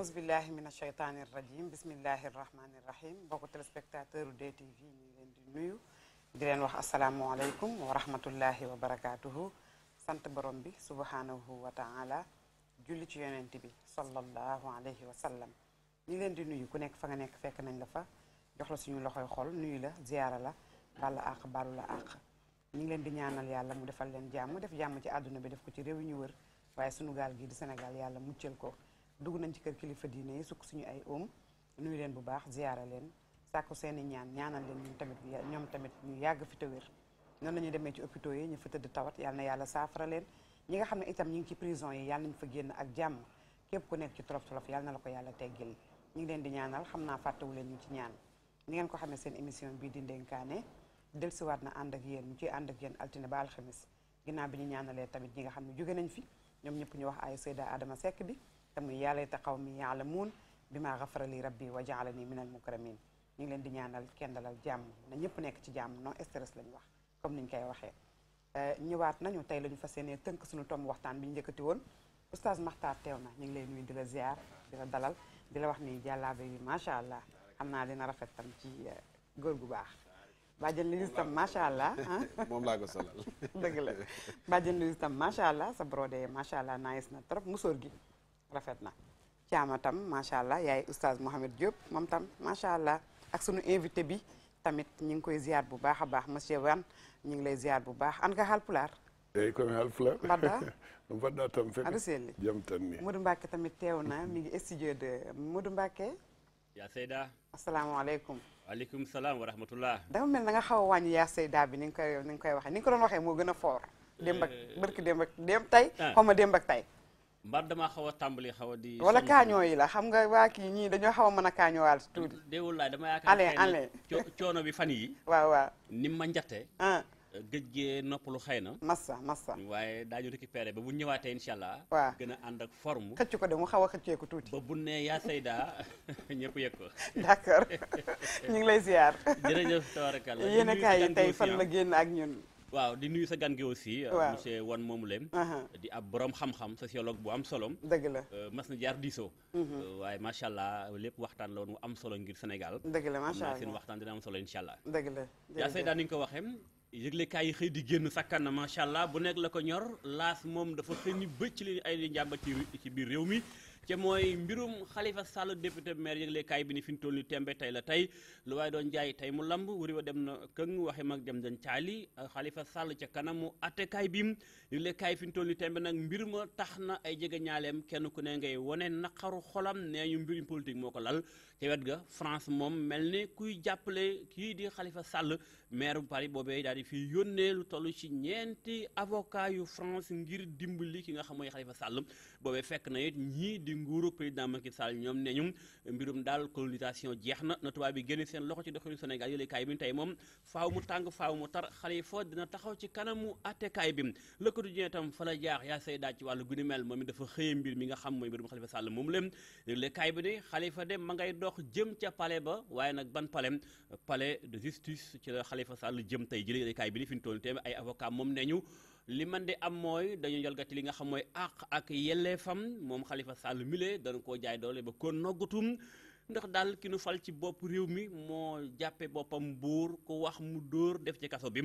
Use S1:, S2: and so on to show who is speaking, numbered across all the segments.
S1: أعوذ بالله من الشيطان الرجيم بسم الله الرحمن الرحيم بوكو تيليسبيكتاتور دي تي في ني لين دي نويو دي لين واخ السلام عليكم ورحمه الله وبركاته سانت بروم بي سبحانه وتعالى جولي تي يوننتي بي صلى الله عليه وسلم ني لين دي نويو كو نيك فا نيك فك نان لا فا جوخلا سونو لوخاي خول نويو لا زياره لا بالا اخ بالو لا اخ ني لين دي نيانال يالا مو ديفال لين جامو ديف جامو سي ادونا بي ديف كو سي ريوي ني وور واي سونو غال جي دي سنغال يالا موتيل كو dugg nañ ci kër kilifa diine yi sukk suñu ay oom nuyu leen bu baax ziyaara leen sàkku seeni ñaan ñaanal leen ñun tamit ñoom tamit ñu yàgg fi te wér noonu la demee ci hôpitaux yi ñu fa tëdd tawat yàlla na yàlla saafara leen ñi nga xam ne itam ñu ngi ci prison yi yàlla nañ fa génn ak jàmm képp ku nekk ci tolof tolof na la ko yàlla teggil ñu ngi leen di ñaanal xam naa fàttewu leen ñu ci ñaan ngeen ko xamee seen émission bii di ndénkaane dellusiwaat na ànd ak yéen ñu ciy ànd ak yéen altine ba alxamis ginnaaw bi ñu ñaanalee tamit ñi nga xam ne jóge nañ fi ñoom ñëpp ñu wax ay Seyda Adama sekk bi tamit yaa layta qawmi bi ma xafara li rabbi wa jaalani minal mukramin ñu ngi leen di ñaanal kenn dalal jàmm na ñëpp nekk ci jàmm non stress lañu wax comme niñ koy waxee euh, ñëwaat nañu tey lañu fa seenee tënk suñu tomb waxtaan bi ñu njëkkati woon oustaz Makhtar teew na ñu ngi lay nuyu di la ziar di la dalal di la wax ni jàllaabe bi macha allah xam naa dina rafet tam ci euh, góor gu baax bàjjen liis macha allah ah. moom laa ko solal dëgg la bàjjen liis tam macha allah sa brodé macha allah nice na trop musóor gi rafet na caama tam macha allah yaay oustaz Mohamed Diop moom tam macha allah ak sunu invité bi tamit ñu ngi koy ziar bu baax a baax monsieur Wane ñu ngi lay ziar bu baax an ka Haalpulaar.
S2: eeyi eh, komi haalpulaar mbaɗɗa no mbaɗɗa tam fek aɗa selli jaam tan ni
S1: modou mbacke mi ngi studio de modou mbacke
S3: ya seyda assalamu aleykum waaleykum salam wa rahmatullah
S1: dafa mel na nga xaw a wàññi ya seyda bi ni nga koy ni nga koy waxee ni ko doon waxee moo gën a foor
S3: démb ak eh.
S1: barki démb tey ah. xawma tey
S3: mbaat damaa xaw a tàmbali xaw a di. wala kaañoo yi
S1: la xam nga waa kii ñii dañoo xaw a mën a kaañoowaal tuuti.
S3: déewul laay dama yaakaar ne allez coono bi fan yi waaw waaw ni ma njatte. Ah. gëj gee noppalu xëy na. massa massa. waaye daañu pere ba bu ñëwaatee incha allah. waaw gën a ànd ak forme. xëcc ko de mu xaw a xëcceeku tuuti. ba bu ne yaa sayda ñëpp yëg ko. d' ñu ngi lay ziar. jërëjëf tabarakalla yi tey fan la ah. génn ak ñun. waaw di nuyu sa gan gi aussi. Euh, waaw monsieur Wan Momoulem. di ab borom xam-xam sociologue bu am solom dëgg la euh, mas na jaar diisoo. Mhm. Euh, waaye macha allah lépp waxtaan la woon am solo ngir Sénégal. dëgg la macha allah seen waxtaan dina am solo incha allah.
S1: dëgg la yaa seydaan
S3: ni nga ko waxee. yëglekaay yi xëy di génn sakkan na macha allah bu nekk la ko ñor laas moom dafa xëy ni bëcc li ay njàmbat ci ci biir réew mi. ca mooy mbirum xalifa Sall député maire yëgle kaay bi ni fi ñu toll ni tembe tey la tey lu waaye doon jaay tey mu lamb wuri wa dem na këng waxe mag dem dañ caali Khalifa Sall ca kanamu attekaay bi yëgle kaay fi ñu toll ni tembe nag mbir ma tax na ay jege ñaaleem kenn ku ne ngay wone naqaru xolam nee ñu mbirum politique moo ko lal ci wet ga france mom melni kuy jappelé ki di khalifa sall maire paris bobé dal di fi yónnee lu tollu ci ñenti avocat yu france ngir dimbali ki nga xam mooy xalifa sàll boobee fekk na yit ñi di nguru président Macky Sall ñom ne mbirum dal colonisation jeexna na tuba bi génne seen loxo ci doxinu sénégal yele kay bi tay mom faaw mu tang faaw mu tar khalifa dina taxaw ci kanamu kay bi le quotidien tam fa la jaax ya say daaj ci walu guni mel momi dafa xeyé mbir mi nga xam moy mbirum khalifa sall mom lém le kay bi ni khalifa de ma ngay dox jëm ca pale ba waaye nag ban palais palais de justice ci la Khalifa Sall jëm tey jëlee yéenekaay bi li fi ñu toll ay avocat moom nee ñu li man di am mooy dañu jalgati li nga xam mooy àq ak yellee fam moom xalifa Sall mile dañu koo jaay doole ba ko noggatum ndax daal ki nu fal ci bopp réew mi moo jàppee boppam buur ku wax mu dóor def ci kaso bi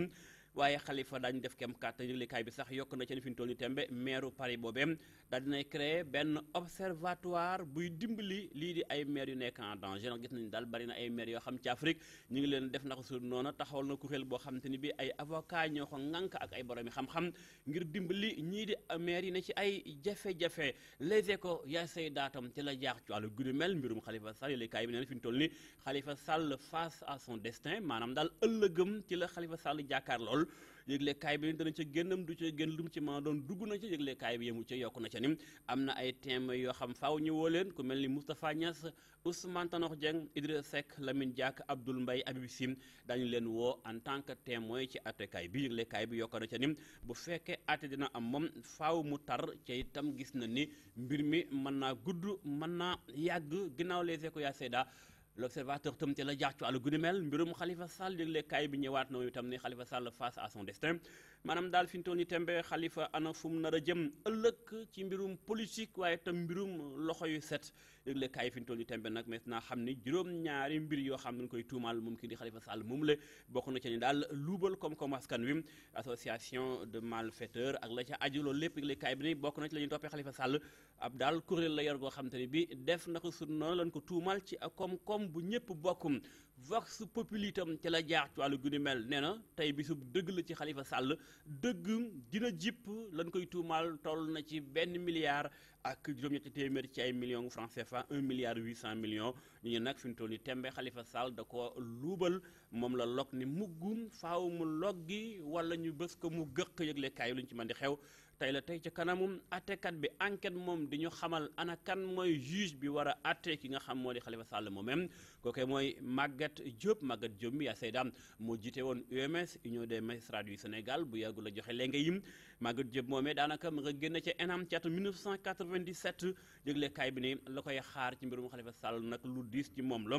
S3: waaye xalifa dañ def kem kàttan yëglekaay bi sax yokk na ci ni fi ñu toll tembe maire Paris boobee daal dinay créé benn observatoire buy dimbali lii di ay maire yu nekk en danger nag gis nañu daal bari na ay maire yoo xam ci Afrique ñu ngi leen def naka su noonu taxawal na kuréel boo xam te ni bi ay avocat ñoo ko ŋànk ak ay boromi xam-xam ngir dimbali ñii di maire yi ne ci ay jafe-jafe Les éco yaa say daatam ci la jaax ci wàllu guddi mel mbirum Xalifa Sall yëglekaay bi nee na fi ñu toll ni Xalifa Sall face à son destin maanaam daal ëllëgëm ci la Xalifa Sall jàkkaar lool dugal yëglekaay bi dana ca génnam du ca génn lu mu ci maa doon dugg na ca yëglekaay bi yemu ca yokk na ca ni am na ay thème yoo xam faaw ñu woo leen ku mel ni Moustapha Niass Ousmane Tanor Dieng Idriss Seck Lamine Diack Abdoul Mbaye Habib Sim dañu leen woo en tant que témoin ci attekaay bi yëglekaay bi yokk na ca ni bu fekkee atte dina am moom faw mu tar ca itam gis na ni mbir mi mën naa gudd mën naa yàgg ginnaaw les éco ya L'observateur Tom la jaar ci wàllu mel mbirum Khalifa Sall le bi ñëwaat na itam ne Khalifa Sall face à son destin maanaam daal fi ñu toll tembe Khalifa ana fu mu nar a jëm ëllëg ci mbirum politique waaye tam mbirum loxo set yëglekaay fi ñu toll tembe nag maintenant xam ni juróom-ñaari mbir yoo xam ne koy tuumaal moom kii di Khalifa Sall moom le bokk na ci ni daal luubal association de malfaiteurs ak la ca aju loolu lépp yëglekaay bi ni bokk na ci la ñuy toppee Khalifa Sall ab daal kuréel la yor goo xam te bi def na ko sur noonu ko ci koom com bu ñëpp bokkum vox populi itam ca la jaax ci wàllu mel nee na tey bisub dëgg la ci Khalifa sàll dëgg dina jipp lan koy tuumaal toll na ci benn milliard ak juróom-ñetti téeméer ci ay millions francs fa un milliard huit cent million ñu ngi nag fi mu toll nii tembe Khalifa Sall da ko luubal moom la log ni muggum faaw mu loggi wala ñu bës ko mu gëq yëgle kaay lu ñu ci mën di xew tey la tey ca kanamu attekat bi enquête moom di ñu xamal ana kan mooy juge bi war a atte ki nga xam moo di Khalifa Sall moo même kooke mooy màgget Diop Maguette Diop mi yaa moo jiite woon UMS Union des magistrats du Sénégal bu yàggu la joxe léegi yi Maguette Diop moomee daanaka ma nga génn ca ENAM ci atum 1997 yëgle kaay bi ne la koy xaar ci mbirum Khalifa Sall nag lu diis ci moom la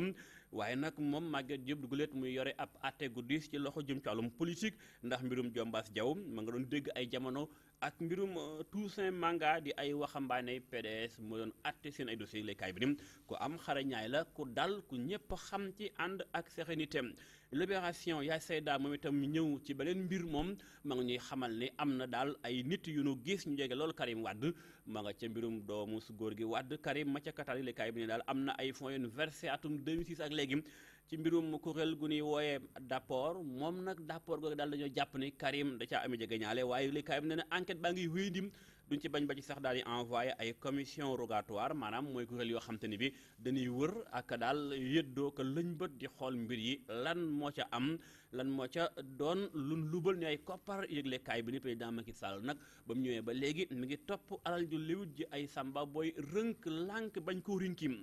S3: waaye nag moom Maguette Diop duguleet muy yore ab atte gu diis ci loxo jëm ci wàllum politique ndax mbirum Jombaas jaw mu nga doon dégg ay jamono ak mbirum euh, Toussaint Manga di ay waxambaane PDS moo doon àtte seen ay dossiers lay kaay bi ni ku am xarañaay la ku dal ku ñëpp xam ci ànd ak sérénité Libération yaay Seyda moom itam ñëw ci beneen mbir moom ma nga ñuy xamal ni am na daal ay nit yu nu gis ñu jege loolu Karim Wade ma nga ca mbirum doomu su góor gi Wade Karim ma ca yi lay kaay bi ne daal am na ay fonds yu versé atum 2006 ak léegi ci mbirum xel gu ni woyé d'apport mom nak d'apport gog dal dañu japp ni Karim da ca amee jege ñaale waaye li Karim ne enquête ba ngi wéy dim duñ ci bañ ba ci sax dal di envoyer ay commission rogatoire manam moy ku xel yo xamanteni bi dañuy wër ak yeddo ke lañ bëtt di xol mbir yi lan mo ca am lan mo ca doon lun lubal ni ay koppar yëgle kay bi ni président Macky Sall nak ba ñëwé ba légui mi ngi top alal ju lewut ji ay samba boy rënk lank bañ ko rinkim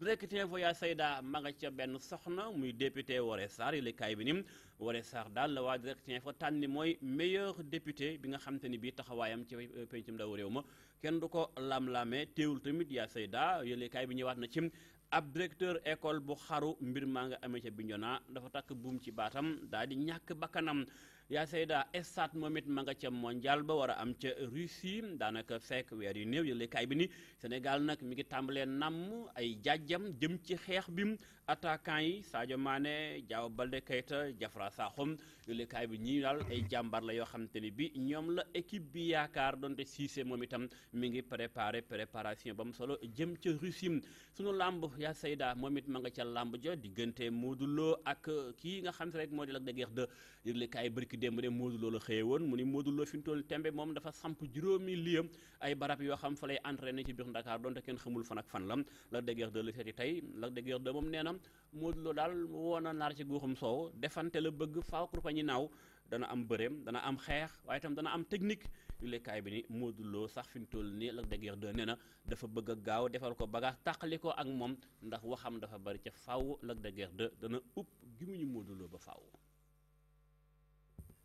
S3: directeur voya sayda ma nga ca benn soxna muy député Woré Sarr yële bi nim Woré Sarr daal la waa directeur fa tànni mooy meilleur député bi nga xam ni bii taxawaayam ci euh, pencum ndaw réew ma kenn du ko lam-lamee teewul tamit yaa sayda yëlekaay kaay bi ñëwaat na cim ab directeur école bu xaru mbir maa nga amee ca Bignona dafa takk buum ci baatam daal di ñàkk bakkanam ya sayda estat momit it ma nga ca mondial ba wara am ca russie danaka fek wer yu new yele ya, kay bi ni senegal nak mi ngi tambale nam ay jajjam dem ci xex bim attaquant yi sadio mané jaw balde kayta jafra saxum yëglekaay bi ñii daal ay jàmbaar la yoo xamante ni bi ñoom la équipe bi yaakaar donte Cissé moom itam mi ngi préparé préparation ba mu solo jëm ca Russie sunu làmb yaa sayda moom it ma nga ca làmb ja diggante Modou Lo ak kii nga xam si rek moo di Lac de Guiers 2 yëglekaay bërki démb de Modou la xëye woon mu ni Modou Lo fi mu toll tembe moom dafa samp juróomi liam ay barab yoo xam fa lay entraîné ci biir Dakar donte kenn xamul fan ak fan la Lac de Guiers 2 la seeti tey Lac moom nee na Modou Lo daal woon a naar ci guuxum soow defante la bëgg faaw ko ñi naaw dana am bëreem dana am xeex waaye tam dana am technique yu lekkaay bi ni Modou sax fi mu toll nii Lac de Guiers 2 nee na dafa bëgg gaaw defal ko bagage tàqali ko ak moom ndax waxam dafa bari ca faaw Lac de Guiers dana upp gimiñu Modou Lo ba faw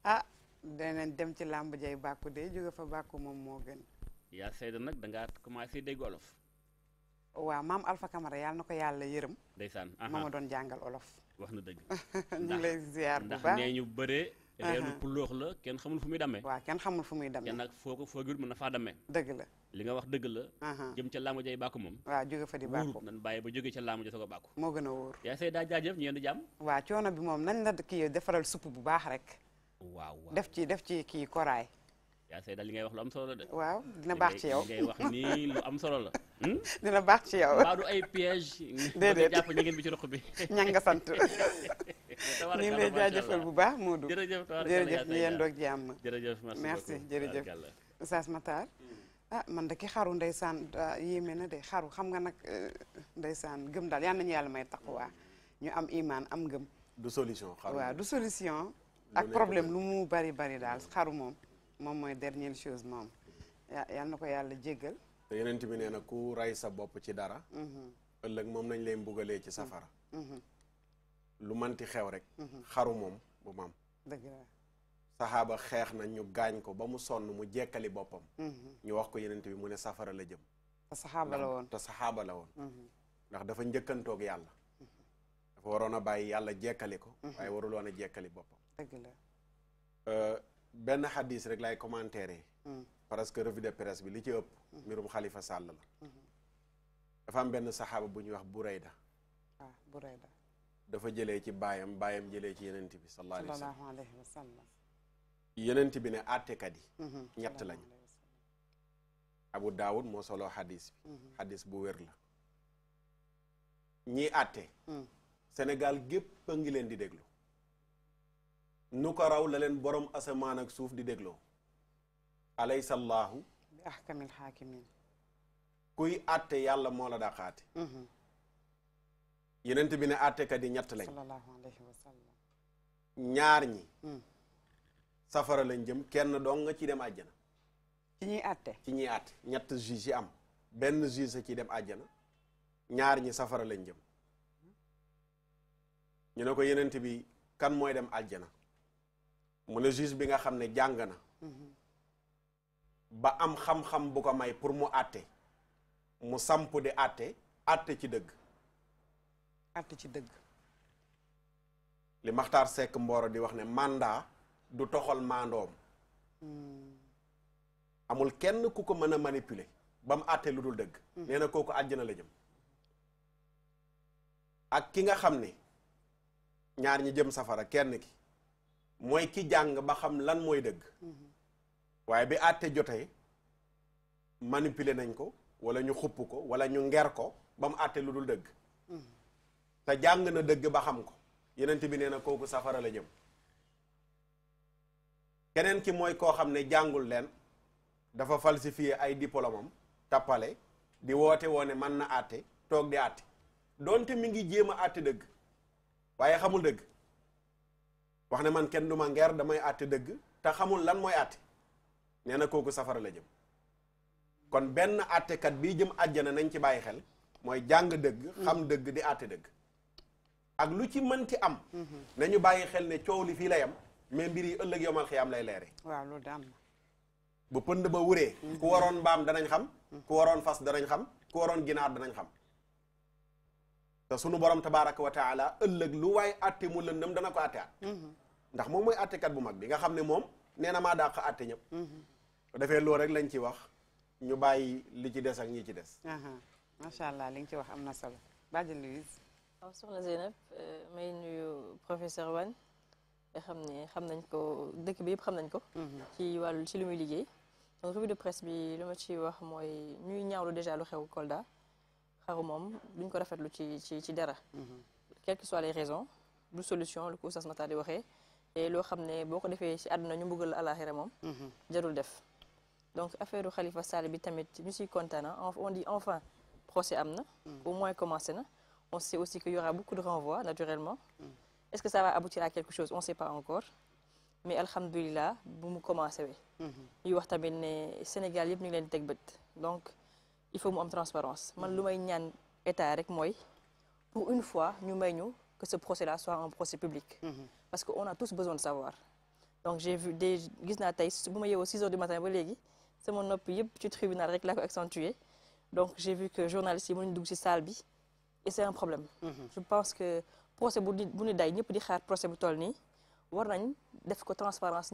S1: ah danañ dem ci làmb jay bàkku de jóge fa bàkku moom moo gën
S3: yaa seyda nag dangaa commencé dégg olof
S1: waa maam Alpha Camara yàlla na ko yàlla yërëm.
S3: ndeysaan ma ma doon jàngal olof. wax na dëgg. ñu ngi lay ziar bu baax ndax nee ñu bëree. reeru puloox la kenn xamul fu muy demee. kenn xamul fu muy demee. kenn nag foo ko foogul na faa demee. dëgg la li nga wax dëgg la. jëm ca laamu jay bàkku moom.
S1: waaw jóge fa di bàkku
S3: nan bàyyi ba jóge ca laamu ja soog a bàkku. moo gën a wóor. yaa say daa jaajëf ñu yendu jàmm.
S1: waaw coono bi moom nañ la kii defaral supp bu baax rek. waaw waaw def ci
S3: yaa say daal li ngay wax lu am solo la de. waaw dina baax ci yow ngay wax nii lu am solo la. dina baax ci yow. mbaa du ay piège. déedéet jàpp ñi ngeen bi ci roq bi. ña nga sant.
S1: ñu ngi lay jaajëfal bu baax Modou. jërëjëf jërëjëf ñu yéen doog jàmm. jërëjëf merci jërëjëf Oustaz Matar. ah man de ki xaru ndeysaan yéeme na de xaru xam nga nag ndeysaan gëm daal yal nañu yàlla may taqwa ñu am imaan am gëm. du
S4: solution xaru waaw du
S1: solution. ak problème lu mu bari bari daal xaru moom. moom mooy dernière chose moom yal na ko yàlla jéggal
S4: te yenent bi nee na ku rey sa bopp ci dara mhm. ëllëg moom nañ lay mbugalee ci safara mhm. Mhm. lu manti xew rek xaru moom bu mam dëgg saxaaba xeex na ñu gaañ ko ba mu sonn mu jekkali boppam ñu wax ko yenent bi mu ne safara la jëm te saxaaba la woon te saxaaba la woon ndax dafa njëkkantoog yàlla dafa waroon a bàyyi yàlla jekkali ko waaye waruloon a jekkali boppam dëgg la euh, benn xadis rek lay commentaire hmm. parce que revue bi li ci ëpp hmm. mbirum xalifa sàll la hmm. dafa am benn saxaaba bu ñuy wax Burayda
S1: ah Burayda
S4: dafa jële ci baayam baayam jëlee ci yenent bi sallallahu
S1: alayhi wa sallam
S4: yenent bi ne àttekat yi ñett lañu Abu Daawud moo soloo xadis bi xadis bu wér la ñiy àtte Sénégal gépp ngi leen di déglu nu ko raw la leen borom asamaan ak suuf di dégloo alaysa allahu
S1: bi ahkamil xaakimin
S4: kuy àtte yàlla moo la daa xaate mhm. yenent bi ne àttekat yi ñett lañ
S1: sallallahu alayhi
S4: ñaar ñi mm. safara lañ jëm kenn dong nga ci dem àjjana ci ñuy àtte ci ñuy àtte ñett juge am benn juge sa ci dem àjjana ñaar ñi safara lañ jëm ñu ne ko yenent bi kan mooy dem àjjana mu ne juge bi nga xam ne jàng na ba am xam-xam bu ko may pour mu àtte mu samp di àtte àtte ci dëgg àtte ci dëgg li Maxtaar sekk Mboro di wax ne mandat du toxal mandoom hmm. amul kenn ku ko mën a manipuler ba mu àtte lu dul dëgg hmm. nee na kooku àjjana la jëm ak ki nga xam ne ñaar ñi jëm safara kenn ki mooy ki jàng ba xam lan mooy dëgg waaye bi àtte jotee manipulé nañ ko wala ñu xupp ko wala ñu nger ko ba mu àtte lu dul dëgg te jàng na dëgg ba xam ko yenent bi nee na kooku safara la ñëm keneen ki mooy koo xam ne jàngul leen dafa falsifier ay diplôme am tappale di woote woone mën na àtte toog di àtte donte mi ngi jéem a àtte dëgg waaye xamul dëgg wax ne man kenn du ma ngeer damay àtte dëgg te xamul lan mooy àtte nee na kooku safara la jëm kon benn àttekat bii jëm àjjana nañ ci bàyyi xel mooy jàng dëgg mm-hmm. xam dëgg di àtte dëgg ak lu ci mënti am mm-hmm. nañu bàyyi xel ne coow li fii la yam mais mbir yi ëllëg yomal xiyaam lay leere
S1: waaw loolu da am na bu pënd ba wuree ku mm-hmm. waroon
S4: mbaam danañ xam ku waroon fas danañ xam ku waroon ginaar danañ xam te sunu borom tabaaraka wa taala ëllëg lu waaye àtte mu lëndëm dana ko àtte at mm-hmm. ndax moom mooy àttekat bu mag bi nga xam ne moom nee na maa dàq àtte ñëpp
S1: mm-hmm.
S4: defee loolu rek lañ ci wax ñu bàyyi li ci des ak ñi ci des
S1: macha allah
S5: li nga ci wax am na solo Badi Louise waaw soxna Zeynab euh, may nuyu professeur Wane nga xam ne xam nañ ko dëkk bi yëpp xam nañ ko mm-hmm. ci wàllu ci li muy liggéey donc revue de presse bi li ma ci wax mooy muy ñaawlu déjà lu xew Kolda xaru moom duñ ko rafetlu ci ci ci dara mhm. quelles que soient les raisons du solution le coup, ça se di et le loo beaucoup de fait à defee ci àdduna ñu mhm. jarul donc affaire du Khalifa Salibi, bi tamit ñu hein. on dit enfin procès am mhm. au moins commencé on sait aussi qu'il y aura beaucoup de renvois naturellement est-ce que ça va aboutir à quelque chose on sait pas encore mais Alhamdoulilah bu mu commencé we ñuy wax tamit ne Sénégal yëpp ñu ngi donc il faut une transparence Je suis may ñaan pour une fois que ce procès là soit un procès public. Mhm. parce qu'on a tous besoin de savoir. donc j'ai vu des 6 heures du matin tribunal avec donc j'ai vu que journalistes Simone et c'est un problème. Mhm. je pense que procès procès transparence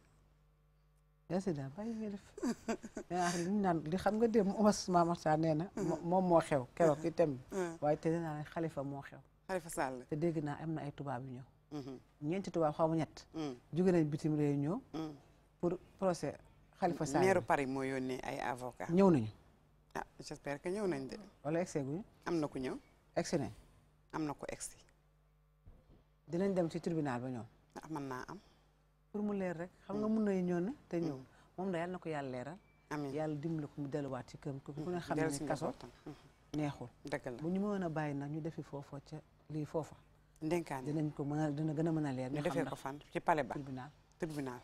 S6: يا سيدي باي ميلف يا اخي نان لي خام nga dem اوس ما مرتا نينا موم مو خيو كيرو كي تم واي تي نان خليفه مو خيو خليفه سال تي دغنا امنا اي توباب نيو نينت توباب خامو نيت جوغي نان بيتيم ري نيو بور بروسي خليفه سال ميرو
S1: باري مو يوني اي افوكا نيو نيو اه جيسبر كا نيو نان دي ولا اكسي غو امنا كو نيو
S6: اكسي نان امنا كو اكسي دي نان دم سي تريبينال با نيو امنا ام pour mu leer rek xam nga mun na ñëw na te ñëw moom da yàlla na ko yàlla leeral amiin yàlla dimbali ko mu delluwaat ci kër ku ne xam ne kaso neexul dëgg la bu ñu mënoon a bàyyi nag ñu defi foofa ca lii foofa ko mën a dina gën a mën a leer ñu defee ko fan
S1: ci palais ba tribunal tribunal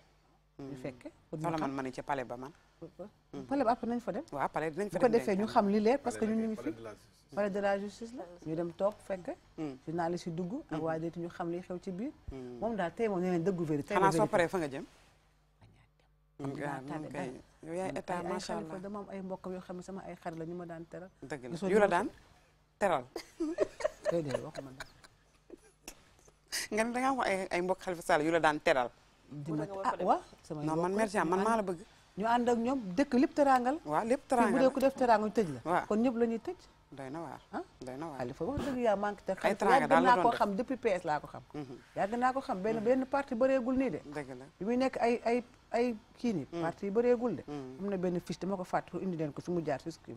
S1: ñu fekke wala man ma ne ci palais ba man
S6: palais ba après nañ fa dem
S1: waaw palais defee ñu xam li leer parce que ñun ñu ngi fi
S6: palais de la justice la euh, ñu dem toog fekk hmm. journaliste yi dugg ak hmm. waa déet ñu xam li xew ci biir hmm. moom daal tey moom nee nañ dëggu vérité xanaa soo paree fa nga jëm yow moom ay mbokkam yoo xam ne sama ay xar la ñu ma daan teral dëgg la yu daan teral déedéet waxuma
S1: dëgg nga ay ay mbokk Khalifa Sall yu la daan teral dima ah waaw sama non man merci man maa la
S6: bëgg ñu ànd ak ñoom dëkk lépp teraangal waaw lépp teraangal bu dee ñu tëj la kon ñëpp la ñuy tëj doy na waar ah doy na waar Alifa wax dëgg yàlla manque te xam yàgg ko xam depuis PS laa ko mhm. ko xam benn mhm. benn parti bëreegul nii de dëgg la bi muy nekk ay ay ay kii nii mhm. parti yi bëreegul na benn fiche ko fàtte indi leen ko fi mu jaar si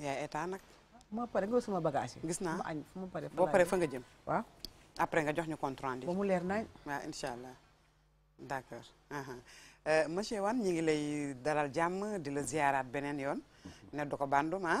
S6: nag ma pare nga sama bagage gis naa añ fu ma pare boo pare fa nga
S1: jëm waaw après nga jox ñu compte rendu ba leer nañ waaw incha allah d'accord euh, monsieur Wane ñi ngi lay dalal jàmm di la ziaraat beneen yoon ne du ko bandum ah?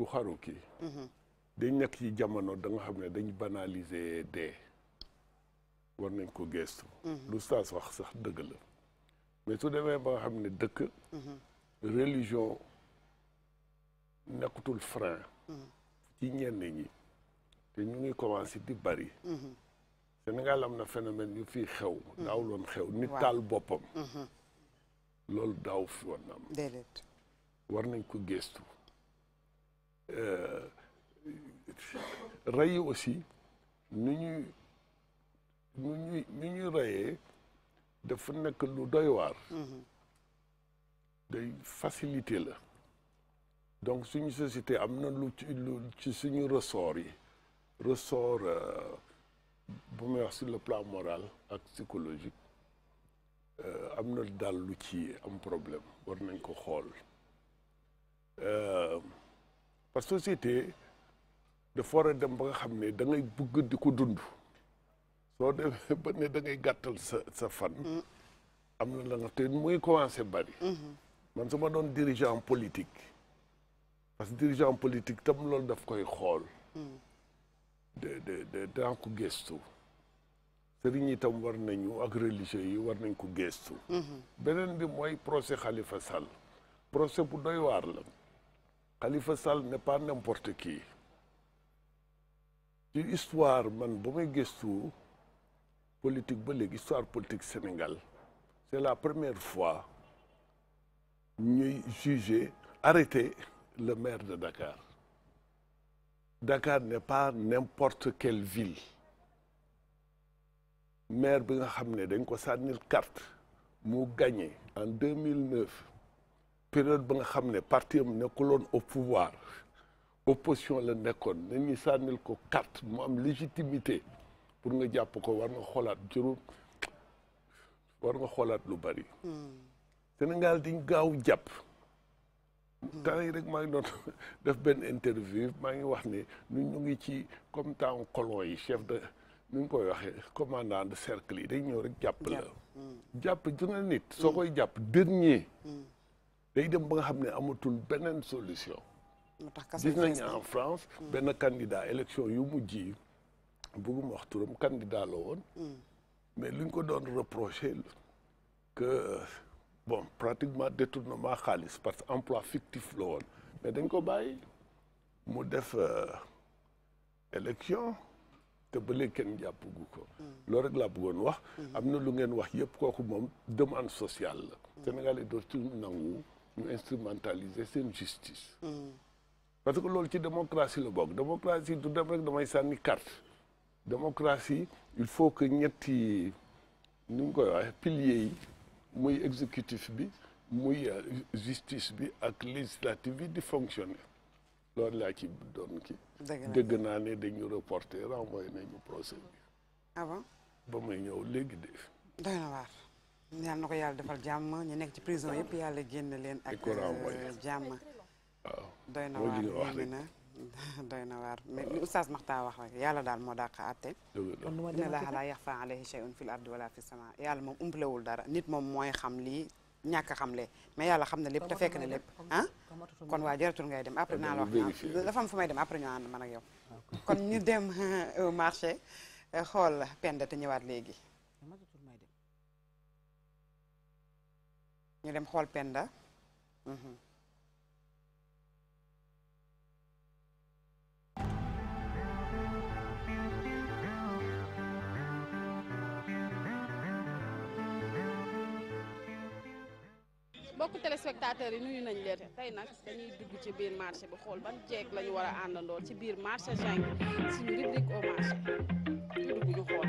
S2: lu xaru kii mm-hmm. dañ nekk ci jamono da xam ne dañ banaliser dee war nañ ko geestu mm-hmm. lu saas wax sax dëgg la mais su demee ba nga xam ne dëkk mm-hmm. religion nekkutul frein ci ñenn ñi te ñu ngi commencé di bari Sénégal am na phénomène yu fii xew daaw loon xew nit taal boppam loolu daaw fi woon am déedéet war nañ ko geestu Euh, Ray aussi ni ñuy ni ñuy nu ñuy reyee dafa nekk lu doy waar day facilité la donc suñu société amna lu ci suñu ressort yi ressort euh, bu may wax sur le plan moral ak psychologique euh, amna dal lu ci am problème war nañ ko euh, parce que société dafa war a dem ba nga xam ne da ngay bëgg di ko dund soo demee ba ne dangay ngay gàttal sa sa fan mm. am na la nga te mu ngi commencé bari mm-hmm. man su ma doon dirigeant politique parce que dirigeant politique tam loolu daf koy xool mm. de de de daa ko gëstu sëriñ yi tam war nañu ak religieux yi war nañ ko gestu mm-hmm. beneen bi mooy procès xalifa Sall procès bu doy waar la Khalifa Sall n'est pas n'importe qui C'est histoire man je politique ba politique Sénégal c'est la première fois ñuy jugé, arrêté, le maire de Dakar Dakar n'est pas n'importe quelle ville maire bi nga il gagné en 2009 période ba nga xam ne parti am nekkuloon au pouvoir opposition la nekkoon nit ñi sànnil ko carte mu am légitimité pour nga jàpp ko war nga xoolaat juróom war nga xoolaat lu bari. Hmm. Sénégal diñ gaaw jàpp. Hmm. temps yi rek maa ngi doon def benn interview maa ngi wax ne ñun ñu ngi ci comme temps colon yi chef de nu ñu koy waxee commandant de cercle yi dañ ñëw rek jàpp la. jàpp hmm. ju nit. soo koy jàpp dernier. day dem ba nga xam ne amatul beneen solution. gis nañ en France. Hmm. benn candidat élection yu mujj yi bëgguma wax turam candidat la woon. Hmm. mais luñ ko doon reproché que bon pratiquement détournement xaalis parce que emploi fictif la woon mais dañ ko bàyyi mu def euh, élection te ba léegi kenn jàppagu ko. Hmm. loolu rek laa bëggoon wax. am na lu ngeen wax yëpp kooku moom demande sociale la. Sénégalais dootuñu nangu instrumentaliser une justice. Mm. parce que qui ci démocratie la démocratie tout d'abord, rek damay carte. démocratie il faut que ñetti ni piliers muy exécutif bi muy euh, justice bi ak législative bi de fonctionner loolu laa ci doon ki dégg naa de reporter procès avant ah ba may de.
S1: ñaan na ko yàlla defal jàmm ñu nekk ci prison yëpp yàlla génn leen ak euh, jàmm doy na waar na doy na waar mais li oustaz Maxta wax rek yàlla daal moo dàq àtte inna laaha laa yaxfaa alayhi shay'un fil ardi wala fi sama yàlla moom umpalewul dara nit moom mooy xam lii ñàkk xam le mais yàlla xam na lépp te fekk na lépp ah kon waa jaratul ngay dem après naa la wax dafa am fu may dem après ñu ànd man ak yow ah, kon ñu dem euh, marché euh, xool penda te ñëwaat léegi ñu dem xool Penda mhm.
S7: mbokku téléspectateurs yi nuyu nañ leen tey nag dañuy dugg ci biir marché bi xool ba jeeg la ñu war a àndandoo ci biir marché Zinc suñu rubrique au marché
S6: ñu dugg ñu xool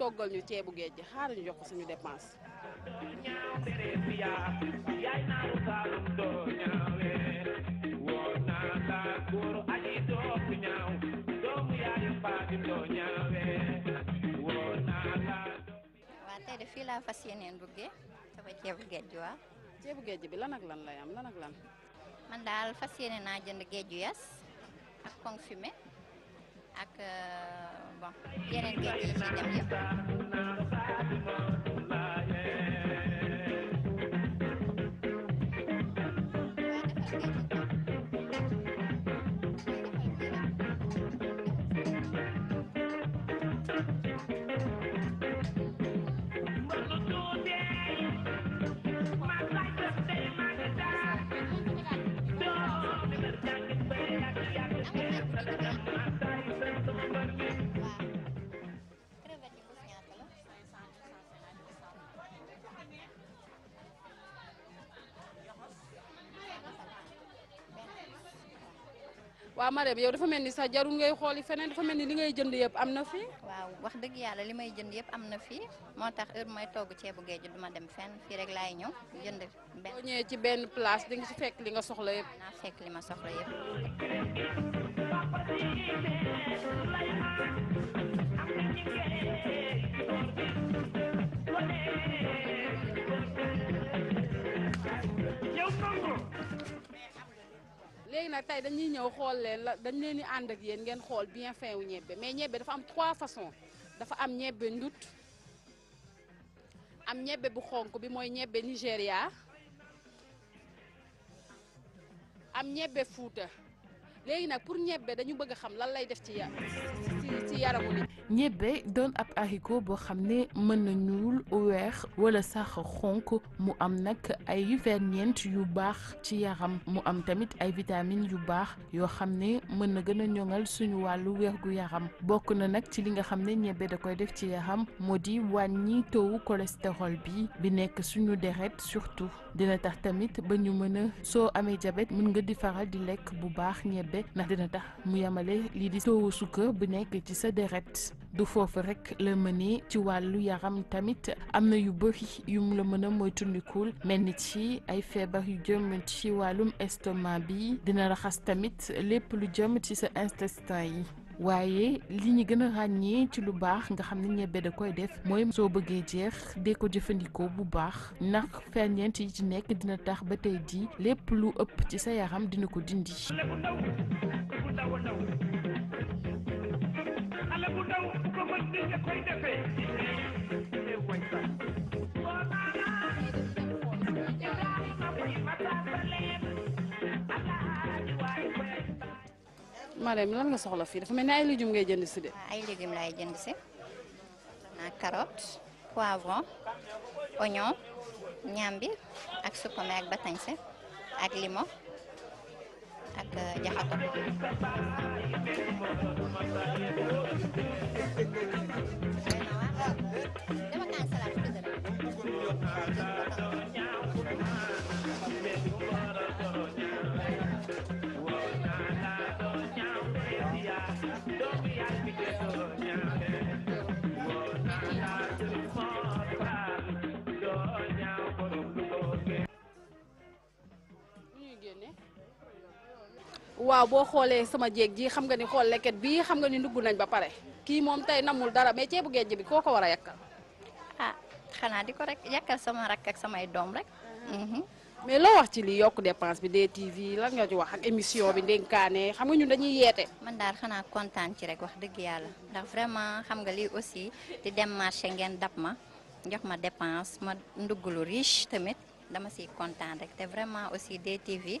S7: togal ñu ceebu géej ji xaar ñu jox suñu dépense
S8: waa tey de fii laa fas yéeneen duggee sama ceebu ji waa ceebu bi lan ak ak bon yeneen géej yi ci dem
S7: waaw Marème yow dafa melni sa jarul ngay xoli fenen dafa melni li ngay jënd yëpp amna fi.
S8: waaw wax deug yalla limay jënd yëpp amna fi motax heure may togg ci bu du duma dem fen fi rek lay ñew jënd benn.
S7: boo ñëwee ci benn place di nga ci fekk li nga soxla yëpp. na fekk li ma soxla yëpp. Thank you. léegi nag tey dañuy ñëw xool leen la dañ leen di ànd ak yéen ngeen xool bien fin wu ñebbe mais ñebbe dafa am trois façons dafa am ñebbe ndut am ñebbe bu xonk bi mooy ñebbe Nigéria am ñebbe Fuuta léegi nag pour ñebbe dañu bëgg a xam lan lay def ci ya ci don ap
S9: ñebbe bo ab haricot ou xam mën na ñuul weex wala sax xonk mu am nak ay yu ci yaram mu am tamit ay vitamine yu bax yo xamné mën na gëna a suñu walu wér gu yaram wani na nak ci li nga xamné da koy def ci yaram cholestérol bi bi nekk suñu deret surtout dina tax tamit ba ñu mëna so amé diabète mën nga di faral di bu dina tax mu yamale li di toowu bu ci sa deret du foofu rekk la mënee ci wàllu yaram tamit am na yu bëri yum la mën a moytandikul mel ni ci ay feebar yu jëm ci wàllum estomac bi dina raxas tamit lépp lu jëm ci sa intestin yi waaye li ñu gën ràññee ci lu baax nga xam ni ñebbe da koy def mooy soo bëggee jeex de ko jëfandikoo bu baax ndax ferñeent yi ci nekk dina tax ba tey ji lépp lu ëpp ci sa yaram dina ko dindi.
S8: Marème lan nga soxla fii dafa mel ay légumes ngay jënd si de. ay légumes laay jënd si ah carotte poivron oignon ñambi ak supame ak batañse ak limon. ak euh, jaxato dama naan
S10: salaat
S7: waaw bo xolé sama jéeg ji xam nga ni xol leket bi xam nga ni ndugg nañ ba paré ki mom tay namul dara
S8: mais ceebu géej bi koko wara yakal ah xana diko rek yakal sama rak ak samay dom rek mhm. mais loo wax ci li yok dépense bi TV lan nga ci wax ak émission bi ndénkaane xam nga ñun dañuy yété man daal xana kontaan ci rek wax dëgg yalla ndax vraiment xam nga li aussi di dem marché ngén dab ma jox ma dépense ma ndugg lu riche tamit dama ci kontaan rek té vraiment aussi TV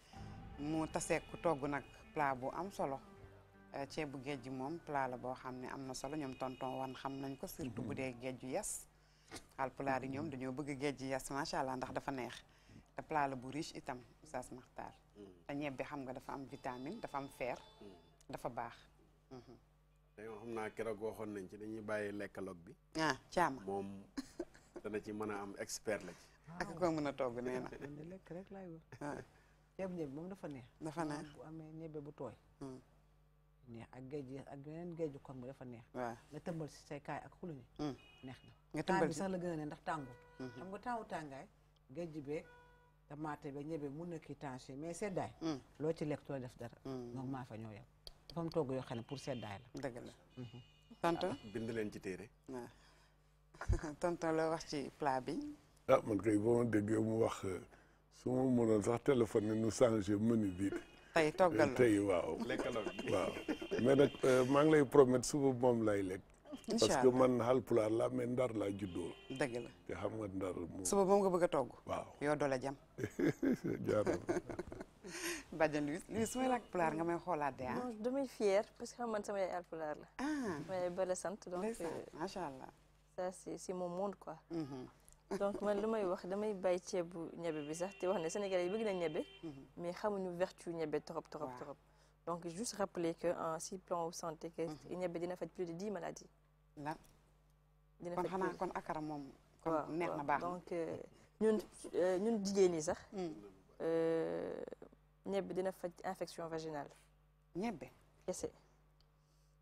S1: mu tassé ku togg nak plat bu am solo eh, ci bu gi mom plat la bo xamné amna solo ñom tonton wan xam nañ ko surtout bu dé géej yass al alpulaar di ñom dañu bëgg géej yass ma sha allah ndax dafa neex te plat la bu riche itam Oustaz Makhtar te ñebbe xam nga dafa am vitamine dafa am fer dafa baax
S10: mhm.
S4: te yoo xam kéro go xon nañ ci dañuy bayé lek lekkaloog bi ah caama mom dana ci mëna am expert la ci ak ko mëna togg
S10: néna ah,
S6: lek rek laay wax ah. ceebu ñebe moom dafa neex. dafa neex bu amee ñebe bu tooy. Hmm. neex ak géej ak yeneen géeju kon bi dafa neex. waaw nga tëmbal si say kaay ak xuluñi. Hmm. neex na nga tëmbal bi sax la gën a ne ndax tàngut. Hmm. xam nga taawu tàngaay géej beeg tamaate beeg ñebe mun na kii tanché mais seddaay. loo ci lekk too def dara. donc maa fa ñoo yem. dafa am togg yoo xam ne pour seddaay la. dëgg la. tonton ah,
S4: bind leen ci
S2: téere.
S1: waaw
S6: tonton loo wax ci plat bi.
S2: ah man kay boo ma déggee mu wax. Euh, su ma mënoon sax téléphone ne nu changé menu bi. tey toggal la tey waaw. waaw mais nag euh, maa lay promettre suba moom lay lekk. parce que man Haalpulaar laa mais Ndar laa juddoo. dëgg la
S1: su may làkk pulaar nga may xoolaat de ah. non
S5: damay parce que xam man sama yaay Haalpulaar la. ah ma yaay sant donc. Euh, macha allah. ça c'est c'est mon donc man lumay wax damay bay ceebu ñebe bi sax te wax ne Sénégalais yi bëgg na ñebe. Mhm. mais xamuñu vertu ñebe trop trop trop. donc juste rappeler que en si plan au santé que mhm. ñebe dina faj plus de 10 maladies. lan dina faj kon xanaa kon akara mom kon neex na baax donc euh, ñun euh, ñun jigéen sax mm. euh ñebe dina faj infection vaginale. ñebe kese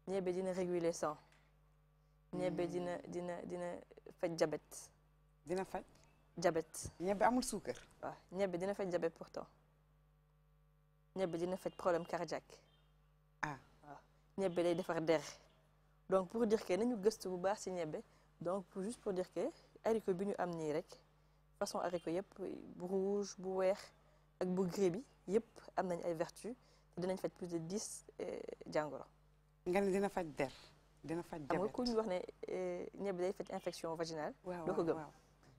S5: ñebe dina réguler sang. ñebe mm. dina dina dina faj diabète dina fajj diabète ñebbe amul sucre dina diabète pourtant dina problème cardiaque. ah der. donc pour dire que nañu gëstu bu baax ci donc pour juste pour dire que bi ñu façon haricot bu rouge bu ak bu gris vertus plus de 10 eh, jangoro dina der. dina diabète eh, infection vaginale.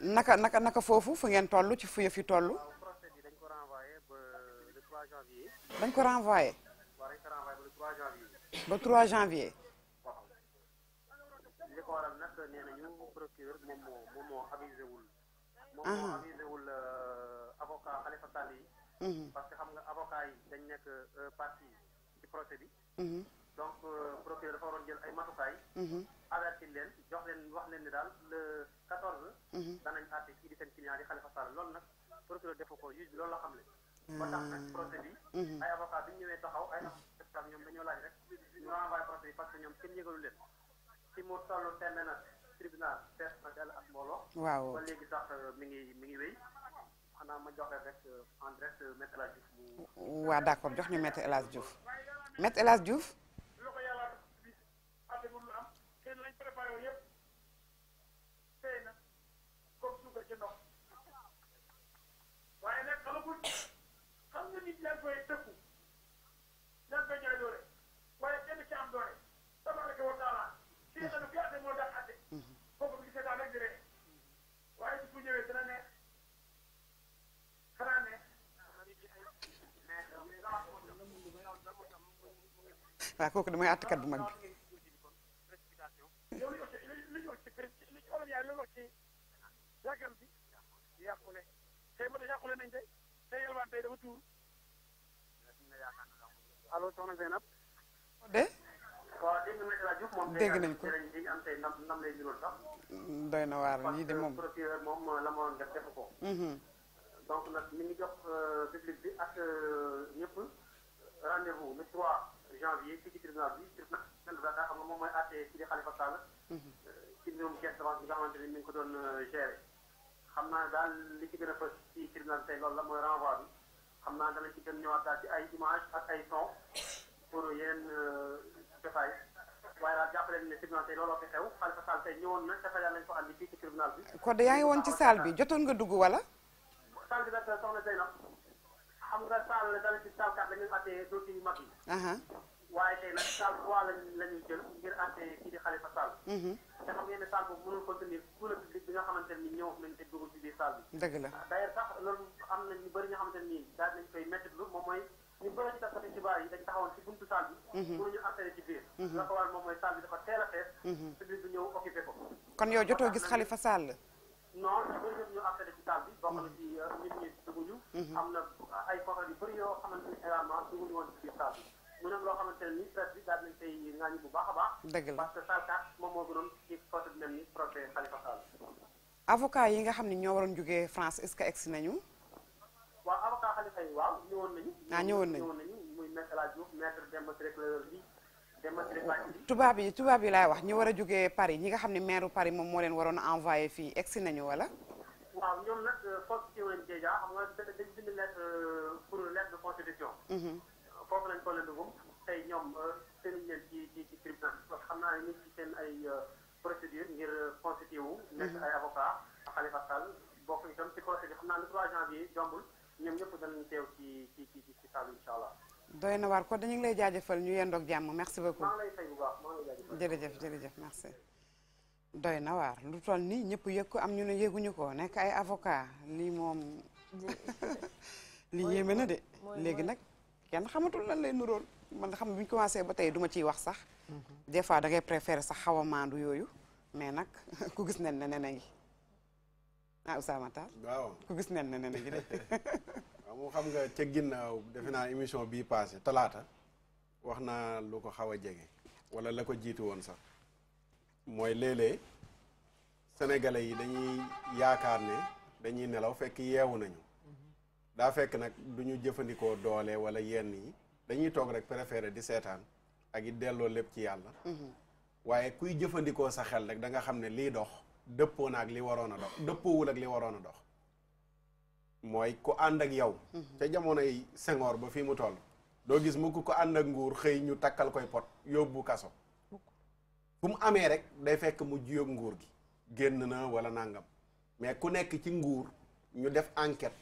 S1: naka naka naka foofu fu ngeen toll ci fu yëf yi toll.
S11: dañ ko renvoyé.
S1: ba 3 janvier.
S11: li ko waral nag nee nañu procureur moom moo moom moo avisé wul. moom moo ah. avisé wul euh, avocat Khalifa Sall yi. Mhm. parce que xam nga avocat yi dañ nekk euh, partie ci procès bi. Mhm. donc procureur dafa waroon jël ay matukaay. avertir leen jox leen wax leen ni daal le 14. danañ àtte kii di seen client di Khalifa Sall loolu nag procureur defu ko juge bi loolu la xam ne. ba tax nag procès bi. ay avocat bi ñu ñëwee taxaw ay avocat ñoom dañoo laaj rek ñu renvoyé procès bi parce que ñoom kenn yëgalu leen ci mu toll tenn nag tribunal fees na dell ak mbooloo. waaw ba léegi sax mi ngi mi ngi wéy. xanaa ma joxe rek en direct Maître El Hadj Diouf.
S1: waaw d'accord jox ñu Maître El Hadj Diouf Maître El Hadj Diouf.
S11: bokkul xam nga nit yaa ngi koy tëkku yaa ngi koy jaay doole waaye kenn ci am doole tabaraka wa taala kii nanu kii àtte moo daan àtte bi seetaan rek di ree waaye su ñëwee dina nañ te yelwaan tey dafa tuur allo soxna Zeynab de dégg nañ ko
S1: doy na waar ñii de moom euh,
S10: mhm.
S11: donc nag mi ngi jox public euh, bi ak euh, ñëpp rendez-vous le 3 janvier fii ci tribunal bi tribunal xam nga moom mooy àtte ci di Khalifa Sall mhm. ci mbirum caisse d'avance bi nga xamante ni mi ngi ko doon gérer xam naa daal li ci gën a fës ci tribunal tey loolu la mooy renvoi bi xam naa dana ci gën ñëwaat daal ci ay image ak ay son pour yeneen détails euh, waaye daal jàpp leen ne tribunal tey na dafa yàlla lañ ko andi fii ci tribunal bi. Codé yaa ngi woon ci salle bi
S1: jotoon nga dugg wala.
S11: salle bi nag soxna Seyna xam jël ngir àttee kii di Khalifa Sall. Mhm. te xam ngeen ne salle boobu mënul contenir tout le public bi biir bi. Ah, am na ñu bëri ñoo xamante ne nii daal nañ koy métti lu moom mooy ñu bëri taskati yi dañ taxawoon ci buntu salle bi. Mhm. pour ñu entré ci mhm. la ko waral moom mooy a fees. Mhm. public bi ñëw
S1: occupé gis Khalifa Sall.
S11: non ñu bëri ñëpp ñu entré bi. bokk na ci euh, nit ñi ay kooku yu bëri yoo xamante ne également dugguñu woon ci biir salle bi mu nekk loo xamante ne ni presse bi bu baax a dëgg la parce que Sall
S1: avocat yi nga xam ne ñoo waroon jógee France est-ce que egsi nañu.
S11: waaw ñëwoon ah,
S1: tubaab yi tubaab yi laay wax ñi war a jógee Paris ñi nga xam ne maire Paris moom moo leen waroon a envoyé fii egsi nañu wala.
S11: waaw foofu lañ toll dugum tey ñoom euh, seen leen ci ci ci parce que xam naa ne ñu ci seen ay euh, procédure ngir euh, constitué mm-hmm. nekk ay avocat Khalifa Sall bokk itam ci procédure xam naa na
S1: waar dañu ngi lay jaajëfal ñu yendoog jàmm merci beaucoup. maa ngi lay fay lu toll nii ñëpp yëg ko am ñu ne yëguñu ko nekk ay avocat lii moom. lii yéeme na de léegi nag. kenn xamatul lan lay nuróol man xam bu ñu commencé ba duma ciy wax sax des fois da ngay préférer sax xaw a maandu yooyu mais nag ku gis nen ne nen a ngi ah gis nen ne
S4: xam nga ca ginnaaw defe naa émission bii passé talaata wax naa lu ko xaw a jege wala la ko jiitu woon sax mooy léeg-léeg sénégalais yi dañuy yaakaar ne dañuy nelaw fekk yeewu nañu daa fekk nag du ñu jëfandikoo doole wala yenn yi dañuy toog rek préféré di seetaan ak it delloo lépp ci yàlla. Mm-hmm. waaye kuy jëfandikoo sa xel rek da nga xam ne liy dox dëppoo na ak li waroon a dox dëppoowul ak li waroon a dox. mooy ku ànd ak yow. Mm-hmm. ca jamonoy Senghor ba fii mu toll. doo gis mukk ko ànd ak nguur xëy ñu takkal koy pot yóbbu kaso. fu mu amee rek day fekk mu jiyoog nguur gi. génn na wala nàngam mais ku nekk ci nguur ñu def enquête.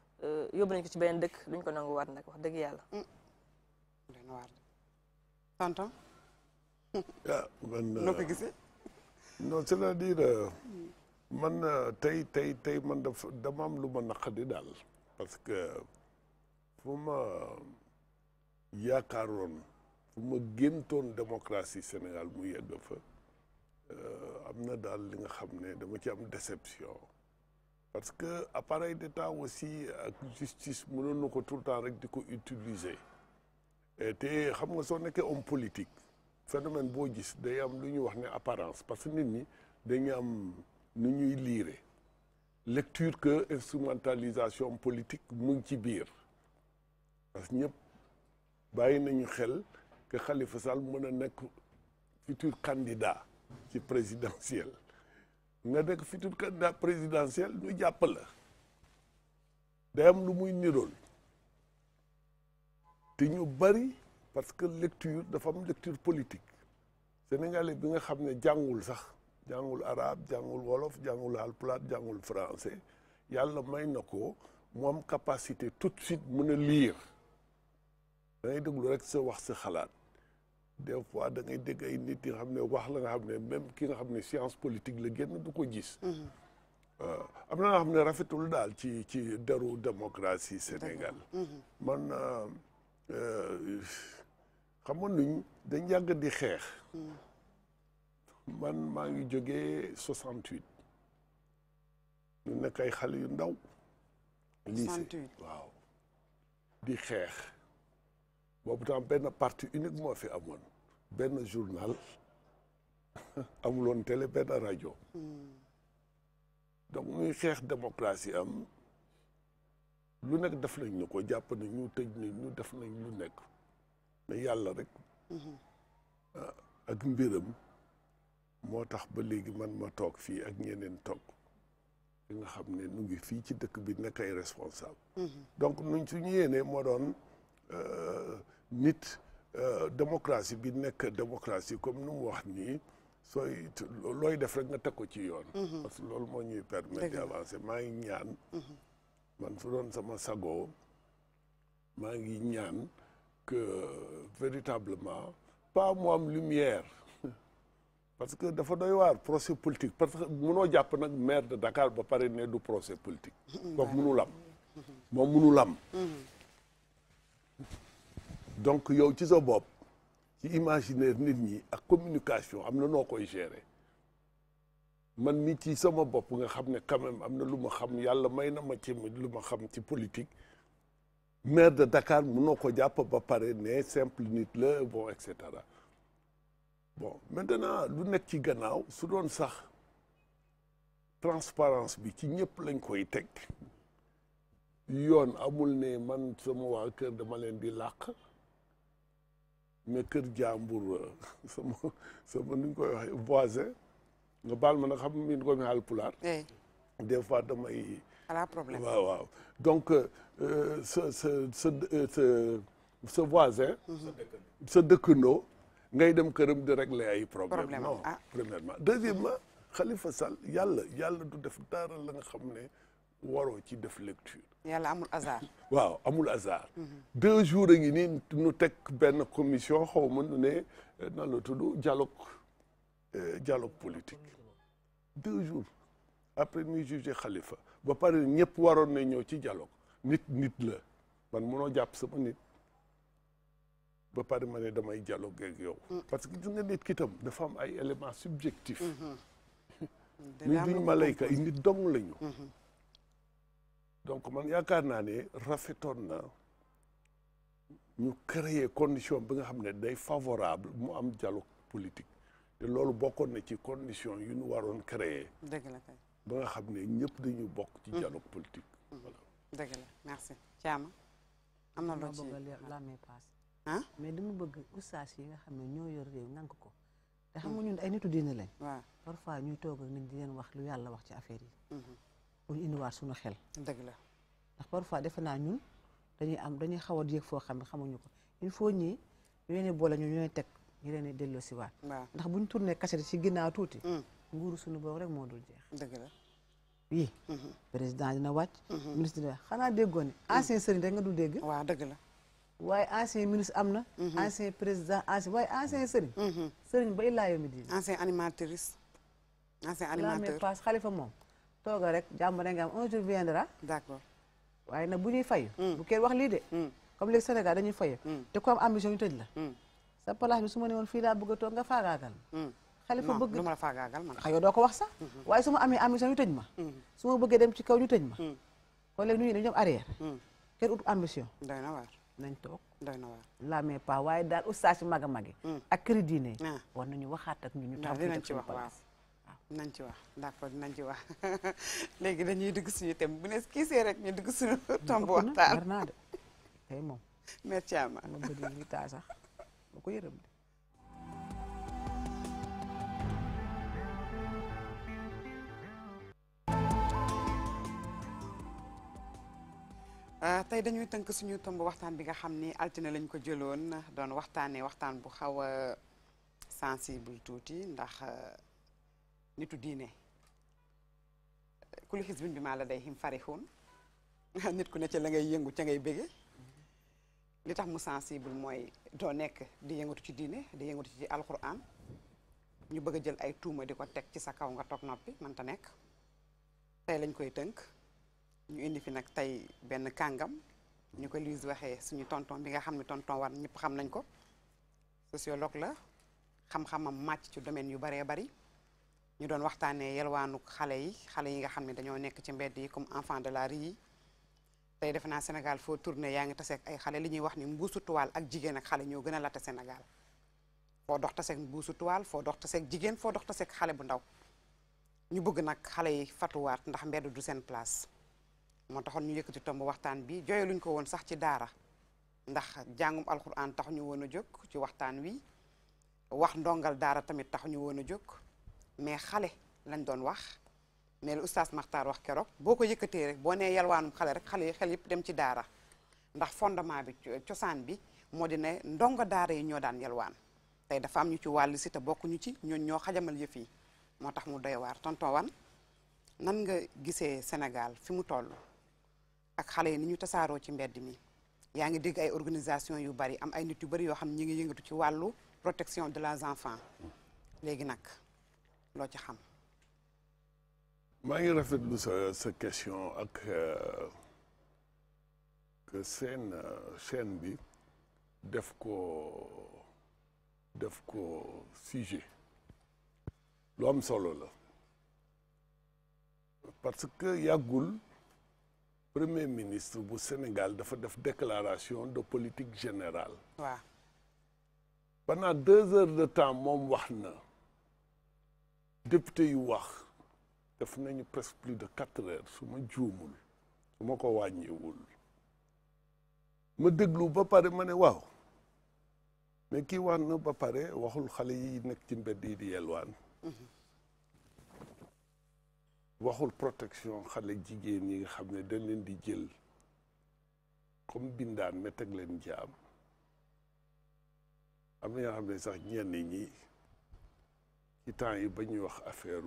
S5: Euh, yóbbu nañ ko ci beneen dëkk duñ ko nanguwaat nag wax dëgg yàlla. Mm.
S1: tonton.
S2: ah man euh, noo ko c'est-à-dire euh, man tey tey tey man dafa dama am lu ma naqadi daal parce que fu ma yaakaaroon fu ma géntoon démocratie Sénégal mu yegg fa am na daal li nga xam ne dama ci am déception. parce que l'appareil d'État aussi la justice nous ne ko tout le temps utiliser Et xam nga homme politique phénomène boo gis day am lu wax apparence parce que nous, ñi lisons, am lire. lecture que instrumentalisation politique est ngi ci parce que nous, bàyyi que Khalifa Sall est un futur candidat présidentiel nga nekk futur candidat présidentiel ñu jàpp la day am lu muy nirool te ñu bari parce que lecture dafa am lecture politique sénégalais bi nga xam ne jàngul sax jàngul arabe jàngul wolof jàngul alpulaat jàngul français yàlla may na ko moom capacité tout de suite mën a lire da ngay déglu rek sa wax si xalaat des fois da dégg ay nit yi xam ne wax la nga xam ne même ki nga xam ne science politique la génn du ko gis. Mhm. Euh, am na nga xam ne rafetul daal ci ci deru démocratie Sénégal. Mhm. man euh, euh, xam nga nuñ dañ yàgg di xeex.
S10: Mhm.
S2: man maa ngi jógee 68. ñu nekk ay xale yu ndaw. lycée waaw. di xeex. boobu tam benn parti unique moo fi amoon. benn journal amuloon télé benn rajo donc muy xeex démocratie am lu nekk def nañ ñu ko jàpp nañ ñu tëj nañ ñu def nañ lu nekk mais yàlla rek ah, ak mbiram moo tax ba léegi man ma toog fii ak ñeneen toog di nga xam ne nu ngi fii ci dëkk bi nekk responsable mhm. donc nuñ suñu yéenee moo doon euh, nit Euh, démocratie bi nekk démocratie comme nu mu wax nii sooy looy def rek nga teg ko ci yoon. Mhm. parce que loolu moo ñuy permettre d'avancer maa ngi ñaan. Mhm. man su doon sama sago maa ngi ñaan que véritablement pas mu am lumière. parce que dafa doy waar procès politique parce que munoo jàpp nag maire de dakaar ba pare ne du procès politique. kooku munul am moom munul am. Mhm. donc yow ci sa imaginaire nit la communication suis man mi ci sama nga quand même amna xam ci xam politique maire de Dakar ba que simple nit la bon etc. bon maintenant lu ci gannaaw su doon sax transparence bi ci ñepp lañ koy yoon amul man sama kër dama mais kër jàmbur euh, sama sama ni ñu koy waxee voisin nga baal ma nag xam min ko mi Haalpulaar eh. des fois damay
S12: ala problème waaw waaw
S2: donc euh, sa sa sa euh, sa sa voisin sa dëkkandoo ngay dem këram di régler ay problème non ah. premièrement deuxièmement Khalifa Sall yàlla yàlla du def dara la nga xam ne Waro ci def lecture.
S1: yàlla amul hasard.
S2: waaw amul hasard. Mhm. deux jours a ngi nii nu teg commission xaw ma nu ne eh, nan la tudd dialogue eh, dialogue politique deux jours après nous juger Khalifa ba pare ñëpp waroon na ñëw ci dialogue nit nit la man munoo japp sama nit ba pare ma ne damay dialogue ak yow. Mm. parce que gis nga nit kitam tam dafa am ay éléments subjectifs.
S10: Mhm. dina am malayka ay nit dong lañu. Mhm.
S2: donc man yaakaar naa ne rafetoon na ñu créer condition ba nga xam ne day favorable mu am dialogue politique te loolu bokkoon na ci condition yu ñu waroon créer. dëgg la kay ba nga xam ne ñëpp dañu bokk. ci mm. dialogue politique.
S6: Mm. voilà
S1: la merci. Thiam am na loo ci
S6: ah mais dama bëgg ustaas yi nga xam ne ñoo yor réew nank ko. te xam nga mm. ñun ay nit nitu diine lañ. waaw parfois ñuy toog ak nit di leen wax lu yàlla wax ci affaire yi. Mm-hmm. pour ñu suñu xel. dëgg la ndax parfois defe naa ñun dañuy am dañuy xaw a yëg foo xam ne xamuñu ko il faut ñii ñu leen di boole ñu ñooy teg ñu leen di delloosiwaat. ndax buñ tourné kaset ci ginnaaw tuuti. Mm. nguuru suñu boobu rek moo dul jeex. dëgg la. oui. Mm-hmm. président dina wàcc. Mm-hmm. ministre déggoon ne mm. ancien sëriñ rek du dégg. waaw dëgg la. waaye ancien ministre am na. Mm-hmm. ancien président ancien waaye ancien sëriñ. sëriñ ba illaa yomi diin. ancien animatrice. ancien animateur la mais moom. tooga rek jàmm rek nga am un jour viendra waaye nag bu ñuy fayu hmm. bu kenn wax lii de hmm. comme léegi Sénégal dañuy fayu hmm. te ku am ambition ñu tëj la sa place bi su ma ne woon fii laa bëgg a toog nga faagaagal ma xalifa bëgg du ma faagaagal man yow doo ko wax sax waaye suma ma amee ambition ñu tëj ma su ma bëggee dem ci kaw ñu tëj ma kon léegi nu ñuy dem ñoom arrière kenn ut ambition doy nañ toog doy na waar la waaye daal oustaz yu mag a magi ak crédit ne ah. war nañu waxaat ak ñu ñu
S10: tax ci wax
S1: nañ ci wax d'accord nañ ci wax léegi dañuy dugg suñu thème bu ne kii rek ñu dugg suñu tomb waxtaan mer naa de tey moom mer caama ma bëri sax ma ko yërëm de ah, tey dañuy tënk suñu tomb waxtaan bi nga lañ ko doon waxtaan bu xaw sensible ndax nitu diine kuli xisbin bi ma la day him farihun nit ku ne ca la ngay yëngu ca ngay bége tax mu sensible mooy doo nekk di yëngatu ci diine di yëngatu ci alquran ñu bëgga jël ay tuuma di ko teg ci sa kaw nga toog noppi man ta nekk tey lañ koy tënk ñu indi fi nag tey benn kàngam ñu ko Lise waxee suñu tonton bi nga xam ne tonton war ñëpp xam nañ ko sociologue la xam-xamam màcc ci domaine yu baree bari ñu doon waxtaanee yelwaanuk xalé yi xalé yi nga xam ne dañoo nekk ci mbedd yi comme enfant de la rue tay def na naa Sénégal foo tourné yaa tassé ak ay xalé li ñuy wax ni mbuusu toal ak jigen ak xalé ñoo gëna la tassé Sénégal fo dox taseeg mbuusu toal fo dox taseeg jigen fo dox taseeg xalé bu ndaw ñu bëgg nak xalé yi waat ndax mbedd du sen place mo taxoon ñu yëkëti tomb waxtaan bi joyé luñ ko won sax ci daara ndax jangum alcorane tax ñu wona jokk ci waxtaan wi wax ndongal daara tamit tax ñu wona jokk mais xale lañ doon wax mais lu oustaz Makhtar wax keroog boo ko yëkkatee rek boo nee yalwaanum xale rek xale yi xel yëpp dem ci daara ndax fondement bi cosaan bi moo di ne ndongo daara yi ñoo daan yalwaan tey dafa am ñu ci wàllu si te bokkuñu ci ñooñ ñoo xajamal yëf yi moo tax mu doy waar tonton wan nan nga gisee Sénégal fi mu toll ak xale yi ni ñu tasaaroo ci mbedd mi yaa ngi dégg ay organisation yu bari am ay nit yu bari yoo xam ñi ngi yëngatu ci wàllu protection de la enfants léegi nag lo ci xam.
S2: à question ak euh, que seen euh, chaîne bi def sujet parce que yàggul premier ministre du Sénégal dafa def déclaration de politique générale. pendant deux heures de temps député yu wax def nañu presque plus de quatre heures su ma juumul su ma ko wàññiwul ma déglu ba pare ma ne waaw mais kii wax na ba pare waxul xale yi nekk ci mbedd yi di yelwaan waxul protection xale jigéen yi nga xam ne dañ leen di jël comme bindaan mais teg leen jaam am na ñoo xam ne sax ñenn ñi ci temps yi ba ñuy wax affaire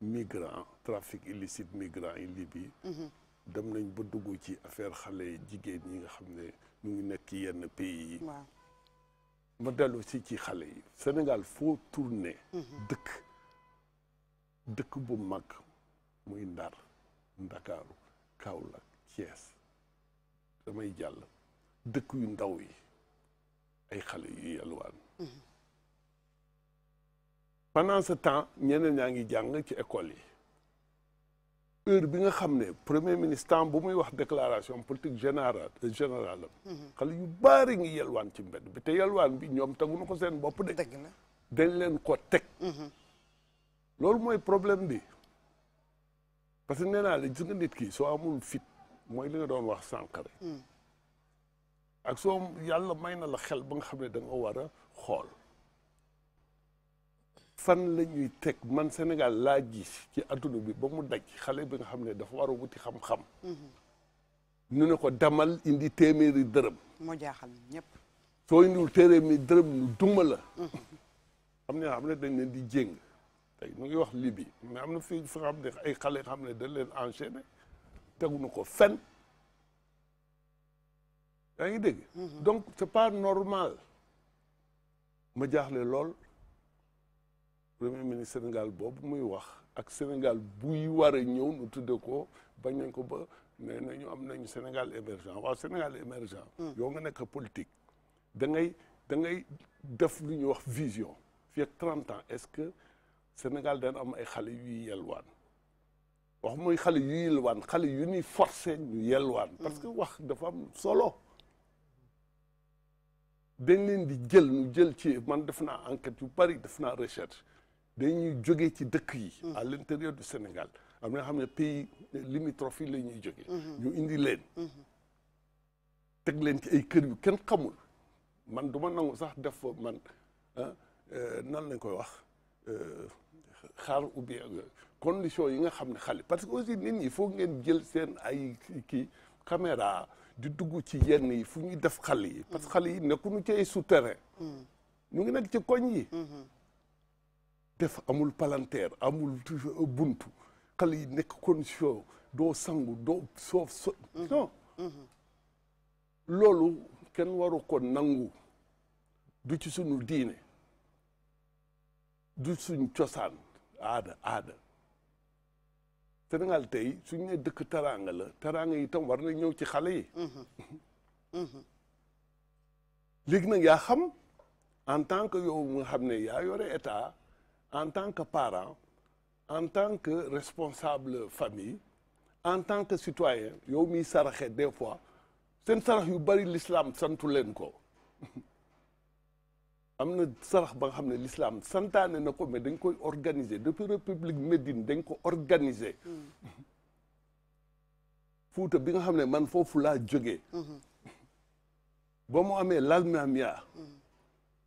S2: migrant trafic illicite migrant yi mhm. dem nañ ba dugg ci affaire xale jigéen yi nga xam ne ñu ngi nekk ci yenn pays yi ma dellu si ci xale yi Sénégal foo tourné mhm. dëkk dëkk bu mag muy Ndar Ndakaaru Kaolack Thiès damay jàll dëkk yu ndaw yi ay xale yu yalwaan mhm. pendant ce temps ñeneen yaa ngi jàng ci école yi heure bi nga xam ne premier ministre bu muy wax déclaration politique générale générale am mhm. xale yu baari ngi yelwaan ci mbedd bi te yelwaan bi ñoom teguñu ko seen bopp de dañ leen ko teg mhm. loolu mooy problème bi parce que nee naa la gis nga nit ki soo amul fit mooy li nga doon wax sànq rek mm. ak soo yàlla may na la xel ba nga xam ne da war a xool fan la ñuy teg man Sénégal laa gis ci adduna bi ba mu daj xale bi nga xam ne dafa war a wuti xam-xam. Mm-hmm. ñu ne ko damal indi téeméeri dërëm.
S1: moo jaaxal ñëpp.
S2: soo indiwul téeméeri dërëm ñu duma la. Mm-hmm. xam ne xam ne dañ leen di jéng tey ngi wax Libye mais am na fi xam ne ay xale xam ne dañ leen enchaîné teguñu ko fen yaa ngi dégg. Mm-hmm. donc c'est pas normal ma lool. premier ministre Sénégal boobu muy wax ak Sénégal buy wara ñew nu tudde ko bañ nañ ko ba nee nañu am nañu Sénégal émergent wa Sénégal émergent hmm. yo nga nek politique da ngay da ngay def lu ñu wax vision fi 30 ans est-ce que Sénégal dañ am ay xale yuy yelwaan wax muy xale yu yelwaan xale yu ñuy forcé ñu yelwaan hmm. parce que wax dafa am solo dañ leen di jël ñu jël ci man def naa enquête yu bari def naa recherche dañuy jógee ci dëkk yi. Mm. à l' du Sénégal am na xam ne pays limitrophes yi la ñuy jógee. Mm-hmm. indi leen. Mm-hmm. teg leen ci ay kër yu kenn xamul man du ma nangu sax def man ah, euh, nan lañ koy wax euh, xaar ou bien euh, condition yi nga xam ne xale parce que aussi nit ñi foog ngeen jël seen ay kii caméra di dugg ci yenn yi fu ñuy def xale yi. parce que mm-hmm. xale yi nekkuñu ci ay souterrain. Mm. ñu ngi nekk ci koñ def amul palanteer amul buntu xale yi nekk condition doo sangu doo soof so mhm. Mhm. loolu kenn waru ko nangu du ci sunu diine du suñ cosaan aada aada Sénégal tey suñ ne dëkk taraanga la taraanga yi tam war na ñëw ci xale yi
S10: mhm.
S2: léegi nag yaa xam en tant que yow nga xam ne yaa yore état en tant que parent, en tant que responsable famille, en tant que citoyen yow miy des fois c'est un yu bari l'islam santu leen ko am na ba nga l'islam santaane na ko mais dañ koy organiser depuis république Médine dañ organisé. organiser bien bi nga xam man foofu laa jógee mm-hmm. ba mu l'Almamia mm-hmm.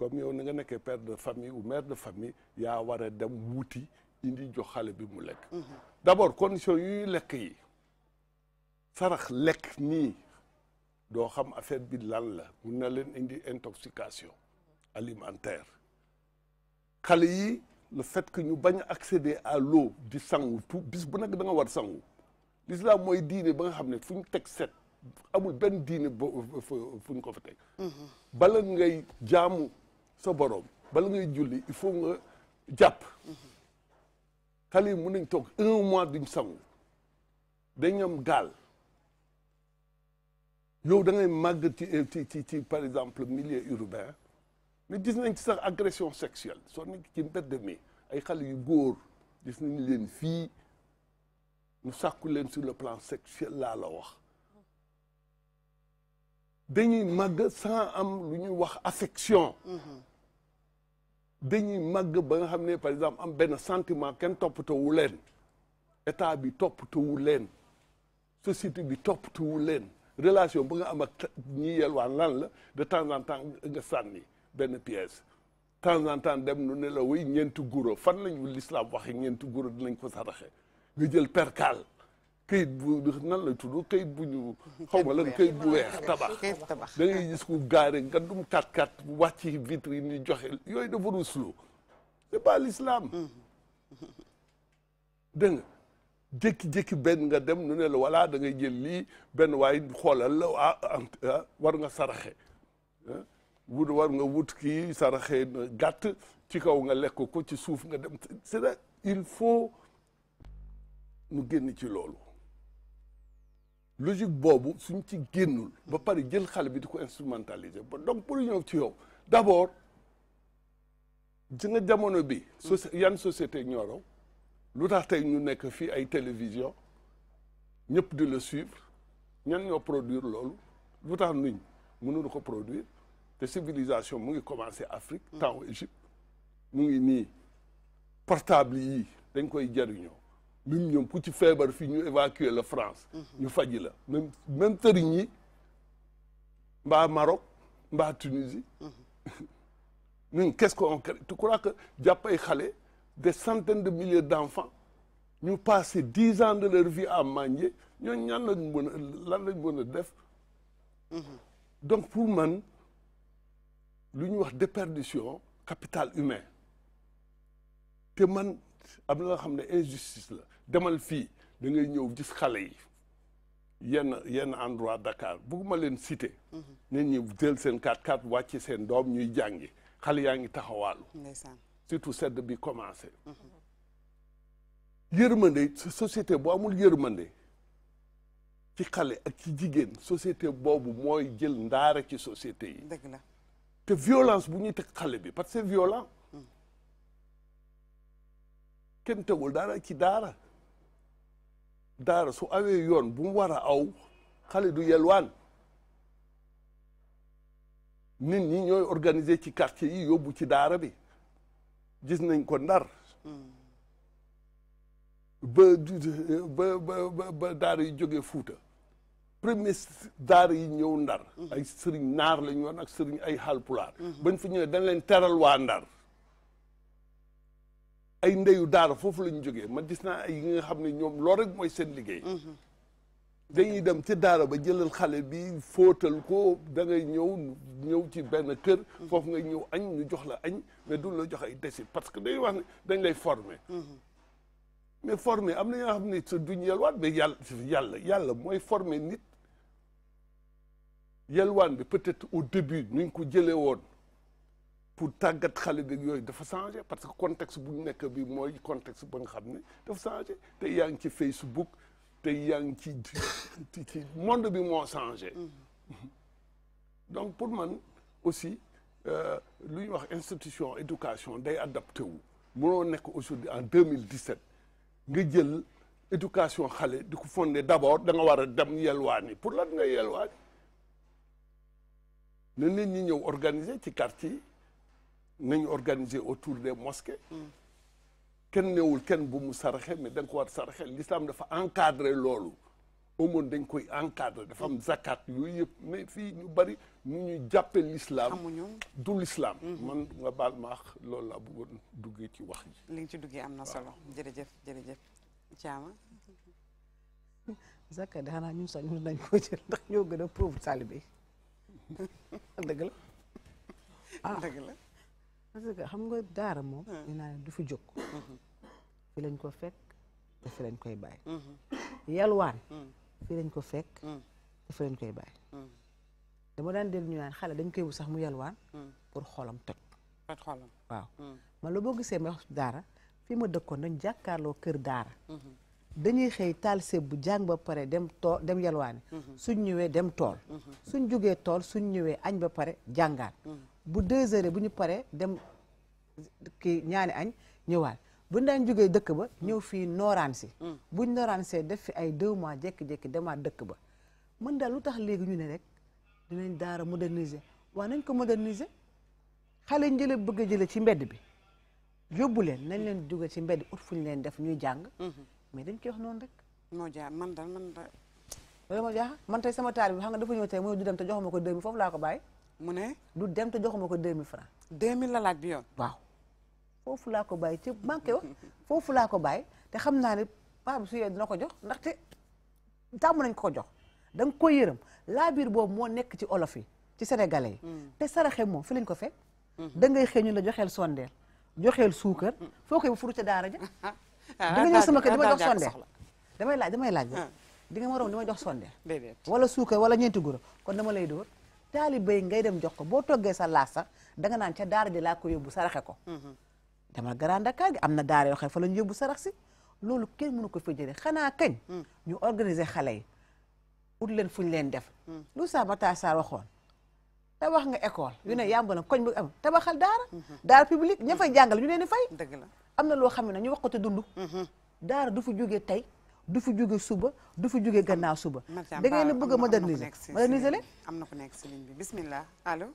S2: comme yow ni nga nekkee père de famille ou mère de famille ya waré dem muti, indi jox xalé bi mu lek mhm. d'abord condition yu lek yi sarax lek ni do xam affaire bi lan la mun na leen indi intoxication alimentaire xale yi le fait que ñu bañ accéder à l'eau du sang tout bis bu nak da nga war sangu l'islam moy diine ba nga xam ne fu ñu set amul ben diine fuñ fu ñu ko fa teg mhm. ngay jaamu sa borom bala ngay julli il faut nga japp xali mu mun nañ un mois duñ sangu dañ gal. gaal yow da ngay mag ti ti ti par exemple milieu urbain mais gis nañ ci sax agression sexuelle so nekk ci mbedd mi ay xali yu goor gis nañ leen fi Nous sàkku leen sur le plan sexuel la la wax dañuy mag sans am lu ñuy wax affection mm-hmm. dañuy màgg ba nga xam ne par exemple am benn sentiment kenn toppatoowu leen état bi toppatoowu leen société bi toppatoowu leen relation ba nga am ak ñi yelwaan lan la de temps en temps nga sànni benn pièce temps en temps dem nu ne la wuy ñeenti guro fan lañu lislaam waxe ñeenti guro lañ ko saraxe nga jël perkaal kayit bu nan la tudd kayit bu ñu. xaw ma lan kayit bu weex tabax. tabax da ngay gis ku gaare nga dum kat kat wàcc vitre yi joxe yooyu dafa ruslu c'est pas l'islam. Mm-hmm. dégg nga jékki-jékki benn nga dem nu ne la wala da ngay jël lii benn waay xoolal la ah war nga saraxe wut war nga wut kii saraxe na gàtt ci kaw nga lekk ko ci suuf nga dem c'est il faut nu génn ci loolu. logique bobu suñ ci gennul ba pare jël xale bi di instrumentaliser ba donc pour ñëw ci yow d'abord abord ci nga jamono bi yane société ñoro lu tax tey ñu nek fi ay télévision ñëpp di le suivre ñan ñoo produire lolu lu nuñ mënu ko produire te civilisation mu ngi commencé Afrique temps Égypte mu ngi ni portable yi dañ koy jariñoo même ñoom ku ci feebar fii ñu évacuer la France Nous, mhm. faisons la même même sëriñ yi Maroc bah Tunisie Nous, mhm. qu'est-ce qu'on crée tu crois que jàpp ay xale des centaines de milliers d'enfants ñu passé dix ans de leur vie à manger nous ñan lañ mën a def mhm. donc pour man lu ñu wax déperdition capital humain te man am na loo xam ne injustice la demal fii da ngay ñëw gis xale yi yenn yenn endroit Dakar bugguma leen cité mhm. ne ñi jël seen 4x4 wàcc seen doom ñuy jàngi xale yaa ngi taxawaalu surtout sedd bi commencé si mhm. société bu amul yërmande ci xale ak ci jigéen société boobu mooy jël ndaare ci société yi dëgg la te violence bu ñuy teg xale bi parce que c'est kenn tegul dara ci daara daara su awee yoon bu mu war a aw xale du yelwaan nit ñi ñooy organiser ci quartier yi yóbbu ci daara bi gis nañ ko ndar ba ba ba ba daara yi jógee Fuuta premier daara yi ñëw ndar mm-hmm. ay sëriñ naar lañ woon ak sëriñ ay Haalpulaar mm-hmm. bañ fi ñëwee dañ leen teral waa ndar ay ndeyu daara foofu la ñu jógee man gis naa ay yi nga xam ne ñoom lool rek mooy seen liggéey mhm. dañuy dem ci daara ba jëlal xale bi fóotal ko da ngay ñëw ñëw ci benn kër mhm. foofu ngay ñëw añ ñu jox la añ mais du la jox ay desit parce que dañuy wax ne dañ lay former mhm. mais former am na ñoo xam ne sa duñ yelwaat mais yàlla yàlla yàlla mooy former nit yelwaan bi peut-être au début nuñ ko jëlee woon pour tagat xale beeg yooyu dafa changer parce que contexte bu nek bi moy contexte ba nga xamné dafa changer té yang ci Facebook té yang ci monde bi mo changé mm-hmm. donc pour man aussi euh luy wax institution éducation day adapté wu mënoo nekk aujourd'hui en 2017 nga jël éducation xale di ko fondé d'abord da nga wara dem yelwaani pour lan nga yelwaani na nit ñi ñëw organiser ci quartier nous organiser autour des mosquées. Ken newul kenn bu mu mais d'un nga ko l'islam ne l'islam encadrer encadré au monde dañ koy encadré dafa am zakat lui, mais fii ñu bari nous ñuy jàppe l'islam du l'islam mhm. man nga bal maax loolu laa bëggoon duggee ci wax ji
S1: li nga ci duggee am na solo jërëjëf jërëjëf caama
S6: zakat di nous ñun sax ñun nañ ko jël ndax ñoo gën a pauvre parce que xam nga daara moom. Hmm. nee du fi jóg. fi lañ ko fekk te lañ koy bàyyi. yalwaan. fi lañ ko fekk. te fi lañ koy bàyyi. Hmm. Hmm. dama daan dellu ñu naan xale dañ koy wut sax mu yalwaan. pour xolam toj. toj waaw. man lu boo gisee ma daara fi ma dëkkoon dañ jàkkaarloo kër daara. dañuy xëy taal sëb bu jàng ba pare dem tool dem yalwaani. suñ ñëwee dem tool. suñ jógee tool suñ ñëwee añ ba pare jàngaat. bu deux heures bu ñu paree dem kii ñaani añ ñëwaan buñ daan jógee dëkk ba ñëw fii nooraan si mm. buñ nooraan see def fi ay deux mois jékki-jékki demaat dëkk ba mën daal lu tax léegi ñu ne rek dinañ daara moderniser waa nañ ko moderniser xale ñu jële bëgg a jële ci mbedd bi yóbbu leen nañ leen jóge ci mbedd ut fuñ leen def ñuy jàng mm-hmm. mais dañ koy wax noonu rek moo jaar man daal man daal loolu moo jaax man tey sama taal bi xam dafa ñëw tey mooy du dem te joxuma ko deux mille foofu laa ko bàyyi mu ne du dem te joxuma ko 2000 francs
S1: 2000 la laaj bi yoon waaw
S6: foofu laa ko bàyyi ci manqué wax foofu laa ko bàyyi te xam naa ne paa bi su yee dina ko jox ndaxte tàmm nañ ko jox da nga koy yërëm laa biir boobu moo nekk ci olof yi ci sénégalais yi mm. te saraxe moom fi lañ ko fekk mm-hmm. da ngay xëy ñu la joxeel sondeel joxeel suukar mm-hmm. foo koy bu furu ca daara ja ah, da nga ñëw sama kër di ma jox sondeel damay laaj damay laaj ah. di nga ma romb di ma jox sondeel wala suukar wala ñeenti guro kon dama lay dóor taaliba yi ngay dem jox ko boo toggee sa laas sax danga naan ca daara ji laa ko yóbbu saraxe ko mhm. dama Grand Dakar gi am na daara yoo xam fa la ñu yóbbu rax si loolu kenn mënu ko fa jëlee xanaa kañ mhm. ñu organiser xale yi ut leen fu fuñ leen def mhm. lu sa Mata Sarr waxoon tabax nga école yu ne yàmb na koñ bu am tabaxal daara daara publique ña fay jàngal ñu leen di fay dëgg la am na loo xam ne ñu wax ko te dund daara du fi jógee tey du fi joge suba du fi joge gannaaw suba. da ngay ne bëgg moderniser moderniser leen.
S1: amna ko nek serigne bi bismillah allo.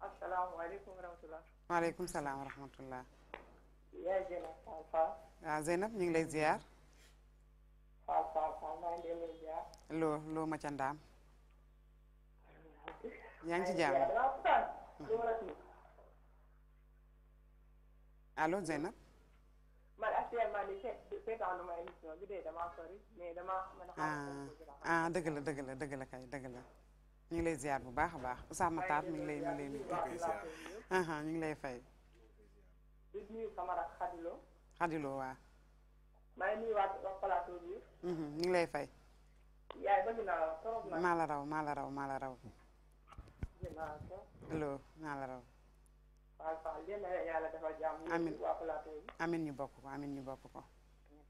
S13: asalaamaaleykum wa rahmatulah.
S1: maaleykum salaam wa rahmatulah.
S13: Salam. Zeynab Fall Fall.
S1: waaw Zeynab ñu ngi lay ziar.
S13: Fall Fall Fall maa ngi lay ziar.
S1: lo lo ma ca ndam yaa ngi ci jamm allo zainab man ah dëgg la dëgg la dëgg kay dëgg la ñu ngi lay ziar bu baax a baax Ousseyn Matar mi ngi lay mi ngi ñu ngi lay fay.
S13: di nuyu sama
S1: mhm, ngi lay fay.
S13: yaay naa
S1: la trop. maa la maa la maa la raw. maa la
S13: waaw Faal a yàlla ñu
S1: bokk ko amiin ñu bokk ko.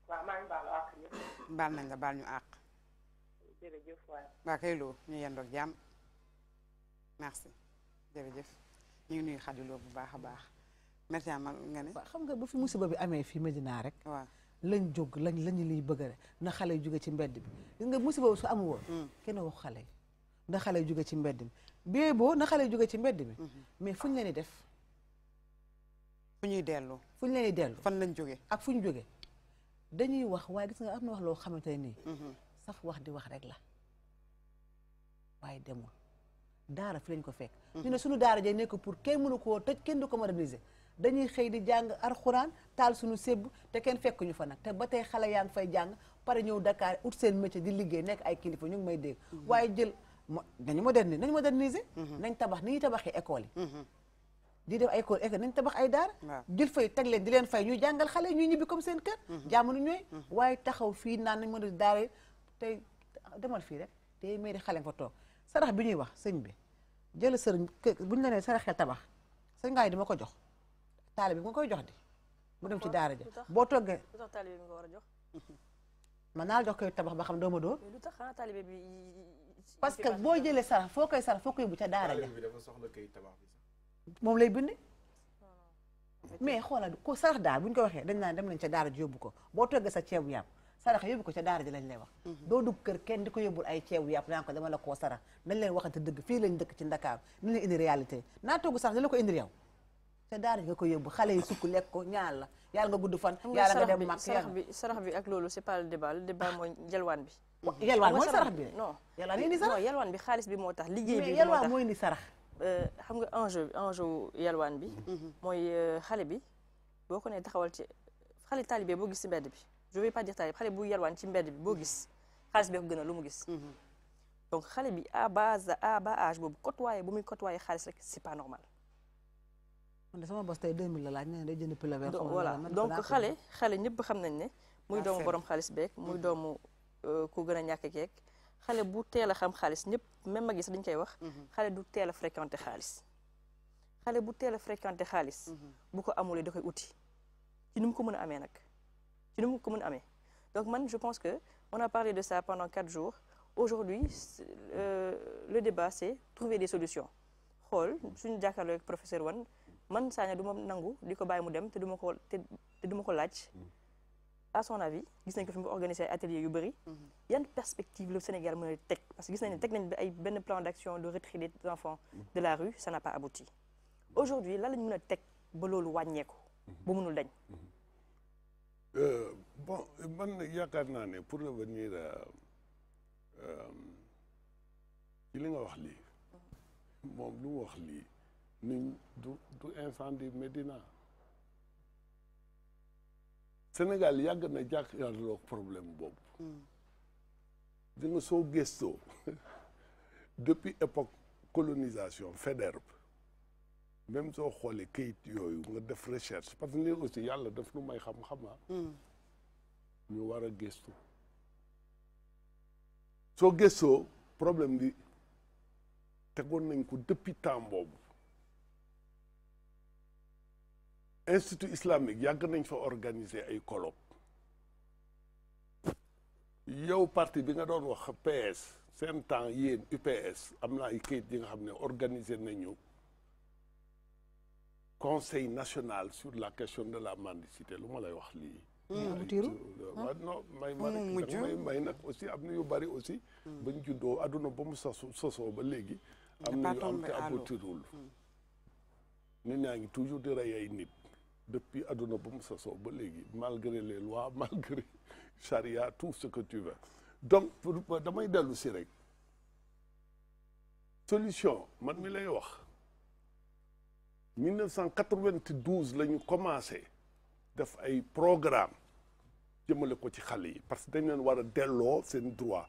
S13: waaw maa baal
S1: nañ la baal ñu àq. jërëjëf waay. waa kay loo ñu yendoog jàmm. merci ñu ngi nuyu bu baax a baax.
S6: merci amal nga xam nga ba fi musiba bi amee fii Medina rek. lañ jóg lañ lañu liy bëgg rek na xale jóge ci mbedd bi. gis nga musiba bi su amul woon. Mm. kenn wax xale yi na xale yu jóge ci mbedd bi. bee boo na xale yu jóge ci mbedd bi. Mm-hmm. mais fuñ leen di def. fu ñuy dellu fu ñu leen dellu fan lañ jóge ak fu ñu jóge dañuy wax waaye gis nga am na wax loo xamante ne nii mm-hmm. saf wax di wax rek la waaye demul daara fi lañ ko fekk mm-hmm. ñu ne suñu daara jee nekk pour kenn mënu koo tëj kenn du ko moderniser dañuy xëy di jàng alxuraan taal suñu sébb te kenn fekkuñu fa nag te ba tey xale yaa ngi fay jàng pare ñëw dakaar ut seen métier di liggéey nekk ay kilifa ñu ngi may dégg mm-hmm. waaye jël mo nañu moderniser nañu moderniser nañ tabax ni ñuy tabaxee école yi di def ay cours ek nañ tabax ay daara dil fay tag len di len fay ñu jàngal xale ñu ñibi comme seen kër jaamonu ñoy waaye taxaw fi naan nañ mëna a tay demal fi rek té mairie xale nga tok sarax bi ñuy wax sëñ bi jël sëriñ buñ la né sarax xel tabax sëñ ngaay dama ko jox taalibe bi nga koy jox di mu dem ci daara ja bo toggee
S5: lu tax bi nga war jox
S6: man naa jox koy tabax ba xam doo ma dóor
S5: lu tax xanaa taalibe bi
S6: parce que bo jëlé sarax fo koy sarax fo koy bu ca daara ja moom lay bind mais xoolal ko sarax daa bu ko waxee dañ naan dem nañ ca daara ji yóbbu ko boo toggee sa ceebu yàpp sarax yóbbu ko ca daara ji lañ lay wax mhm. doo dugg kër kenn di ko yóbbul ay ceebu yàpp naa ko dama la ko sarax nañ leen waxante dëgg fii lañ dëkk ci Ndakaaru ni leen indi réalité naa togg sarax di la ko indi yow ca daara ji nga ko yóbbu xale yi sukk lekk ko ñaar la yàlla nga gudd fan yàlla nga dem mag sarax bi
S5: sarax bi ak loolu c'est pas le débat mooy bi yalwaan mooy sarax bi non yalwaan indi sarax bi moo tax liggéey bi yalwaan mooy indi sarax Euh, xam nga enjeu enjeu yalwaan bi. Mhm. Mhm. mooy euh, xale bi boo ko nee taxawal ci xale taalibe boo gis ci mbedd bi je vais pas dire taalibe xale bu yalwaan ci mbedd bi boo gis xaalis bi ko gën a lu mu gis. Mhm. donc xale bi à base à bas âge boobu côtoyé bu muy côtoyé xaalis rek c'est pas normal.
S6: man de sama bos tey 2000 la laaj nee day jënd pile vert. voilà donc xale
S5: xale ñëpp xam nañ ne. muy doomu borom xaalis beeg muy doomu euh, ku gën a ñàkk keek xale bu téla xam xaalis ñep même magi sa dañ koy wax. Mhm. xale du téla fréquenter fréquenté xaalis. bu téla fréquenter fréquenté mhm. bu ko amulé da koy uti. ci num ko mëna amé nak ci num ko mëna amé donc man je pense que on a parlé de ça pendant quatre jours aujourd'hui euh, le débat c'est trouver des solutions xol suñu jàkkaarloo ak professeur Wan man Saña du nangu diko baye mu dem te du ko te du ko lacc à son avis gis nañ ko fi mu organisé atelier yu bëri mhm. yan perspective le Sénégal mën tech, parce que gis nañ ne teg nañ ay benn plan d'action de retrait des enfants de la rue ça n'a pas abouti aujourd'hui là la ñu mën a teg ba loolu wàññeeku ba mënul
S2: euh, bon man yaakaar naa ne pour revenir euh, ci li nga wax lii mhm. moom lu mu wax lii ni du du incendie Médina Sénégal yàgg na jàkkaarloog problème
S10: boobu.
S2: di nga soo gëstoo depuis époque colonisation Faidherbe même soo xoolee kayit yooyu nga def recherche parce que léegi aussi yàlla daf nu may xam-xama ah. hmm. ñu war a gëstu. soo gëstoo problème bi tegoon nañ ko depuis temps boobu. institut islamique yag nañ fa organiser ay colloque yow parti bi nga doon wax PS sen temps yeen UPS amna ay keet yi nga xamné organiser nañu conseil national sur la question de la mendicité luma lay wax li waaw hmm, euh, may hmm, ma aussi yu bari aussi. Hmm. ba ñu aduna mu soso sosoo ba léegi. am yu am te aboutirul nit ñaa toujours di ay nit. depuis malgré les lois malgré charia tout ce que tu veux donc pour vais vous y rek solution man mi 1992 nous avons commencé faire un programme jëmale ko ci parce que nous avons des a c'est un droit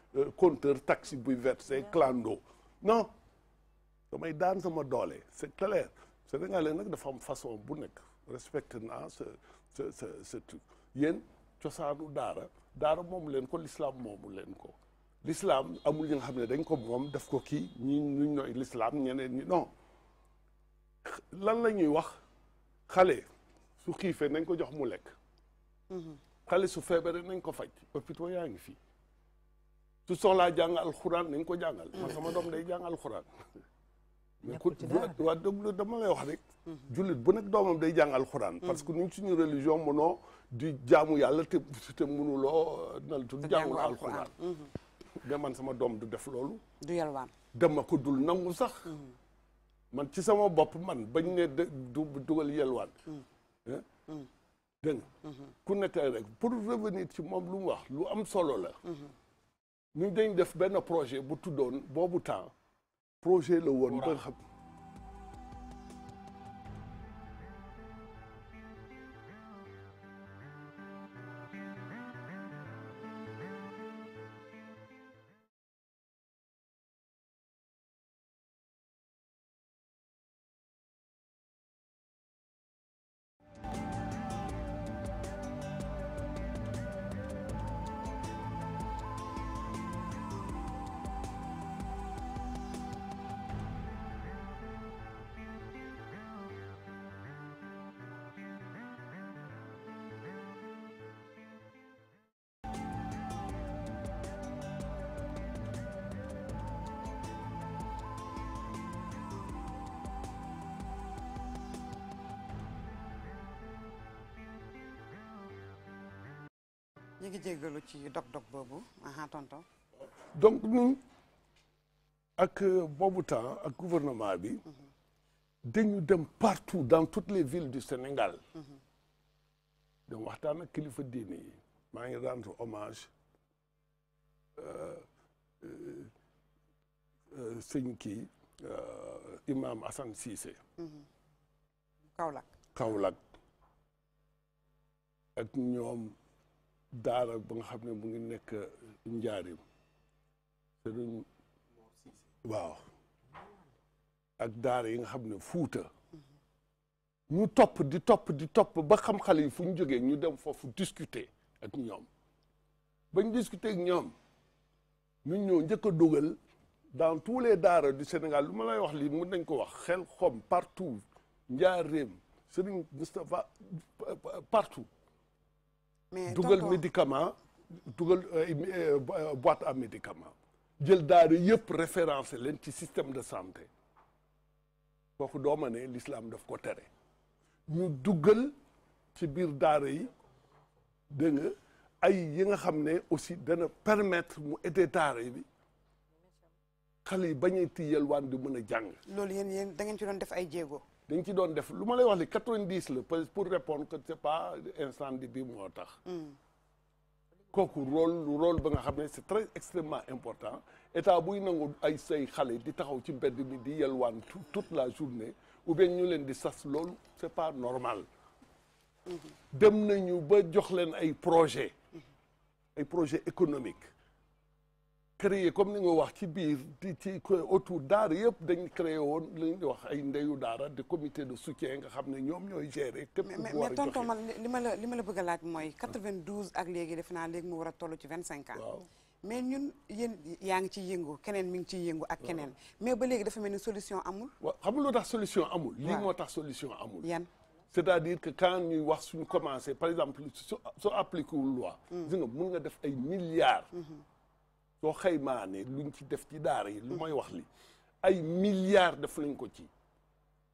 S2: Euh, conteur taxi buy versé clando non damay daan sama doole c'est clair sénégalais nag dafa am façon bu nekk respecté naa ce ce ce ce truc yéen cosaanu daara daara moomu leen ko lislaam moomu leen ko lislaam amul ñi nga xam ne dañ ko moom def ko kii ñi ñu ñooy l'islam ñeneen ñi non lan la ñuy wax xale su xiifee nañ ko jox mu lekk mhm. xale su feebaree nañ ko faj hôpitaux yaa ngi fii su soxlaa jàng alxuraan nañ ko jàngal man sama doom day jàng alxuraan mais ku waa déglu dama lay wax rek mhm. jullit bu nekk doomam day jàng alxuraan mhm. parce que ñun suñu religion mënoo di jaamu yàlla te te mënuloo nal tu jàngul alxuraan mhm. mais man sama doom du def loolu du yalwaan dama ko dul nangu sax man ci sama bopp man bañ ne du dugal yelwaan eh? dégg nga ku nekk rek pour revenir ci moom lu mu wax lu am solo la ñu dañ def benn projet bu tuddoon boobu temps projet la woon ba donc nous avec le le gouvernement nous sommes partout dans toutes les villes du Sénégal Nous avons dit rendre hommage à euh, l'imam euh, euh, imam Sissé. daara ba nga xam ne mu ngi nekk njaarim sëriñ waaw ak daara yi nga xam ne fuuta ñu topp di topp di topp ba xam-xale yi fu ñu ñu dem foofu discuter ak ñoom bañ discuter ak ñoom ñu ñëw njëkk a dugal dans tous les daara di Sénégal lu ma lay wax lii mën nañ ko wax xel xom partout njaareem Serigne Moustapha partout mais dugal médicament dugal euh, euh, euh, boîte à médicament jël daara yëpp référencé leen ci système de santé kooku dooma ne l'islam daf ko tere ñu dugal ci biir daara yi dégg nga ay yi nga xam ne aussi dana permettre mu aider daara bi xale yi bañ a tiyal waan di mën a jàng.
S1: loolu yéen yéen da ngeen ci doon def ay jéego.
S2: dañ ci doon def lu ma lay wax ni 90 la pour répondre que c'est pas incendie bi moo tax kooku rôle rôle ba nga xam ne c'est très extrêmement important état buy nangu ay say xale di taxaw ci mbedd mi di yelwaan toute la journée ou bien ñu leen di sas loolu c'est pas normal mm-hmm. dem nañu ba jox leen ay projet mm-hmm. ay projet économique créer comme ni nga wax ci biir di ci autour daara yëpp dañ créé woon li wax ay ndeyu dara de comité de soutien nga xamné ñom ñoy gérer. képp ku mais mais tonton
S1: man li la lima la bëgg a laaj mooy. 92 ak légui defe naa léegi mu wara tollu ci 25 ans. mais ñun yeen yaa ci ciy yëngu keneen mi ngi ci yëngu ak keneen. mais ba légui dafa melni solution amul.
S2: xam lu tax solution amul. li mo tax solution amul. yan c'est-à-dire que quand ñuy wax suñu commencé par exemple soo appliqué wul loi. Mm. gis nga mun nga def ay milliards. Mm-hmm soo xaymaa ne luñ ci def ci daara yi lu may wax li ay milliards def lañ ko ci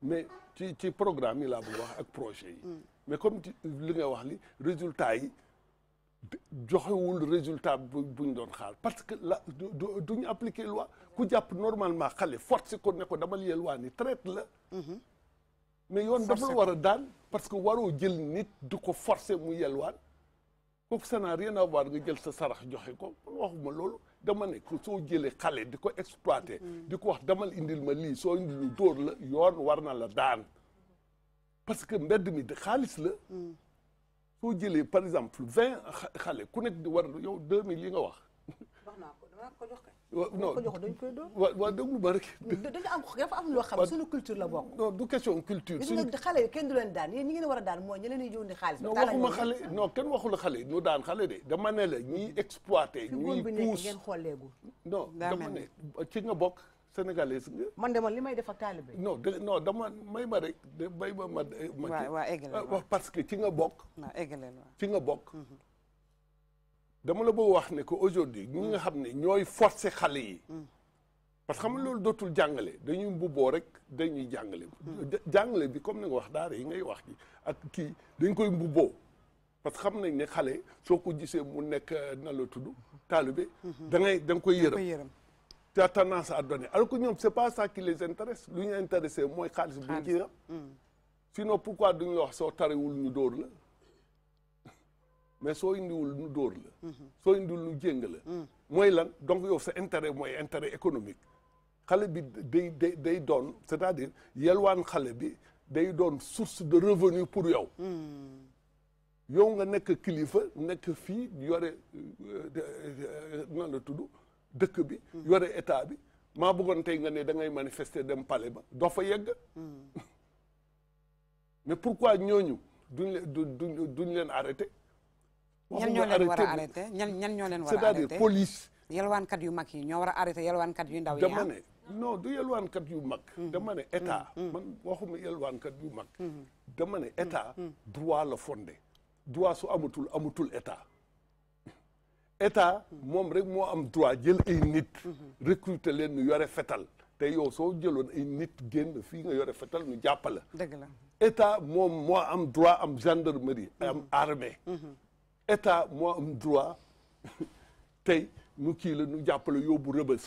S2: mais ci ci programme yi laa bëgg wax ak projet yi mm. mais comme li nga wax li résultat yi joxewul résultat buñ doon xaar parce que la duñ appliquer loi ku japp normalement xale force ko ne ko dama liyee loi ni traite la mm-hmm. mais yoon dafa war a daan parce que waroo jël nit du ko forcer mu yelwaan kooku ça n'a rien à voir nga jël sa sarax joxe ko waxuma loolu dama ne soo jëlee xale di ko exploité. di ko wax damal indil ma lii soo indil ñu dóor la yoon war na la daan parce que mbedd mi de xaalis la. soo jëlee par exemple vingt xale ku nekk di war yow deux mille yi nga wax. waaw ko jox kay. waaw ko jox
S6: dañ koy doon. am dafa am loo xam ne
S2: suñu culture la bokk. non du question culture. suñu
S6: gis nga kenn du leen daan yéen ñi ngeen war a daan mooy ñi leen di yónni xaalis. non waxuma xale
S2: non kenn waxul xale ñu daan xale de dama ne la ñiy exploité. ñiy pousse
S6: man de li may def ak taalibe.
S2: non de non dama may ma rek de may ma ma. waaw waa
S6: eggale
S1: ah, waaw
S2: parce que ci nga bokk.
S6: waaw eggale waaw
S2: ci nga bokk. Mhm. damala bo wax ne que aujourd'hui ñi nga xamné ñoy ñooy forcer xale yi. Mm. parce que xam nga loolu dootul jàngale dañuy mbubboo rek dañuy jàngale. Mm. jàngale bi comme ni nga wax daara yi ngay wax ji ak ki dañ koy mbubboo parce que xam nañ ne xalé soko ko mu nek euh, na la tuddu talibé mm-hmm. da ngay da koy yërëm. tu as tendance à donner alors que ñoom c'est pas ça qui les intéresse lu ñu intéressé moy xaliss bu ñu ciy mm. sinon pourquoi duñ wax soo tariwul ñu door la. mais soo indiwul nu dóor la mhm. soo indiwul nu jéng la mhm. mooy lan donc yow sa intérêt mooy intérêt économique xale bi day day day doon c'est-à-dire yelwaan xale bi day doon source de revenu pour yow
S10: hmm.
S2: yow nga nekk kilifa nekk fii yore euh, nan la tudd dëkk bi hmm. yore état bi maa bëggoon tey nga ne da ngay manifester dem pale ba doo fa yegg hmm. mais pourquoi ñooñu duñ du duñ leen arrêté ñan ñoo leen war a arrêté ñan ñan ñoo leen war a
S1: arrêté yu mag yi ñoo war a arrêté yelwaankat yu ndaw yi dama ah?
S2: ne yu mag mm-hmm. dama ne état mm-hmm. Mm-hmm. man waxuma yelwaankat yu mag dama ne état droit la fondé droit su amatul amatul eta état moom rek moo am droit jël ay nit recruter leen ñu yore fetal tey yow soo jëloon ay nit génn fii nga yore fetal ñu jàppale dëgg la état moom moo am droit am gendarmerie am armée état moo am droit tey nu kii la nu jàppale yobu rëbës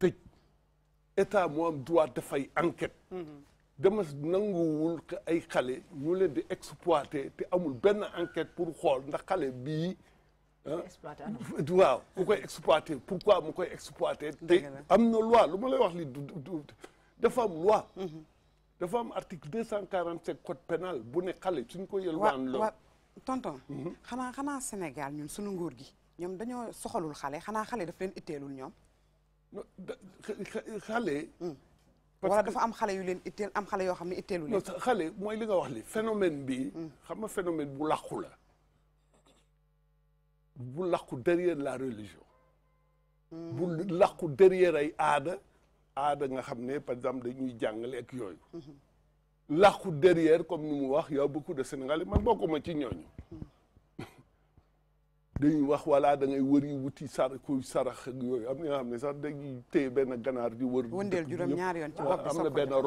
S2: tëj état moo am droit dafay enquête mm-hmm. dama nanguwul que ay xale ñu leen di exploité te amul benn enquêt pour xool ndax xale bii ah, waaw ku koy exploité pourquoi mu koy exploité te am na loi lu ma lay wax li du dafa am loi mm-hmm. dafa am article deux cent quarante-sept code pénal bu ne xale suñ ko yelwaan la tonton. Mhm. xanaa xanaa Sénégal ñun suñu
S1: nguur gi ñoom dañoo soxalul xale xanaa xale daf leen itteelul ñoom. non xale. Hmm. wala dafa am xale yu leen itteel am xale yoo xam ne itteelu leen.
S2: xale mooy li nga wax li phénomène bi. Hmm. xam nga phénomène bu làqu la. bu làqu derrière la religion. Hmm. bu làqu derrière ay aada. aada nga xam ne par exemple dañuy jàngale ak yooyu. làqu derrière comme ni mu wax y a beaucoup de Sénégalais man bokkuma ci ñooñu dañuy wax voilà da ngay wër yi wuti sar kuy sarax ak yooyu am na yoo xam ne sax dañuy téye benn ganaar di wër. wëndeel juróom-ñaar yoon ci bopp am na la bëgg a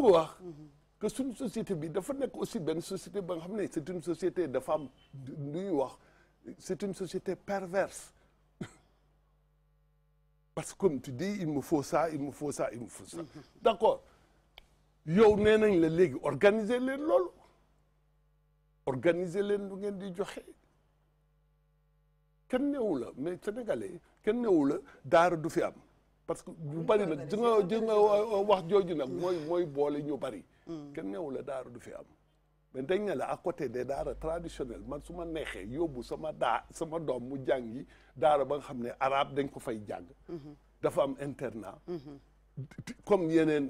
S2: wax. Mhm. que suñu société bi dafa nekk aussi benn société ba nga xam ne c'est une société dafa femmes lu ñuy wax c'est une société perverse parce que comme tu dis il me faut ça il me faut ça il mhm. d'accord. yow nee nañ la léegi organiser leen loolu organiser leen lu ngeen di joxe kenn newu la mais sénégalais kenn newu la daara du fi am parce que ñu bari nag di nga euh, wax jooju nag mooy mooy boole ñu bari mm. kenn newu la daara du fi am mais dañ ne la à côté des daara traditionnelles man su ma neexee yóbbu sama daa sama doom mu jàngi daara ba nga xam ne arabe dañ ko fay jàng mm-hmm. dafa am internat mm-hmm. comme yeneen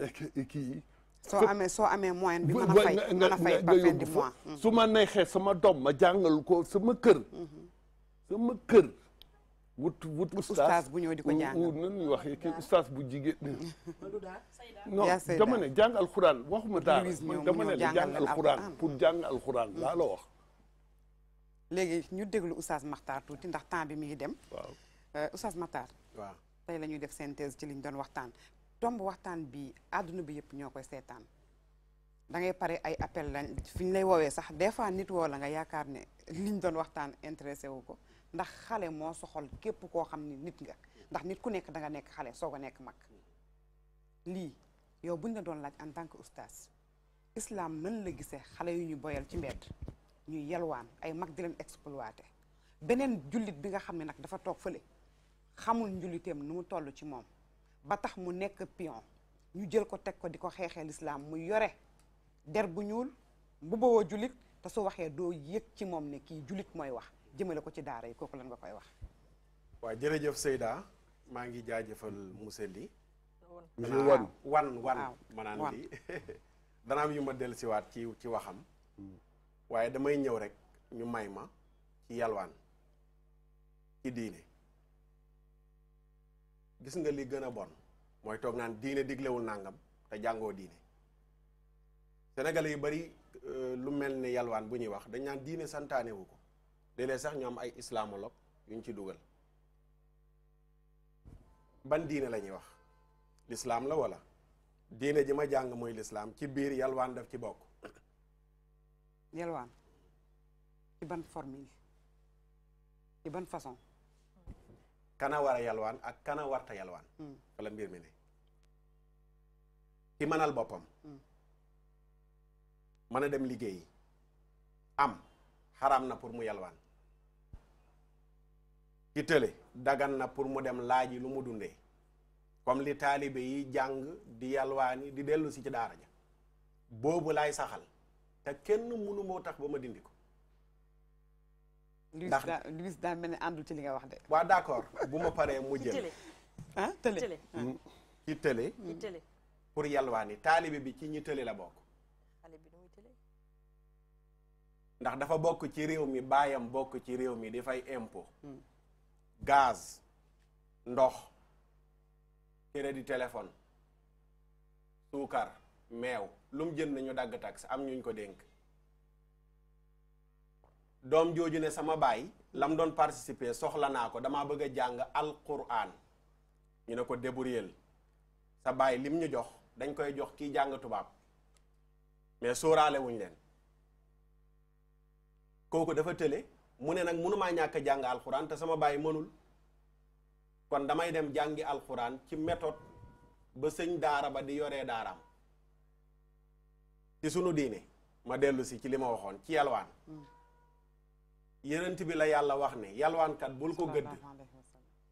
S2: kii yi soo amee soo amee moyen bi mën a fay mën a fay par fin di mois mm-hmm. su ma neexee sama doom ma jàngal ko sama kër mm-hmm. sama kër wut wut oustaz bu ñëw di ko jàng nan ñuy waxee kii oustaz bu jigéen
S6: mm-hmm. non dama ne
S2: jàng alxuraan waxuma daara dama ne jàng alxuraan pour jàng alxuraan laa la wax léegi
S1: ñu déglu oustaz Makhtar tuuti ndax temps bi mi ngi dem waaw euh, oustaz waaw tey la def synthèse ci liñ doon waxtaan tomb waxtaan bi àdduna bi yëpp ñoo koy seetaan da ngay pare ay appel lañ fi ñu lay woowee sax des fois nit woo la nga yaakaar ne liñ doon waxtaan intéressé wu ko ndax xale moo soxal képp koo xam ni nit nga ndax nit ku nekk danga nekk xale soo ko nekk mag lii yow buñ la doon laaj en tant que oustaz islam mën la gisee xale yu ñu boyal ci mbedd ñuy yalwaan ay mag di leen exploité beneen jullit bi nga xam ne nag dafa toog fële xamul njuliteem nu mu toll ci moom ba tax mu nekk pion ñu jël ko teg ko di ko xeexee lislaam mu yore der bu ñuul mbubawoo julit te su waxee doo yëg ci moom ne kii julit mooy wax jëmale ko ci daara yi kooku lañ nga koy wax
S4: waaw jërëjëf Seyda maa ngi jaajëfal monsieur li monsieur wan wan wan maanaam li dana am yu ma dellu siwaat ci ci waxam waaye damay ñëw rek ñu may ma ci yalwaan ci gis nga li gëna bon moy tok naan diine diglewul nangam te jango diine sénégal yi bari euh, lu melni yalwaan bu ñuy wax dañ naan diine santaanewu ko léeg sax ñom ay islamolog yuñ ci duggal ban diine la wax l'islam la wala diine ji ma jang moy l'islam ci biir yalwaan daf ci bok
S1: yalwaan ci ban forme ci ban façon
S4: kana wara yalwan ak kana warta yalwaan hmm. wala mbir mi ne ki manal bopam hmm. mën dem am haram na pour mu yalwan ki tële dagan na pour mu dem laaji lu mu dundé comme li talibé yi jang di yalwani di delu si ci daara ja bobu lay saxal te kenn munu mo tax bama dindiko
S1: ndax Louis daa mel ne àndul ci li nga wax de. waaw d'accord bu ma paree mu jël ah tële ci tële ah. mm. ci tële
S4: pour yalwaani taalibe bi ci ñi tële la bokk ndax dafa bokk ci réew mi baayam bokk ci réew mi di impôt mm. gaz ndox crédit téléphone suukar meew lu mu jënd ñu dagg tax am ñuñ ko dénk dom joju ne sama bay lam don participer soxla nako ko damaa bëgg a jàng alquran ñu ne ko débrouiller sa bay lim ñu jox dañ koy jox ki jang tubab mais sooralé wuñ len koku dafa télé mune nak mënuma ñaka jang a jàng alquran te sama bay mënul kon damay dem jàngi alquran ci méthode ba señ daara ba di yoré daaram ci sunu diiné ma dellu si ci lima ma ci yalwaan mm. yenent bi la yàlla wax ne yalwaankat bul ko gëdd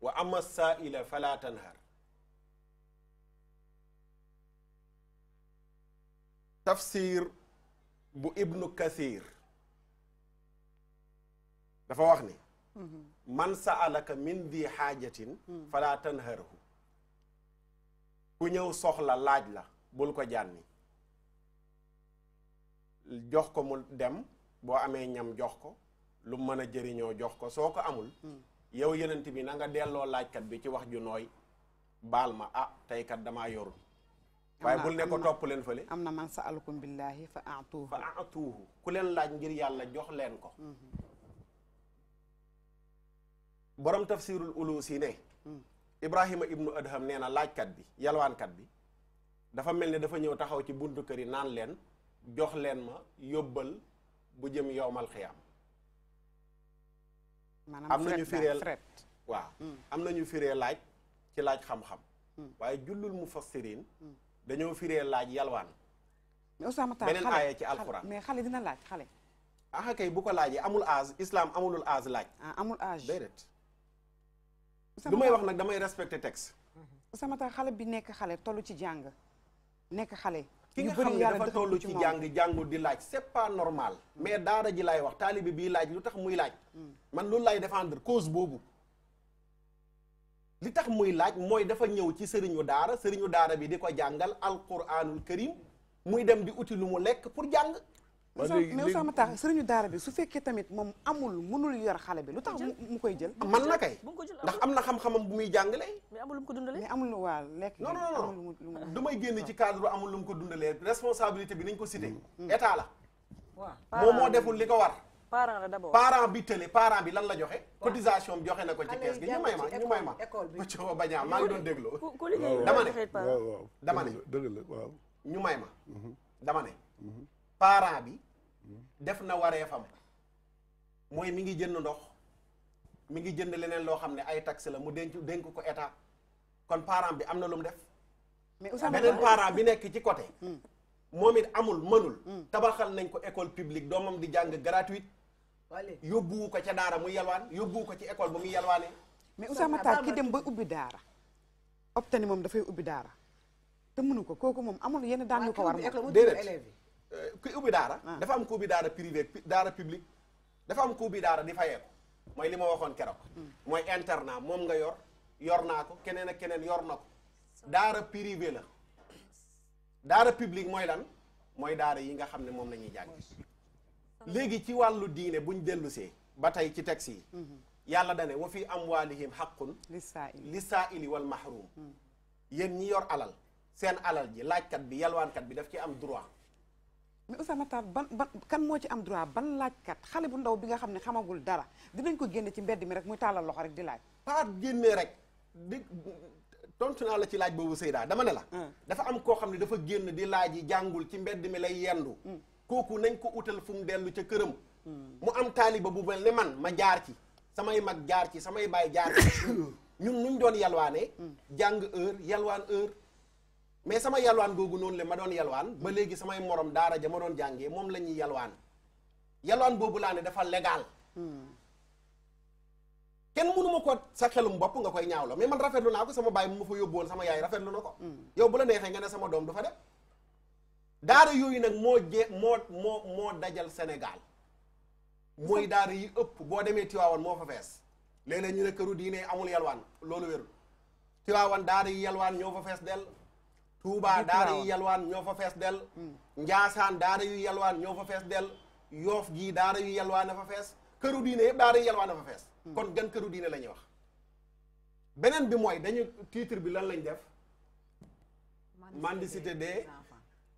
S4: wa ama saaila fala tanhar tafsir bu ibnu kathir dafa wax ni mhm. man sa saalaka min di xaajatin mhm. fala tanharahu ku ñëw soxla laaj la bul ko jànni jox ko mu dem boo amee ñam jox ko lu mën a jëriñoo jox ko amul hmm. yow yenent bi na nga delloo laajkat bi ci wax ju bal ma ah tay kat dama yorul
S10: waaye bul ne ko topp
S4: leen fële am na man sa'alukum billaahi fa atuuhu fa atuuhu ku leen laaj ngir jox len ko hmm. borom tafsirul ulusi ne hmm. ibrahima ibnu adham ne na laajkat bi yalwaankat bi dafa mel ni dafa ñew taxaw ci buntu yi naan jox len ma yobbal bu jëm yowmal
S1: am nañu firee
S4: waaw hmm. am nañu firee laaj ci laaj xam-xam hmm. waaye jullul mu fassirin hmm. dañoo firee laaj yalwaan
S1: beneen aaya ci alxuraan mais xale dina laaj xale
S4: ah kay bu ko laajee amul âge islam amulul âge laaj ah, amul âge déedéet lu may wax nag damay respecté texte
S1: Oussama taal xale bi nekk xale tollu ci jàng nekk xale ki nga xam ne dafa
S4: toll ci jàng jàngu di laaj c'est pas normal mais daara ji laay wax taalibe bii laaj lu tax muy laaj hmm. man loolu laay défendre cause boobu li tax muy laaj mooy dafa ñëw ci sëriñu daara sëriñu daara bi di ko jàngal alquranul karim muy dem di uti lu
S1: mu lekk pour jàng mais sama tax sëriñu daara bi su fekkee tamit moom amul mënul yor xale bi lu tax mu koy jël man na
S5: kay ndax
S1: am na xam-xamam bu muy jàngale
S5: mais amul lu mu ko dundalee
S1: mais amul lu waa lekk non non non du
S4: may génn ci cadre amul lu mu ko dundalee responsabilité bi nañ ko cité mm. Mm. état la
S1: waaw
S13: moom moo deful
S4: li ko war
S1: parent la d'abord
S4: parent bi tële parent bi lan la joxe. cotisation bi joxe na ko ci kees gi ñu may ma ñu may ma. école bi coow bañ a maa ngi doon déglu. ku liggéey dama ne dama ne dëgg la waaw. ñu may ma. Mm-hmm. dama ne. Mm-hmm. parent bi. def na wareefam mooy mi ngi jënd ndox mi ngi jënd leneen loo xam ne ay taxes la mu denc dénk ko état kon parent bi am na lu mu def.
S6: mais beneen parent bi
S4: nekk ci côté. Hmm. moom it amul mënul. Hmm. tabaxal nañ ko école publique doomam di jàng gratuite. yóbbuwu ko ca daara muy yalwaan yóbbuwu ko ci école ba muy yalwaanee.
S1: mais Ousama Tall ki dem ba ubbi daara. opte ni moom dafay ubbi daara. te mënu ko kooku moom amul yenn daan yu ko war moom. déedéet
S4: ku ubbi daara. Ah. dafa am ku ubbi daara privé daara publique dafa am ku ubbi daara di fayee mooy li ma waxoon keroog. Hmm. mooy internat moom nga yor yor naa ko keneen ak keneen yor na ko daara privé la daara publique mooy lan mooy daara yi nga xam ne moom la ñuy jàng léegi ci wàllu diine buñ dellusee ba tey ci texte yi. Hmm. yàlla dane wa fi am amwaalihim xaqun lisaaili wal mahrum hmm. yéen ñi yor alal seen alal ji laajkat bi yalwaankat bi daf ci am droit
S1: mais Ousseynou Matar ban ban kan moo ci am droit ban laajkat xale bu ndaw bi nga xam ne xamagul dara dinañ ko génne ci mbedd mi rek muy tàllal loxo rek di laaj. pas génne rek di
S4: tontu naa la ci laaj boobu Seyda dama ne la. Ah. dafa am koo xam ne dafa génn di laaj yi jàngul ci mbedd mi lay yendu. Hmm. kooku nañ ko utal fu mu dellu ca këram. Hmm. mu am taaliba bu mel ne man ma jaar ci samay mag jaar ci samay baay jaar ci ñun nuñ doon yalwaane. Hmm. jàng heure yalwaan heure. mais sama yalwaan googu noonu la ma doon yalwaan ba léegi samay morom daara ja ma doon jàngee moom la ñuy yalwaan yalwaan boobu laa ne dafa légal. Hmm. kenn mënu ma ko sa xelum bopp nga koy ñaaw la mais man rafetlu naa ko sama baay mu ma fa yóbbuwoon sama yaay rafetlu na ko. Hmm. yow bu la neexee nga ne sama doom du fa dem. daara yooyu nag moo je moo moo moo dajal Sénégal mooy daara yi ëpp boo demee Tiwaawan moo fa fees léeg-léeg ñu ne këru diine amul yalwaan loolu wérul Tiwaawan daara yi yalwaan ñoo fa fees dell. Touba daara yu yalwaan ñoo fa fees dell Njaasaan daara yu yalwaan ñoo fa fees dell Yoof gii daara yu yalwaan na fa fees këru diine yëpp daara yu yalwaan na fees hmm. kon gan këru diine la ñuy wax beneen bi mooy dañu titre bi lan lañ def mendicité des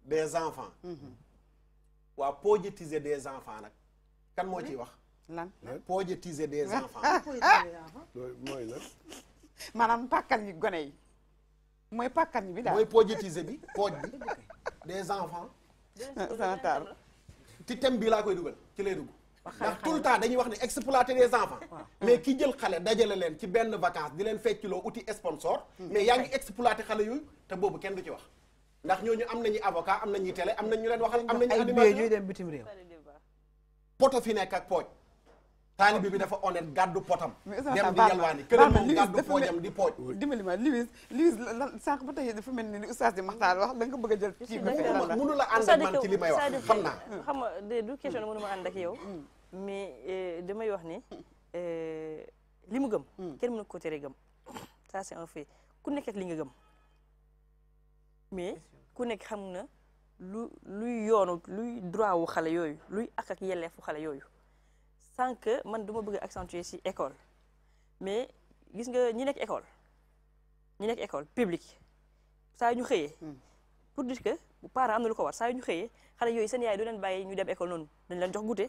S4: des enfants hmm. waa pojetiser des enfants nag kan moo ciy wax
S1: lan
S12: pojetiser des
S1: enfants mooy lan maanaam pàkkal ñu gone yi Moi pas bi Moi hein. projetisé bi des enfants.
S4: ci thème bi la koy dugal ci lay ndax tout le temps ils wax exploiter les enfants. mais ki jël xale viennent vacances, ils ont di leen fecculoo outil sponsor. Hmm. mais ils ngi exploiter xale des te Ils kenn du ci wax. ndax ils am nañu avocat am des télé am nañu leen waxal am des... animation poto taalibe bi
S1: dafa honnête gàddu potam.
S10: dem di yalwaani kër moom
S1: gàddu poojam di pooj. dimbali ma Louis Louis lan sànq ba tey dafa mel ni Oustaz di Maxtaar wax da nga bëgg a jël. kii bi la mënu la ànd ak man ci li may
S5: wax xam naa. xam nga du question la mënu ma ànd ak yow. Mm. mais euh, damay wax ni euh, li mu gëm. Mm. kenn mënu ko tere gëm ça c'est un fait ku nekk ak li nga gëm mais ku nekk xam na lu luy yoonu luy droit wu xale yooyu luy ak ak yelleefu xale yooyu. sans que man duma bëgg accentuer ci école mais gis nga ñi nek école ñi nek école publique saa ñu xeyé hmm. pour dire que bu parent am na lu ko war saa ñu xeyé xala yoy seen yaay du len bàyyi ñu dem école non dañ len jox goûter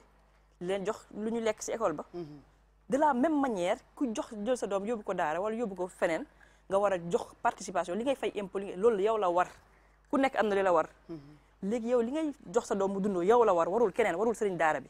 S5: len jox lu ñu lekk ci école ba. Hmm. de la même manière ku jox jël sa dom yóbbu ko daara wala yóbbu ko fenen nga wara jox participation li ngay fay impôt li loolu yow la war ku nek am na li la war. Hmm. légui yow li ngay jox sa dom mu dund yow la war warul keneen warul sëriñ daara bi.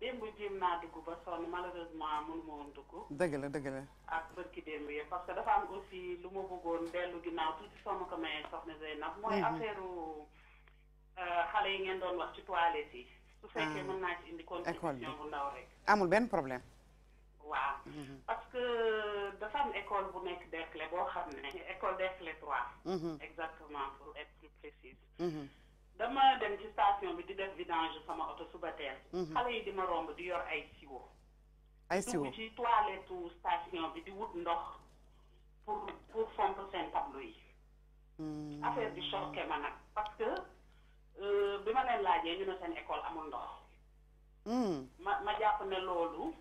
S13: démb jéem naa dugg ba sonn malheureusement mënu ma woon dugg. dëgg la dëgg la. ak bërki démb yi parce que dafa am aussi lu ma bëggoon dellu ginnaaw tuuti soo ma ko mayee soxna Zeynab. Mhm. mooy affaire euh, xale yi ngeen doon wax ci toilette yi. su fekkee ah. mën naa ci indi contribution bu ndaw rek.
S1: amul benn problème.
S13: waaw. Mhm. parce que euh, dafa am école bu nekk Derklé boo xam ne. école Derklé 3. Mhm. exactement pour être plus précise. dama dem ci station bi di def vidange sama oto suba teel. Mhm. xale yi di ma romb di yor ay siwo. ay siwo dugg ci toilette station bi di wut ndox pour pour fomp seen tableau yi. Hmm. affaire bi choqué ma nag parce que euh, bi ma leen laajee ñu ne seen école amul ndox. Hmm. ma ma jàpp ne loolu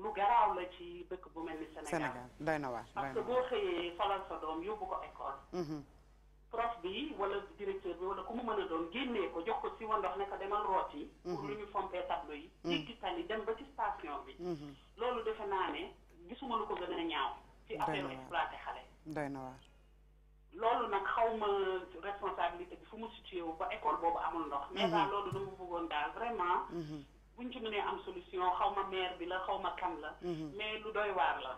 S13: lu garaaw la ci dëkk bu mel ni Sénégal. Sénégal
S1: doy na waar parce que boo
S13: xëyee falal sa doom yóbbu ko école. Hmm. prof bi wala directeur bi wala ku mu mën a doon génnee ko jox ko si wandox ne ko demal root yi mhm. pour lu ñu fompee tableau yi jéggi mhm. tali dem ba ci station bi mhm. loolu defe naa ne gisuma lu ko gën a ñaaw ci affaire exploité xale doy na waar loolu nag xaw ma responsabilité bi fu mu situé wu ba école boobu amul ndox mais daal loolu dama bëggoon daal vraiment buñ ci mënee am solution xaw ma maire bi la xaw ma kan la mais lu doy waar la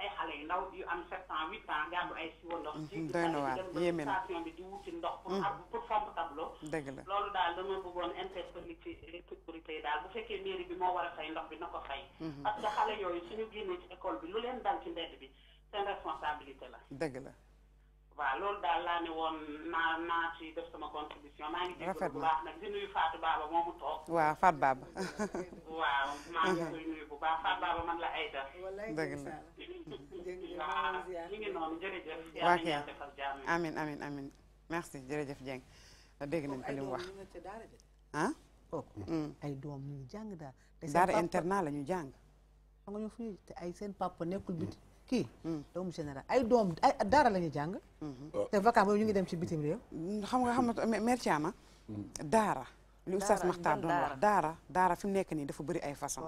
S13: ay xale yu ndaw yu am sept ans huit ans gàddu ay siwo ndox. doy na waar na station bi di wuti ndox. pour mm. pour fomp tableau. dëgg la loolu daal dama bëggoon interpellé ci autorité yi daal bu fekkee mairie bi moo war a fay ndox bi na ko fay. Mm-hmm. parce que xale yooyu suñu génnee ci école bi lu leen dal ci mbedd bi seen responsabilité la. dëgg la. waaw loolu daal laa ne jërëjëf.
S1: waaw kay amin amin amin merci jërëjëf Dieng dégg nañ ko li wax.
S6: ah. Mm. ay doom ñu jàng daal. daara internat la ñu jàng. xam nga ñu fu te ay seen papa nekkul kii hmm. doomu général ay doom ay dara la jàng hmm. te vacances boobu ñu ngi dem ci bitim réew hmm, xam nga xam nga mère Thiama ah. daara li oustaz Maxtaar doon wax daara daara fi nekk nii dafa bëri ay façon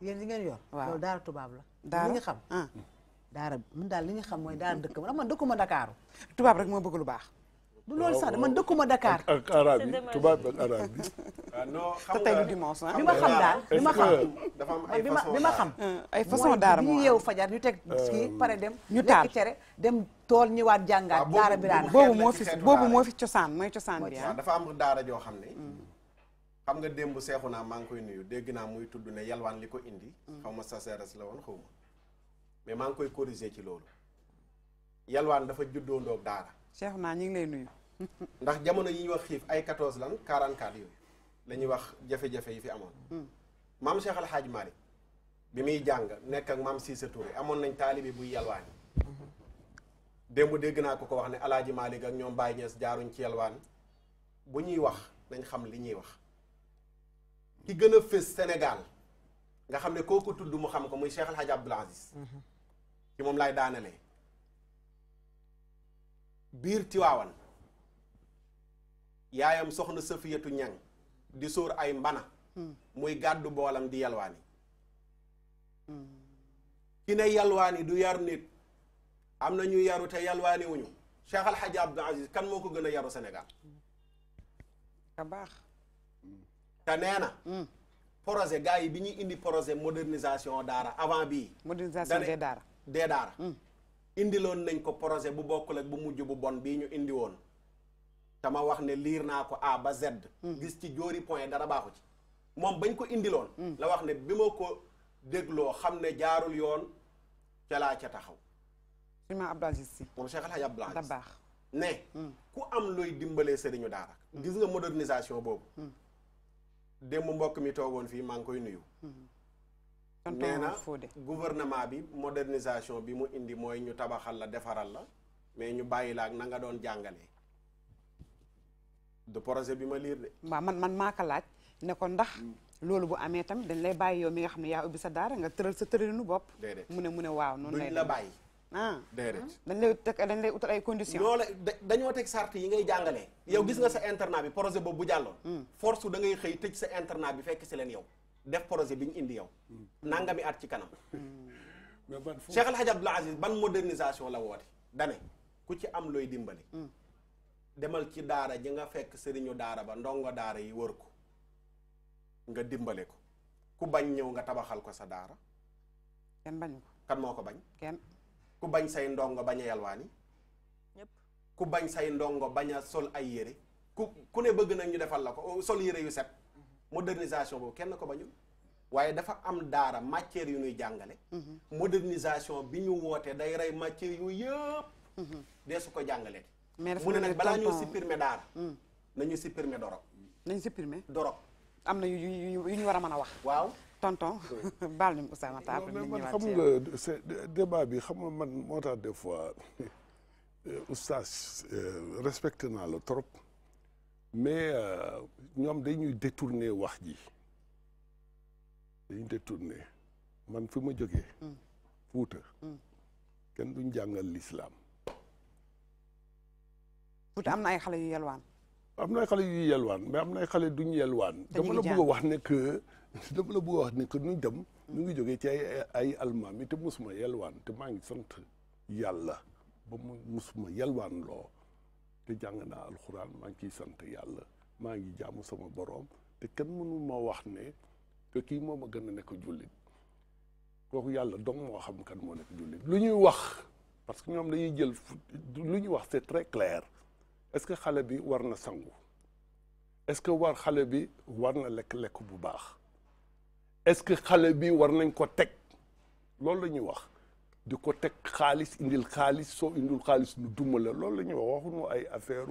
S6: yéen li ngeen yor loolu daara tubaab la daara li xam ah. daara mun daal li nga xam mooy daara dëkk man dëkkuma ndakaaru tubaab rek moo bëgg lu baax du loolu sax man dëkkuma dakaar
S2: ak arabe yi tubaab ak arabe yi.
S1: Ah, non xam nga tey du ah. bi ma xam
S2: daal bi ma xam. dafa am ay façon
S1: bi ma xam. Euh, ay façon daara mooy
S6: bi yeewu fajar ñu teg
S2: euh, kii pare
S6: dem. ñu taal lekk cere dem
S1: tool ñëwaat jàngaat. Ah, daara bi daan boobu moo fi boobu moo fi cosaan mooy cosaan bi ah. dafa
S4: am daara joo xam ne. Mm. xam nga démb seexu naa maa ngi koy nuyu dégg naa muy tudd ne yalwaan li ko indi. Mm. xaw ma sacerdoce la woon xaw ma mais maa ngi koy corriger ci loolu. yalwaan dafa juddoo ndoog Cheikh naa ñu ngi lay nuyu. ndax jamono yi wax xiif ay 14 lan 44 yooyu la ñuy wax jafe-jafe yi fi amoon. Hmm. maam Cheikh Al Hadj bi muy jàng nekk ak maam Cissé Touré amoon nañ taalibe buy yalwaani. démb dégg naa ko ko wax ne El Hadj ak ñoom Baye Niass jaaruñ ci yalwaan bu ñuy wax dañ xam li ñuy wax. ki gën a fës senegal nga xam ne kooku tudd mu xam ko muy Cheikh Al Hadj Abdoul Aziz. Hmm. ci moom laay daanalee. biir Tiwaawan yaayam soxna Safiyatu Ñang di sóor ay mbana hmm. muy gàddu boolam di yalwaani hmm. ki ne yalwaani du yar nit am na ñu yaru te yalwaani wuñu Cheikh Al Hadj Abdou Aziz kan moo ko gën yaru senegal ka baax te nee na hmm. projet gars yi bi ñuy indi projet modernisation daara avant bii modernisation des daara des daara indiloon nañ ko projet bu bokkul ak bu mujj bu bon bii ñu indi woon te ma wax ne liir naa ko A ba Z. Hmm. gis ci jóori point dara baaxu ci. moom bañ ko indiloon. Hmm. la wax ne bi ma ko dégloo xam ne jaarul yoon ca laa ca taxaw.
S1: Serigne Abdou Aziz Sy. moom
S4: Cheikh El Hadj ne. Hmm. ku am looy dimbalee sëriñu daara. gis nga modernisation boobu. démb mbokk mi toogoon fii maa ngi koy nuyu. nee na gouvernement bi modernisation bi mu indi mooy ñu tabaxal la defaral la mais ñu bàyyi la ak na nga doon jàngalee du projet bi ma liir de
S1: waaw man man maa laaj ne ko ndax mm. loolu bu amee tamit dañ lay bàyyi yow mi nga xam ne yaa ubbi sa daara nga tëral sa tëralinu bopp mu ne mu ne waaw noonu lay la bàyyi ah déedéet ah. dañ lay teg dañ lay utal ay conditions loola dañoo teg sart yi ngay jàngale yow gis nga
S4: sa internat bi projet boobu bu jàlloon mm. force da ngay xëy tëj sa internat bi fekk si leen yow def projet bi ñu indi yow. nangami at ci kanam. Cheikh al Hadj abdullah Aziz ban modernisation la woote. dane ku ci am looy dimbali. Mm. demal ci daara ji nga fekk sëriñu daara ba ndongo daara yi wër ko nga dimbale ko ku bañ ñëw nga tabaxal ko sa daara. ken bañ ko kan moo ko bañ. ken ku bañ say ndongo bañ a yalwaani. ku bañ say ndongo bañ a sol ay yére ku ku ne bëgg nak ñu defal la ko sol yére yu set. modernisation boobu kenn ko ba bañul waaye dafa am daara matière yu nuy jàngale mhm. modernisation bi ñu wootee day rey matière yooyu yëpp mhm. dee su ko jàngalee
S10: mu ne nag balaa ñu supprimer
S1: daara hmm. nañu supprimer dorog nañu supprimer dorog am na yu yu ñu war a mën a wax waaw tonton baal nañu Ousama Tall man xam
S2: nga débat bi xam nga man moo tax des fois euh, oustaz euh, respecté naa la trop mais euh, ñoom dañuy détourner wax ji dañuy détourner man fi ma jógee hmm. Fuuta hmm. kenn duñ jàngal lislaam
S1: Fuuta am na ay xale yu yelwaan
S2: am na ay xale yu yelwaan mais am na ay xale duñ yelwaan dama la bëgg a wax ne que dama la bëgg a wax ne que nuñ dem ñu ngi jógee ci ay ay almaam yi te musuma yelwaan te maa ngi sant yàlla ba mu musuma yelwaan loo te jàng naa alxuraan maa ngi ciy sant yàlla maa ngi jaamu sama boroom te kenn mënu ma wax ne que kii moom a gën a nekk jullit kooku yàlla dong moo xam kan moo nekk jullit lu ñuy wax parce que ñoom dañuy jël lu ñuy wax c'est très clair est-ce que xale bi war na sangu est-ce que war xale bi war na lekk-lekk bu baax est-ce que xale bi war nañ ko teg loolu la ñuy wax De côté, Khalis, indil khalis so indil khalis nu duma la loolu lañu waxu wax ay affaire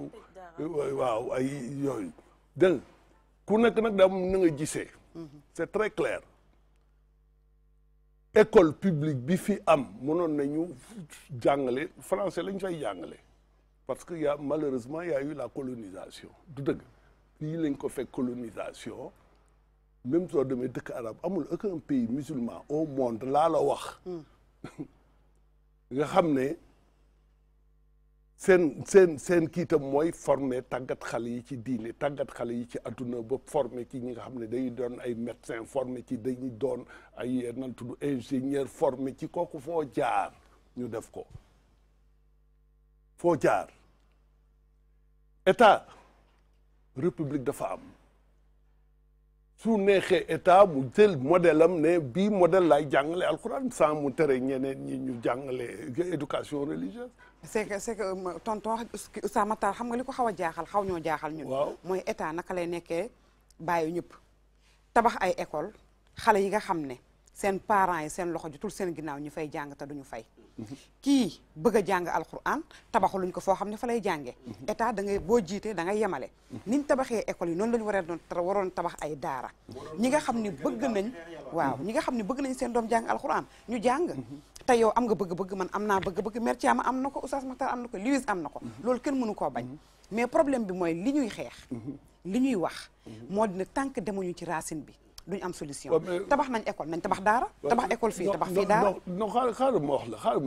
S2: waaw ay yoy dégg ku nekk nak nga mhm. c'est très clair école publique bi fi am mënoon nañu jangalé français lañ fay jangalé parce que y a malheureusement y a eu la colonisation du deug fi lañ ko fait colonisation même soo Arabes, il arab amul aucun pays musulman au monde là la wax mm. nga xam ne seen seen seen kiitam mooy former tàggat xale yi ci diine tàggat xale yi ci adduna ba former ci ñi nga xam ne dañuy doon ay médecin former ci dañuy doon ay nan tudd ingénieur former ci kooku foo jaar ñu def ko foo jaar état république dafa am su neexee état mu jël modèle am ne bii modèle laay jàngale alxuraan sans mu tere ñeneen ñi ñu jàngale éducation religieuse.
S1: c'est c'est tonton Oustaz Makhtar xam nga li ko xaw a jaaxal xaw ñoo jaaxal ñun. waaw mooy état naka lay nekkee bàyyi ñëpp tabax ay école xale yi nga xam ne. seen parent yi seen loxo jotul seen ginnaaw ñu fay jàng te duñu fay kii bëgg a jàng alquran tabaxu luñ ko foo xam ne fa lay jàngee état da boo jiitee da ngay yemale niñ tabaxee école yi noonu la waree doon waroon tabax ay daara ñi nga xam ni bëgg nañ waaw ñi nga xam ne bëgg nañ seen doom jàng alquran ñu jàng te yow am nga bëgg-bëgg man am naa bëgg-bëgg mère Thiama am na ko Oustaz Makhtar am na ko Louise am na ko loolu kenn mënu koo bañ mais problème bi mooy li ñuy xeex li ñuy wax moo dina tànk demuñu ci racine bi duñ am solution. tabax nañ école nañ tabax daara. école tabax non
S2: non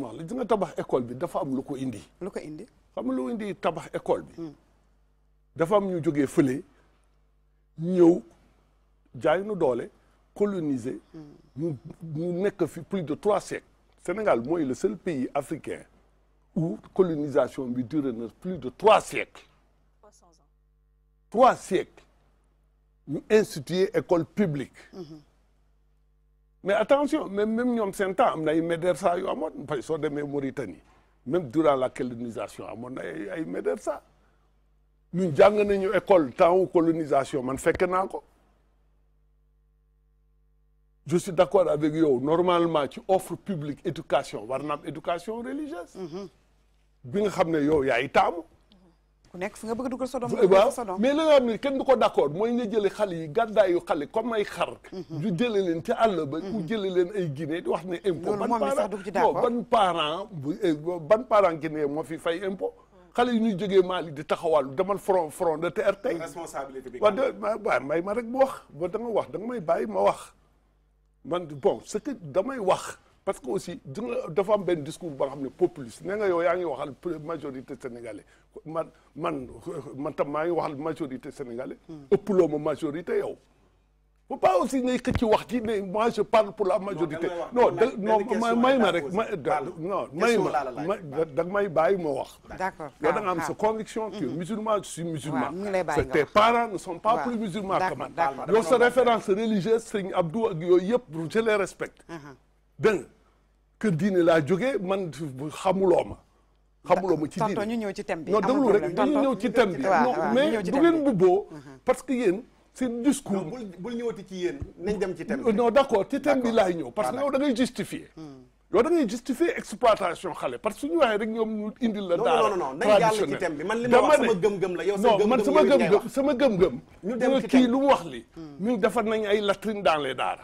S2: une école, école bi dafa am lu ko indi. lu ko indi. xam école bi. dafa coloniser. plus de trois siècles. Sénégal est le seul pays africain où colonisation bi dure ne plus de trois siècles. trois trois siècles. ñu instituer école publique. mais attention même même ñoom seen am na ay médersa yu amoon parce que soo demee Mauritanie même durant la colonisation amoon na ay ay médersa ñun jàng nañu école temps wu colonisation man fekk naa ko. je suis d'accord avec yow normalement ci offre publique éducation war na am éducation religieuse. Mm-hmm. bi nga xam ne yow yaay taamu.
S1: ku nekk fu nga bëgg a dugal sa doom waaw mais
S2: li nga xam ne kenn du ko d'accord mooy nga jële xale yi gàddaayu xale comme ay xar mhm. ñu jële leen ci àll ba u mhm. jële leen ay Guinée di wax ne impôt ban parent ban parent eh, ban parent Guinée moo fi fay impôt xale yi ñuy jógee Mali di taxawal damal front front de terre tey
S4: responsabilité bi waaw
S2: may ma rek bu wax ba da wax da may bàyyi ma wax man bon ce que damay wax parce que aussi di nga dafa am benn discours boo xam ne populiste nee nga yow yaa ngi waxal majorité sénégalaise, man man man tam maa ngi waxal majorité sénégalaise, hmm. ëpp loo ma majorité yow. faut pas aussi ngay xëcc wax ci ne moi je parle pour la majorité. non non may ma rek non may ma ma da may bàyyi ma wax.
S1: d'accord yow da nga am ah, sa ah.
S2: conviction. que mhm. musulman je suis musulman. waaw tes parents ne sont pas plus musulmans que man. yow sa référence religieuse sëñ Abdou ak yooyu yëpp je les respecte. Uh-huh. dégg kër diine laa jógee man xamuloo ma. xamuloo ma ci diine tonton ñu ñëw ci thème bi. rek ñu ñëw ci thème bi non mais du ngeen bubboo mhm. parce que yéen seen discours. bul bul ñëwati ci yéen nañ dem ci thème bi. non d' accord ci thème bi laay ñëw parce que yow da ngay justifier. Hmm. yow da ngay justifier exploitation xale parce que suñu waxee rek ñoom ñu indil la. daara non non non nañ jàll ci thème bi wax li hmm. ñu nañ ay latrine dans les daara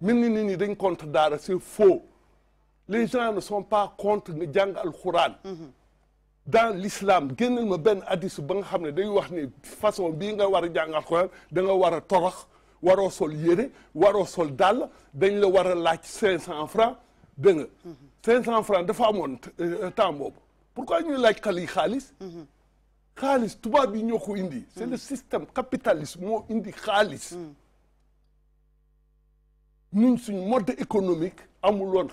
S2: mel ni nit dañ contre daara c'est faux les gens ne sont pas contre djang al alxuraan dans l'islam génnal ma benn hadisu ba nga xam ne day wax ni façon bii nga war a jàng alxuraan da nga war a torox waroo sol yére waroo sol dàll dañ la war a laaj cinq cent francs dégg nga cinq cent francs dafa amoon euh, euh, temps boobu pourquoi ñuy laaj xal yi xaalis xaalis tubaab yi ñoo indi c'est le système capitaliste moo indi xaalis ñun suñ mode économique amul woon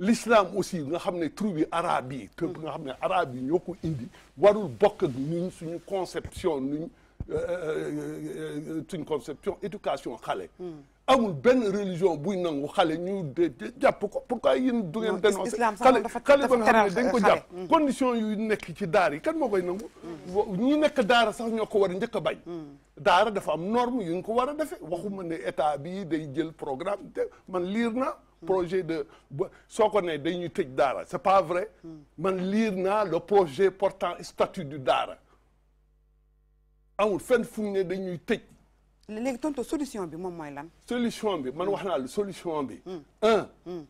S2: l'islam aussi nga xam ne tribu arabe yi nga xam arabe indi warul bokk ak ñun conception une euh, euh, euh, conception éducation hmm amul ben religion buy nangu xalé ñu japp ko pourquoi yeen du ngeen dénoncé xalé xale ba nga xam dañ ko japp mm. condition yu nekk ci daara yi kan mo koy nangu mm. ñi nekk daara sax ñoko wara ñëk bañ mm. daara dafa am norme yu ñu ko wara a waxuma né état bi day jël programme man liir na projet de soko né dañuy tej daara c'est pas vrai man liir naa le projet portant statut du daara amul fenn fu ñu ne dañuy tej léegi tonto solution bi moom La solution bi man la solution un. Hmm.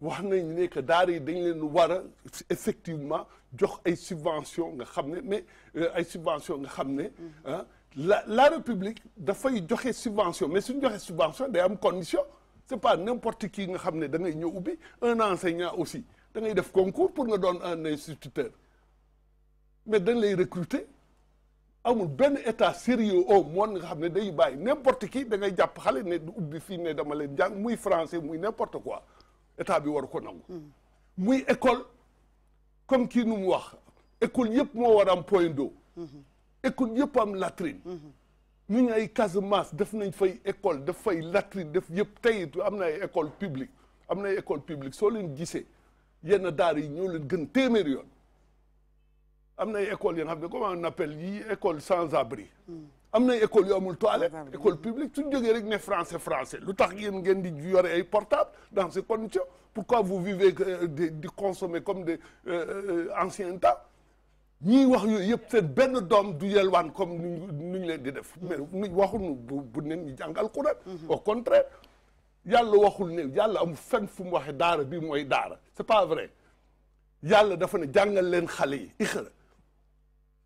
S2: wax nañ dit que nous yi dañ leen effectivement jox ay subventions nga xam La mais euh, ay subventions nga xam Mais hmm. hein, la la république dafay joxe subvention mais suñ joxe subvention day am condition c'est pas n'importe qui nga xam ne da ngay y un enseignant aussi da ngay def concours pour nous donner un instituteur mais dañ les recruter amul benn état sérieux au monde nga xam ne day bàyyi n'importe qui da ngay jàpp xale ne du ubbi fii ne dama leen jàng muy français muy n'importe quoi état bi war ko nangu. Hmm. muy école comme kii nu mu wax école yëpp moo war am point d'eau. Hmm. école yëpp am latrine. ñu hmm. ñu ay Casamance def nañ fay école def fay latrine def yëpp tey am na ay école publique am na ay école publique soo leen gisee yenn daara yi ñoo leen gën téeméeri yoon amna école, ay écoles yi nga comment on appelle yii école sans abri amna école ay écoles yu amul toilette école publique suñu jógee rek né français français lutax yeen yéen ngeen di yore ay portable dans ces conditions pourquoi vous vivez euh, de consommer comme des euh, euh, anciens temps ñi wax yooyu yëpp seen benn dom du yelwaan comme nu ñu leen di def mm-hmm. mais nuñ waxuñu bu bu nen ñu jàngal Alxuraan mm-hmm. au contraire yàlla waxul ne yalla am fenn fu mu waxee daara bi moy daara c'est pas vrai yalla dafa ne jàngal leen xale yi ixra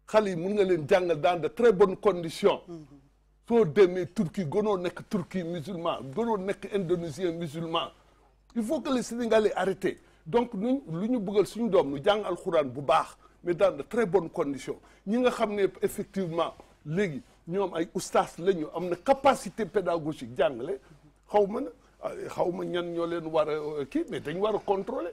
S2: xale mën nga leen jàngal dans de très bonnes conditions soo demee Turquie gënoo nekk Turquie musulman gënoo nekk indonésien musulman il faut que les Sénégalais arrêtent donc nuñ lu ñu bëggal suñu doom nu jàng alxuraan bu baax mais dans de très bonnes conditions ñi nga xam ne effectivement léegi ñoom ay ustaas lañu ñu am na capacité pédagogique jàngale xaw ma na ah, xaw ma ñan ñoo leen war a euh, kii mais dañ war a contrôler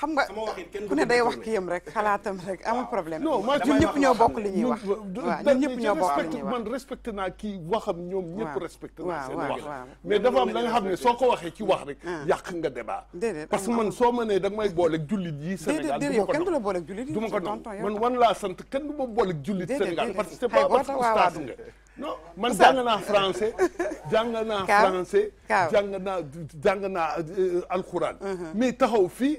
S1: xam nga ku ne day wax kiyam rek xalaatam rek amul problème. non bokk li ñuy wax. waaw ñun ñëpp ñoo bokk wax man
S2: respecté naa kii waxam ñoom ñëpp respecté naa seen mais dafa am da nga xam ne soo ko waxee ci wax rek ah. yàq nga débat parce que man soo ma nee da nga may booleeg jullit yi Sénégal du ma ko kenn du la booleeg jullit du ma ko non man wan laa sant naa français jàng naa français jàng naa jàng euh, alxuraan uh-huh. mais taxaw fii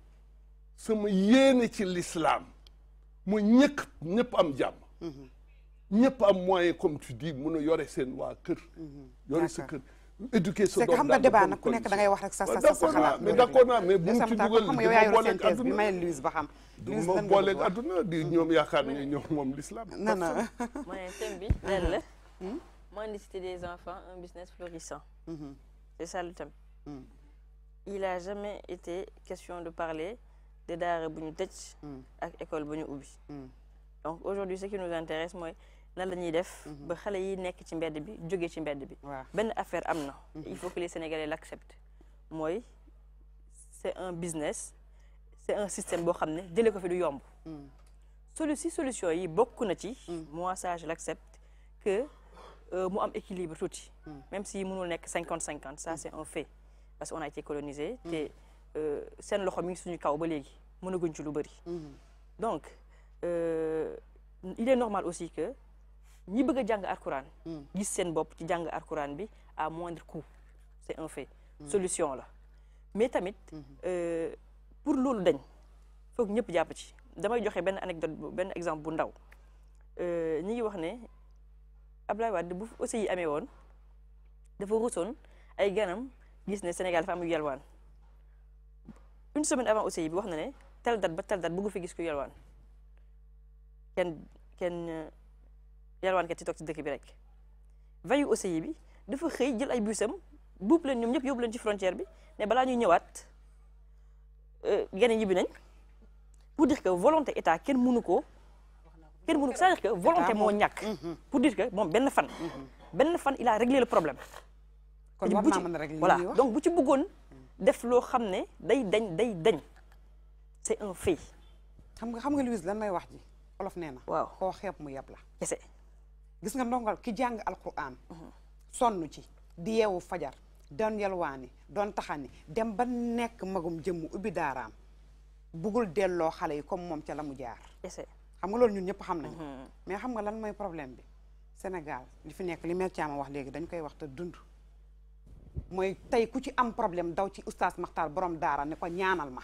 S2: sama yéene ci l'islam mooy ñëkk am am moyen comme tu dis a yore seen waa kër mhm. sa éduquer sa débat ku nekk da
S1: ngay wax rek sa sa sa xalaat mais d'accord
S2: mais bu ci Louise ne mhm. l'islam non non
S5: thème hmm? des enfants un business florissant mhm. c'est ça le thème hmm. il a jamais été question de parler de Dara buñu tecc mm. ak école mm. donc aujourd'hui ce qui nous intéresse moy nan la def mm-hmm. ba xalé yi nekk ci mbedd bi joggé ci mbedd bi ben affaire amna mm-hmm. il faut que les Sénégalais l'acceptent moy c'est un business c'est un système qui xamné jëlé ko fi du yomb mm. solution yi bokku na ci moi ça je l'accepte que euh, mu am équilibre touti même si mënul nekk 50-50, ça c'est un fait parce qu'on a été colonisé euh, sen loxo mi ngi suñu kaw ba léegi mënaguñ ci lu bëri. Mhm. donc euh, il est normal aussi que ñi bëgg a jàng alxuraan. Mhm. gis seen bop ci jàng alcorane bi à moindre coût c'est un fait. Mhm. solution là. mais tamit euh, pour lolu dañ foog ñëpp japp ci damay joxe ben anecdote ben exemple bu ndaw ñi ngi wax né Ablaye wad bu aussi amé won dafa rusoon ay ganam gis né Sénégal dafa am yu une semaine avant aussi bi wax na ne tel date ba tel date bëggu fi gis ku yalwaan kenn kenn yalwaan kat ci toog ci dëkk bi rek veille aussi bi dafa xëy jël ay busam buub leen ñoom ñëpp yóbbu leen ci frontière bi ne balaa ñuy ñëwaat euh, gene ñibbi nañ pour dire que volonté état ken mënu ko kenn mënu ko cest dire que volonté moo ñàkk mhm. pour dire que bon, ben fan ben fan il a réglé le problème kon war naa mën a réglé voilà donc bu ci bëggoon def loo xam ne day dañ day dañ c'est un fait.
S1: xam nga xam nga Louise lan may wax ji olof nee na. waaw koo xeeb mu yab la. kese gis nga ndongal ki jàng alquran. Mhm. sonn ci di yeewu fajar doon yalwaani doon taxani dem ba nekk magum jëmm ubbi daaraam buggul delloo xale yi comme moom ca la mu jaar. kese xam nga loolu ñun ñëpp xam nañu. Mhm. mais xam nga lan mooy problème bi Sénégal li fi nekk li Mère Thiam wax léegi dañ koy wax te dund. mooy tey ku ci am problème daw ci oustaz Makhtar borom daara ne ko ñaanal ma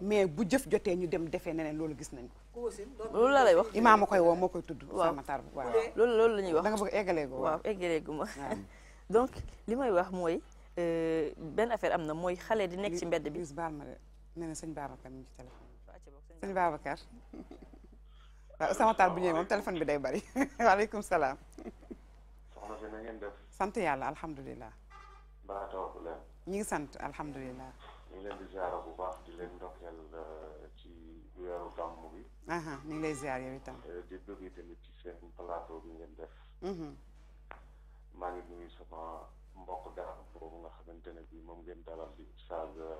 S1: mais bu jëf jotee ñu dem
S5: defee neneen loolu gis nañ
S10: ko loolu la lay wax imaam a koy woo
S5: moo koy tudd oustaz Makhtar bu waaw loolu loolu la ñuy wax da nga bëgg eggaleegu waaw eggaleegu ma donc li may wax mooy euh, benn affaire am na mooy xale di nekk ci mbedd bi baal ma de nee na sëñ Babacar mi ngi ci téléphone
S9: sëñ
S1: Babacar waaw oustaz Makhtar bu téléphone bi day bari waaleykum salaam sant yàlla alhamdulilah
S14: baa taw bu leen.
S1: ñu ngi sant alhamdulilah.
S14: ñu leen di ziara bu baax di leen ndokkeel euh, ci weeru gàmmu bi. ñu ngi lay ziar yow itam. Euh, di bëgg tamit ci seen plateau bi ngeen def. Mhm. maa ngi nuyu sama mbokk dara nga xamante ne bii moom ngeen dalal di Oustaz euh,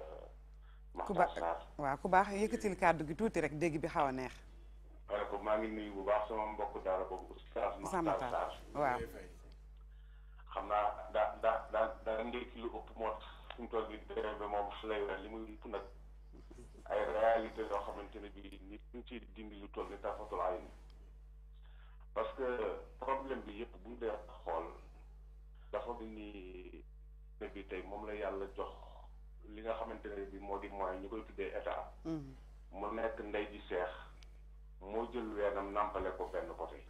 S1: Makhtar Sarr. waaw ku baax yëkkatil kàddu gi tuuti rek dégg bi xaw a neex.
S14: wala ko maa ngi nuyu bu baax sama mbokk dara boobu xam naa daa daa daa daa ndékki lu ëpp moo tax toll nii dérègle moom su lay li muy ëpp nag ay réalité xamante ne bii nit ñu ciy dindi lu toll ni tafatul ay parce que problème bi yëpp bu ñu xool dafa bi ni ne bi tey moom la yàlla jox li nga xamante ne bi moo di mooy ñu koy tuddee état mm-hmm. mu nekk ndey ji seex moo jël weenam nàmpale ko benn côté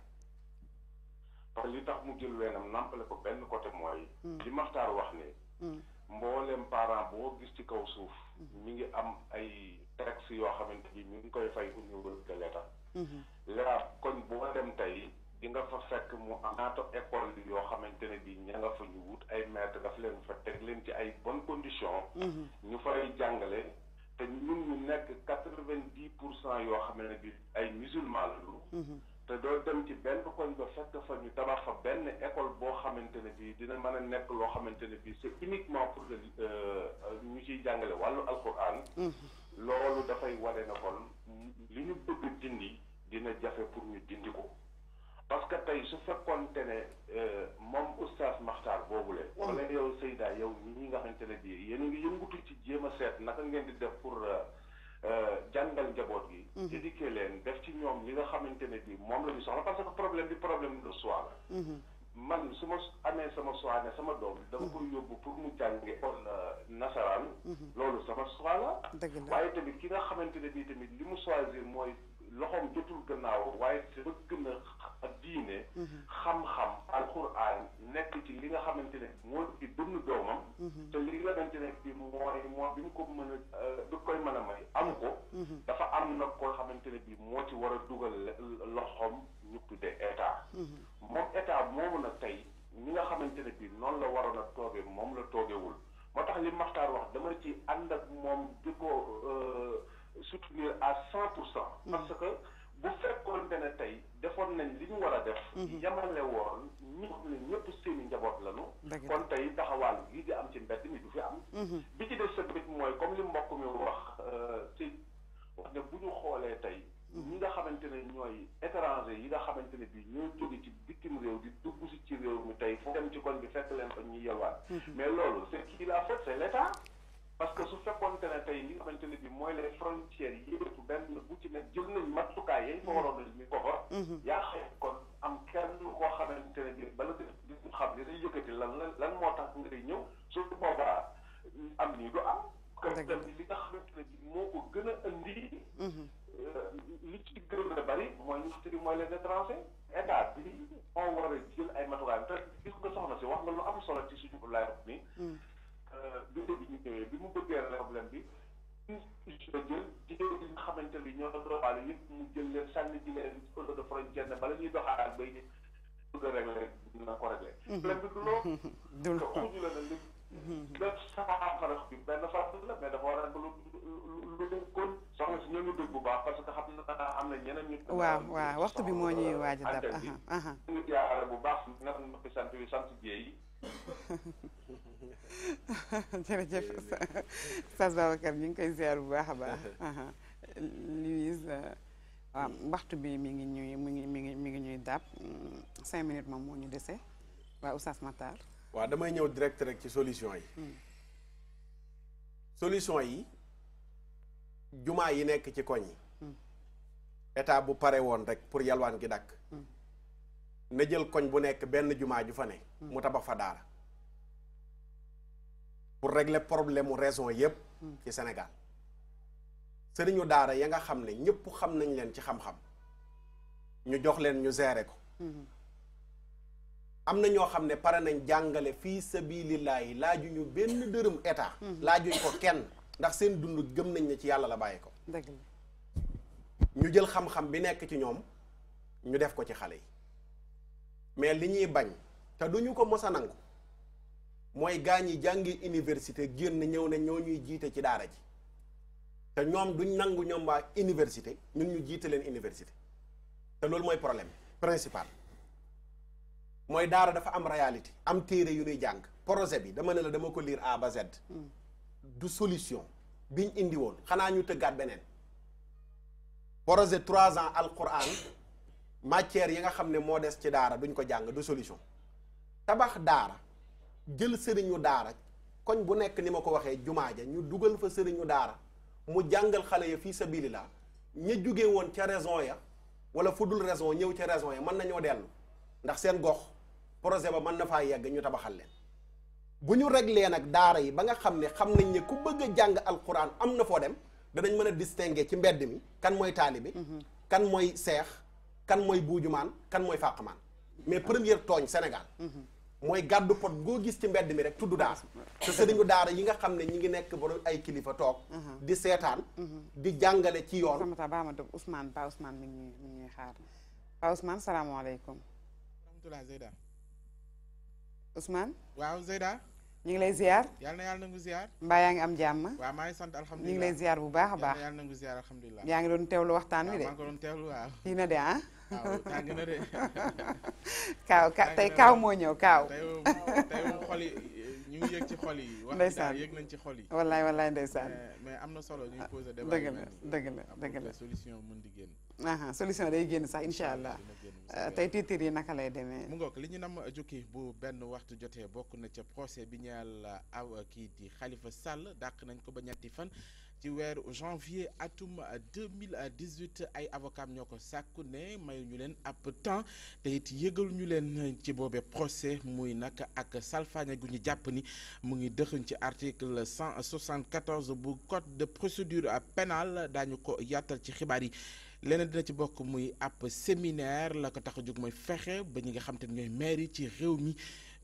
S14: parce que li tax mu jël weenam nàmpale ko benn côté mooy. Mm. li Maxtaar wax ni mm. mboolem parent boo gis ci kaw suuf. Mm-hmm. mi ngi am ay taxes yoo xamante ni ñu ngi koy fay au niveau de l'État. la koñ boo dem tey di nga fa fekk mu am ñaata école yoo xamante ne bii ña fa ñu wut ay maître daf leen fa teg leen ci ay bonnes conditions. Mm-hmm. ñu fay jàngale. te ñun ñu nekk quatre-vingt-dix pour cent yoo xam ne bii ay musulmans la te doo dem ci benn koñ ba fekk fa ñu tabax fa benn école boo xamante ne bii dina mën a nekk loo xamante ne bii c'est uniquement pour que euh, ñu ciy jàngale wàllu alquran. Mm-hmm. loolu dafay wane na kon li ñu bëgg dindi dina jafe pour ñu dindi ko. parce que tey su fekkoonte ne euh, moom oustaz Makhtar boobule. Mm-hmm. wala yow Seyda yow ñu nga xamante ne bii yéen a ngi yëngutu ci jéem a seet naka ngeen di def pour. Euh, Euh, jàngal njaboot gi. Mhm. éduquer leen def ci ñoom li nga xamante ne bii moom la ñu soxla parce que problème bi problème de soi mhm. man su ma amee sama soi ne sama doom. dama mhm. koy yóbbu pour mu jànge école euh, nasaraan. loolu sama soi la. waaye tamit ki nga xamante ne bii tamit li mu choisir mooy. loxoom jotul gannaaw waaye bëgg na diine mhm. xam-xam alquran nekk ci li nga xamante ne moo ci dund mhm. li xamante ne bi mooy moo bi mu ko mën a euh, bi koy mën a may am ko mhm. dafa am na koo xamante ne bi moo ci war a dugal loxoom ñu tuddee état moom état moomu nag tey ñi nga xamante ne bi noonu la waroon a tooge moom la toogewul moo tax li Maxtaar wax dama ci ànd ak moom di ko euh, soutenir à cent pour cent mm-hmm. parce que bu fekkoon ne tey defoon nañ li ñu war a def mm-hmm. yemale woon ñu xam ne ñëpp seeni njaboot lañu kon tey taxawaan gi di am ci mbedd mi du fi am mm-hmm. bi ci def tamit mooy comme li mbokk mi wax euh, ci wax ne bu ñu xoolee tey ñi nga xamante ne ñooy étranger yi nga xamante ne bii ñoo jóge ci bitim réew di dugg si ci réew mi tey foo dem ci koñ bi fekk leen fa ñuy yelwaat mais loolu c'est qui l'a fait c'est l'État parce que su fekkoonte ne tey li nga xamante bi mooy les frontières yi benn bu ci nekk jël nañ matukaay yañ fa waroon a ñu ko yaa xam kon am kenn koo xamante ne bi bala di xam li day yëkkati lan la lan moo tax ngay ñëw su boobaa am nii du am. dëgg la li nga ko gën a indi. Mhm. Euh, li ci gën a bari mooy li ci mooy les étrangers état bi moo war a jël ay matukaay te gis nga soxna si wax nga lu am solo ci suñu laaj bi. Mhm. bi bi mu bëggee problème bi initiative xamante ni ñoo doon doxaale yëpp mu jël leen sànni ji leen eau de frontière ne bala ñuy doxaalaat a ko réglé.
S10: Mhm. Mhm.
S14: a lu lu lu parce que xam na am na ñu. waaw waaw waxtu bi moo ñuy waaj a dab. ñu jaarale bu baax ñu ngi sant sant jéey.
S1: jërëjëf Oustaz Babacar ñu ngi koy ziar bu baax a baax Louise euh, waaw waxtu bi mi ngi ñuy mi ngi mi ngi mi ngi ñuy dàpp hmm, cinq minutes moom moo ñu dese waa Oustaz Matar
S4: waaw damay ñëw direct rek ci solution yi hmm. solution yi jumaa yi nekk ci koñ yi hmm. état bu pare woon rek pour yalwaan gi dakk na jël koñ bu nekk benn jumaa ju fa ne mu tabax fa daara pour régler problème mu raison yépp ci Sénégal sëriñu daara ya nga xam ne ñëpp xam nañ leen ci xam-xam ñu jox leen ñu gérer ko am na ñoo xam ne pare nañ jàngale fii sabilillahi laaju ñu benn dërëm état laajuñ ko kenn ndax seen dund gëm nañ ne ci yàlla la bàyyi ko ñu jël xam-xam bi nekk ci ñoom ñu def ko ci xale yi mais li ñuy bañ te du ñu ko mos a nangu mooy gaa ñi jàngi université génn ñëw ne ñoo ñuy jiite ci daara ji te ñoom duñ nangu ñoom waa université ñun ñu jiite leen iniversité te loolu mooy problème principal mooy daara dafa am réalité am téere yu ñuy jàng projet bi dama ne la dama ko liir A ba Z hmm. du solution biñ indi woon xanaa ñu tëggaat beneen projet trois ans al quran matière yi nga xam ne moo des ci daara duñ ko jàng du solution tabax daara jël sëriñu daara koñ bu nekk ni ma ko waxee jumaa ja ñu dugal fa sëriñu daara mu jàngal xale ya fii sabilillah ña jóge woon ca raison ya wala fu raison ñëw ca raison ya mën nañoo dellu ndax seen gox projet ba mën na faa yegg ñu tabaxal leen bu ñu réglé nag daara yi ba nga xam ne xam nañ ne ku bëgg a jàng alquran am na foo dem danañ mën a distinguer ci mbedd mi kan mooy taalibe mhm. kan mooy seex kan mooy maan kan mooy fàqmaan mais première tooñ Sénégal mooy gàddu pot goo gis ci mbedd mi rek tudd daara te sëriñu daara yi nga xam ne ñi ngi nekk borom ay kilifa toog di seetaan di jàngale ci yoon
S1: samata baama dëb Ousmane ba Ousmane mi ngi mi ngi xaar ba Ousmane salaamaaleykum rahmatulah Zeyda Ousmane waaw Zeyda ñu ngi lay ziar
S12: yal na yàlla nangu ziar
S1: mbaa yaa ngi am jàmm
S12: waaw maa ngi sant lay ziar bu baax a baax yaa ngi
S1: doon teewlu waxtaan wi de maa ngi doon teewlu waaw kii waaw kaaw ka tey kaaw moo ñëw kaaw. tey xol yi
S12: ñu ngi yëg ci xol yi. ndeysaan wax yéeg nañ ci xol yi. wallaay wallaay ndeysaan. mais am na solo ñu ngi posé débat. dëgg la dëgg la dëgg la solution mën di génn. aha solution day génn sax incha euh, allah tey tiitir
S1: yi naka lay demee. mu
S12: ngoog li ñu nam jukki bu benn waxtu jotee bokk na ca procès bi ñeel euh, aw kii di xalifa sàll dàq nañ ko ba ñetti fan. ci weeru janvier atum 2018 ay avocat ñoko sakku né mayu ñu len ap temps te it yëgal ñu len ci bobé procès muy nak ak salfaaña gu ñu ni mu ngi dëxuñ ci article 174 bu code de procédure pénale dañu ko yattal ci xibaar yi leneen dina ci bokk muy ap séminaire la ko tax a jóg mooy ba ñi nga xam te ne maire ci réew mi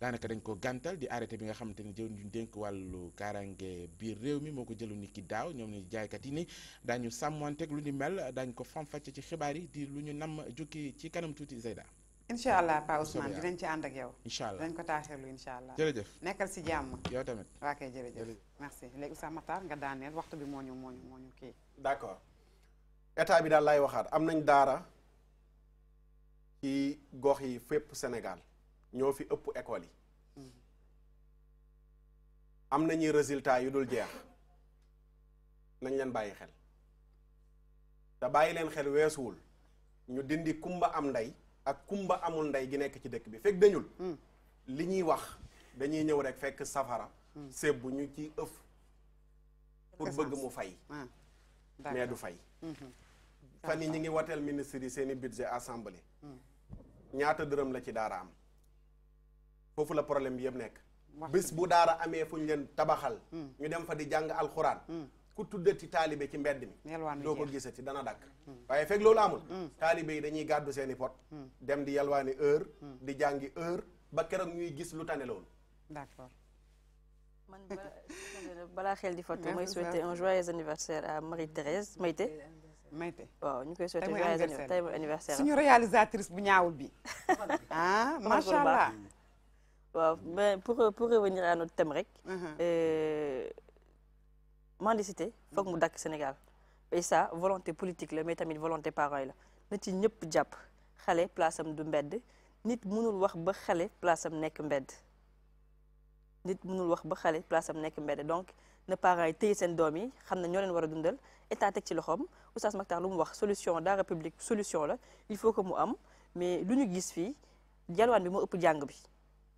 S12: daanaka dañ ko gantal di arrêté bi nga xamante ni jëw ñu dénk wàllu karange biir réew mi moo ko jëlu ni ki daaw ñoom ni jaaykat yi ni daañu sàmmanteeg lu ni mel dan ko famfàcce ci xibaar di lu ñu nam jukki ci kanam tuti Zeyda
S1: incha Pa Ousmane dinañ ci ànd
S12: ak yow incha dañ ko
S1: taaxirlu incha jërëjëf nekkal si jàmm yow tamit waa jërëjëf merci léegi Oustaz Makhtar nga daaneel waxtu bi moo ñu moo ñu moo
S4: état bi lay am nañ daara ci gox yi Sénégal ñoo fi ëpp école yi am nañuy résultat yu dul jeex nañ leen bàyyi xel te bàyyi leen xel weesuwul ñu dindi kumba am ndey ak kumba amul ndey gi nekk ci dëkk bi fekk dañul hmm. li ñuy wax dañuy ñëw rek fekk safara hmm. séb bu ñu ci ëf
S10: pour bëgg mu fay ah. mais du fay hmm,
S4: fan yi ñu ngi wateel ministre yi seeni budget assemblée ñaata dërëm la ci daara am foofu la problème bi yëpp nekk
S10: bis bu daara
S4: amee fu ñu leen tabaxal hmm. ñu dem fa di jàng alxuraan hmm. ku tuddati taalibe ci mbedd mi doo ko gisati dana dakk hmm. waaye fekk loolu amul taalibe yi dañuy gàddu seeni pot dem di yalwaani heure di jàngi heure ba keroog ñuy gis lu tane loolu
S1: d'accord
S5: man balaa xel di fatu may souhaiter un joyeux anniversaire à Marie-Thérèse Maïté ñu koy souhaiter joyeux anniversaire
S1: réalisatrice bu ñaawul bi ah
S5: allah Ben mais pour pour revenir à notre thème rek. Mhm. Euh, mendicité foog mu mhm. dakk Sénégal et ça volonté politique la mais tamit volonté pareil yi la na ci ñëpp jàpp xale place am du mbedd nit mënul wax ba xale place am nek mbedd. nit mënul wax ba xalé place am nek mbedd donc ne parents yi sen doomi xamna ñoo leen wara dundal état tek ci loxom oustaz Mactar lu mu wax solution da République solution la il faut que mu am mais luñu ñu gis fii jalwaan bi mo ëpp jang bi.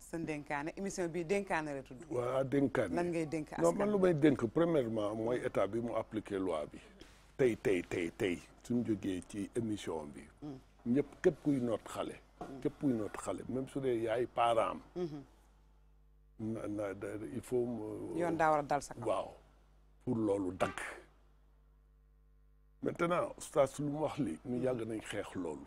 S1: sën dénkaane émission bi dénkaane la tudd.
S2: waaw dénkaane lan ngay dénk askan non man lu may dénk premièrement mooy état bi mu appliqué loi bi. tey tey tey tey suñ jógee ci émission bi.
S10: Mm-hmm.
S2: ñëpp képp kuy noot xale. Mm-hmm. képp kuy noot xale même su dee yaay parent am. Mm-hmm. na na il yoon
S1: daa war a dal sa kaw
S2: pour loolu dagg. maintenant oustaz lu mu wax li ñu yàgg nañ xeex loolu.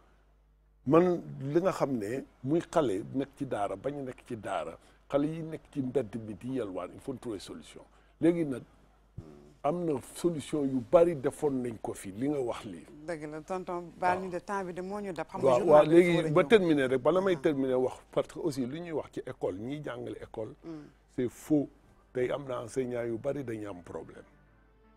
S2: man li nga xam ne muy xale nekk ci daara bañ nekk ci daara xale yi nekk ci mbedd bi di yalwaan il faut trouver solution léegi nag am na solution yu bari defoon nañ ko fi li nga wax lii.
S1: dëgg la tonton baal ñu de temps bi de ñu dab. xam nga waaw léegi ba
S2: terminer rek bala may ah. terminer wax parce que aussi lu ñuy wax ci école ñiy jàngale école. Mm. c'est faux tey am na enseignant yu bari dañuy am problème.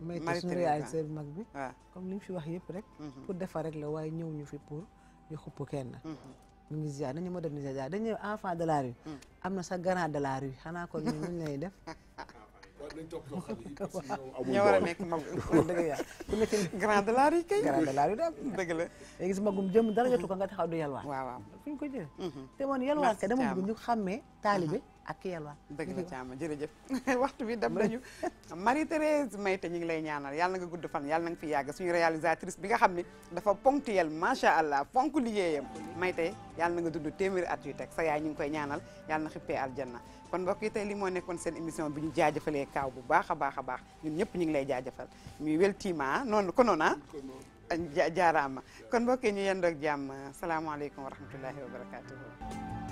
S6: may te suñu réalisateur bi mag bi comme li mu fi wax yëpp rek mhm. pour defar rek la waaye ñëw ñu fi pour di xupp kenn mhm. ñu ngi ziar dañu moderniser ziar dañu enfant de la mhm. am na sa grand de la rue xanaa kon lay def
S10: waaw nañ topp a nekk mag
S6: dëgg nekk grand de la rue kay grand de la rue daal dëgg la day gis magum jëm dara jotu ko nga taxaw du yalwaan waaw waaw fu ñu ko jëlee te moon yalwaan kay dama bëgg ñu xàmmee taalibe ak yelwa dëgg la
S1: caama jërëjëf waxtu bi dab nañu Marie Thérèse Mayte ñu ngi lay ñaanal yàlla na nga gudd fan yàlla na nga fi yàgg suñu réalisatrice bi nga xam ni dafa ponctuelle macha allah fonk liggéeyam Mayte yàlla na nga dund téeméeri at yu teg sa yaay ñu ngi koy ñaanal yàlla na xippee aljanna kon ko yi tey li moo nekkoon seen émission bi ñu jaajëfalee kaaw bu baax a baax a baax ñun ñëpp ñu ngi lay jaajëfal ñuy weltiima noonu konoona ah? jaaraama kon mbokk yi ñu yendoog jàmm salaamaaleykum wa rahmatullahi wa barakatuhu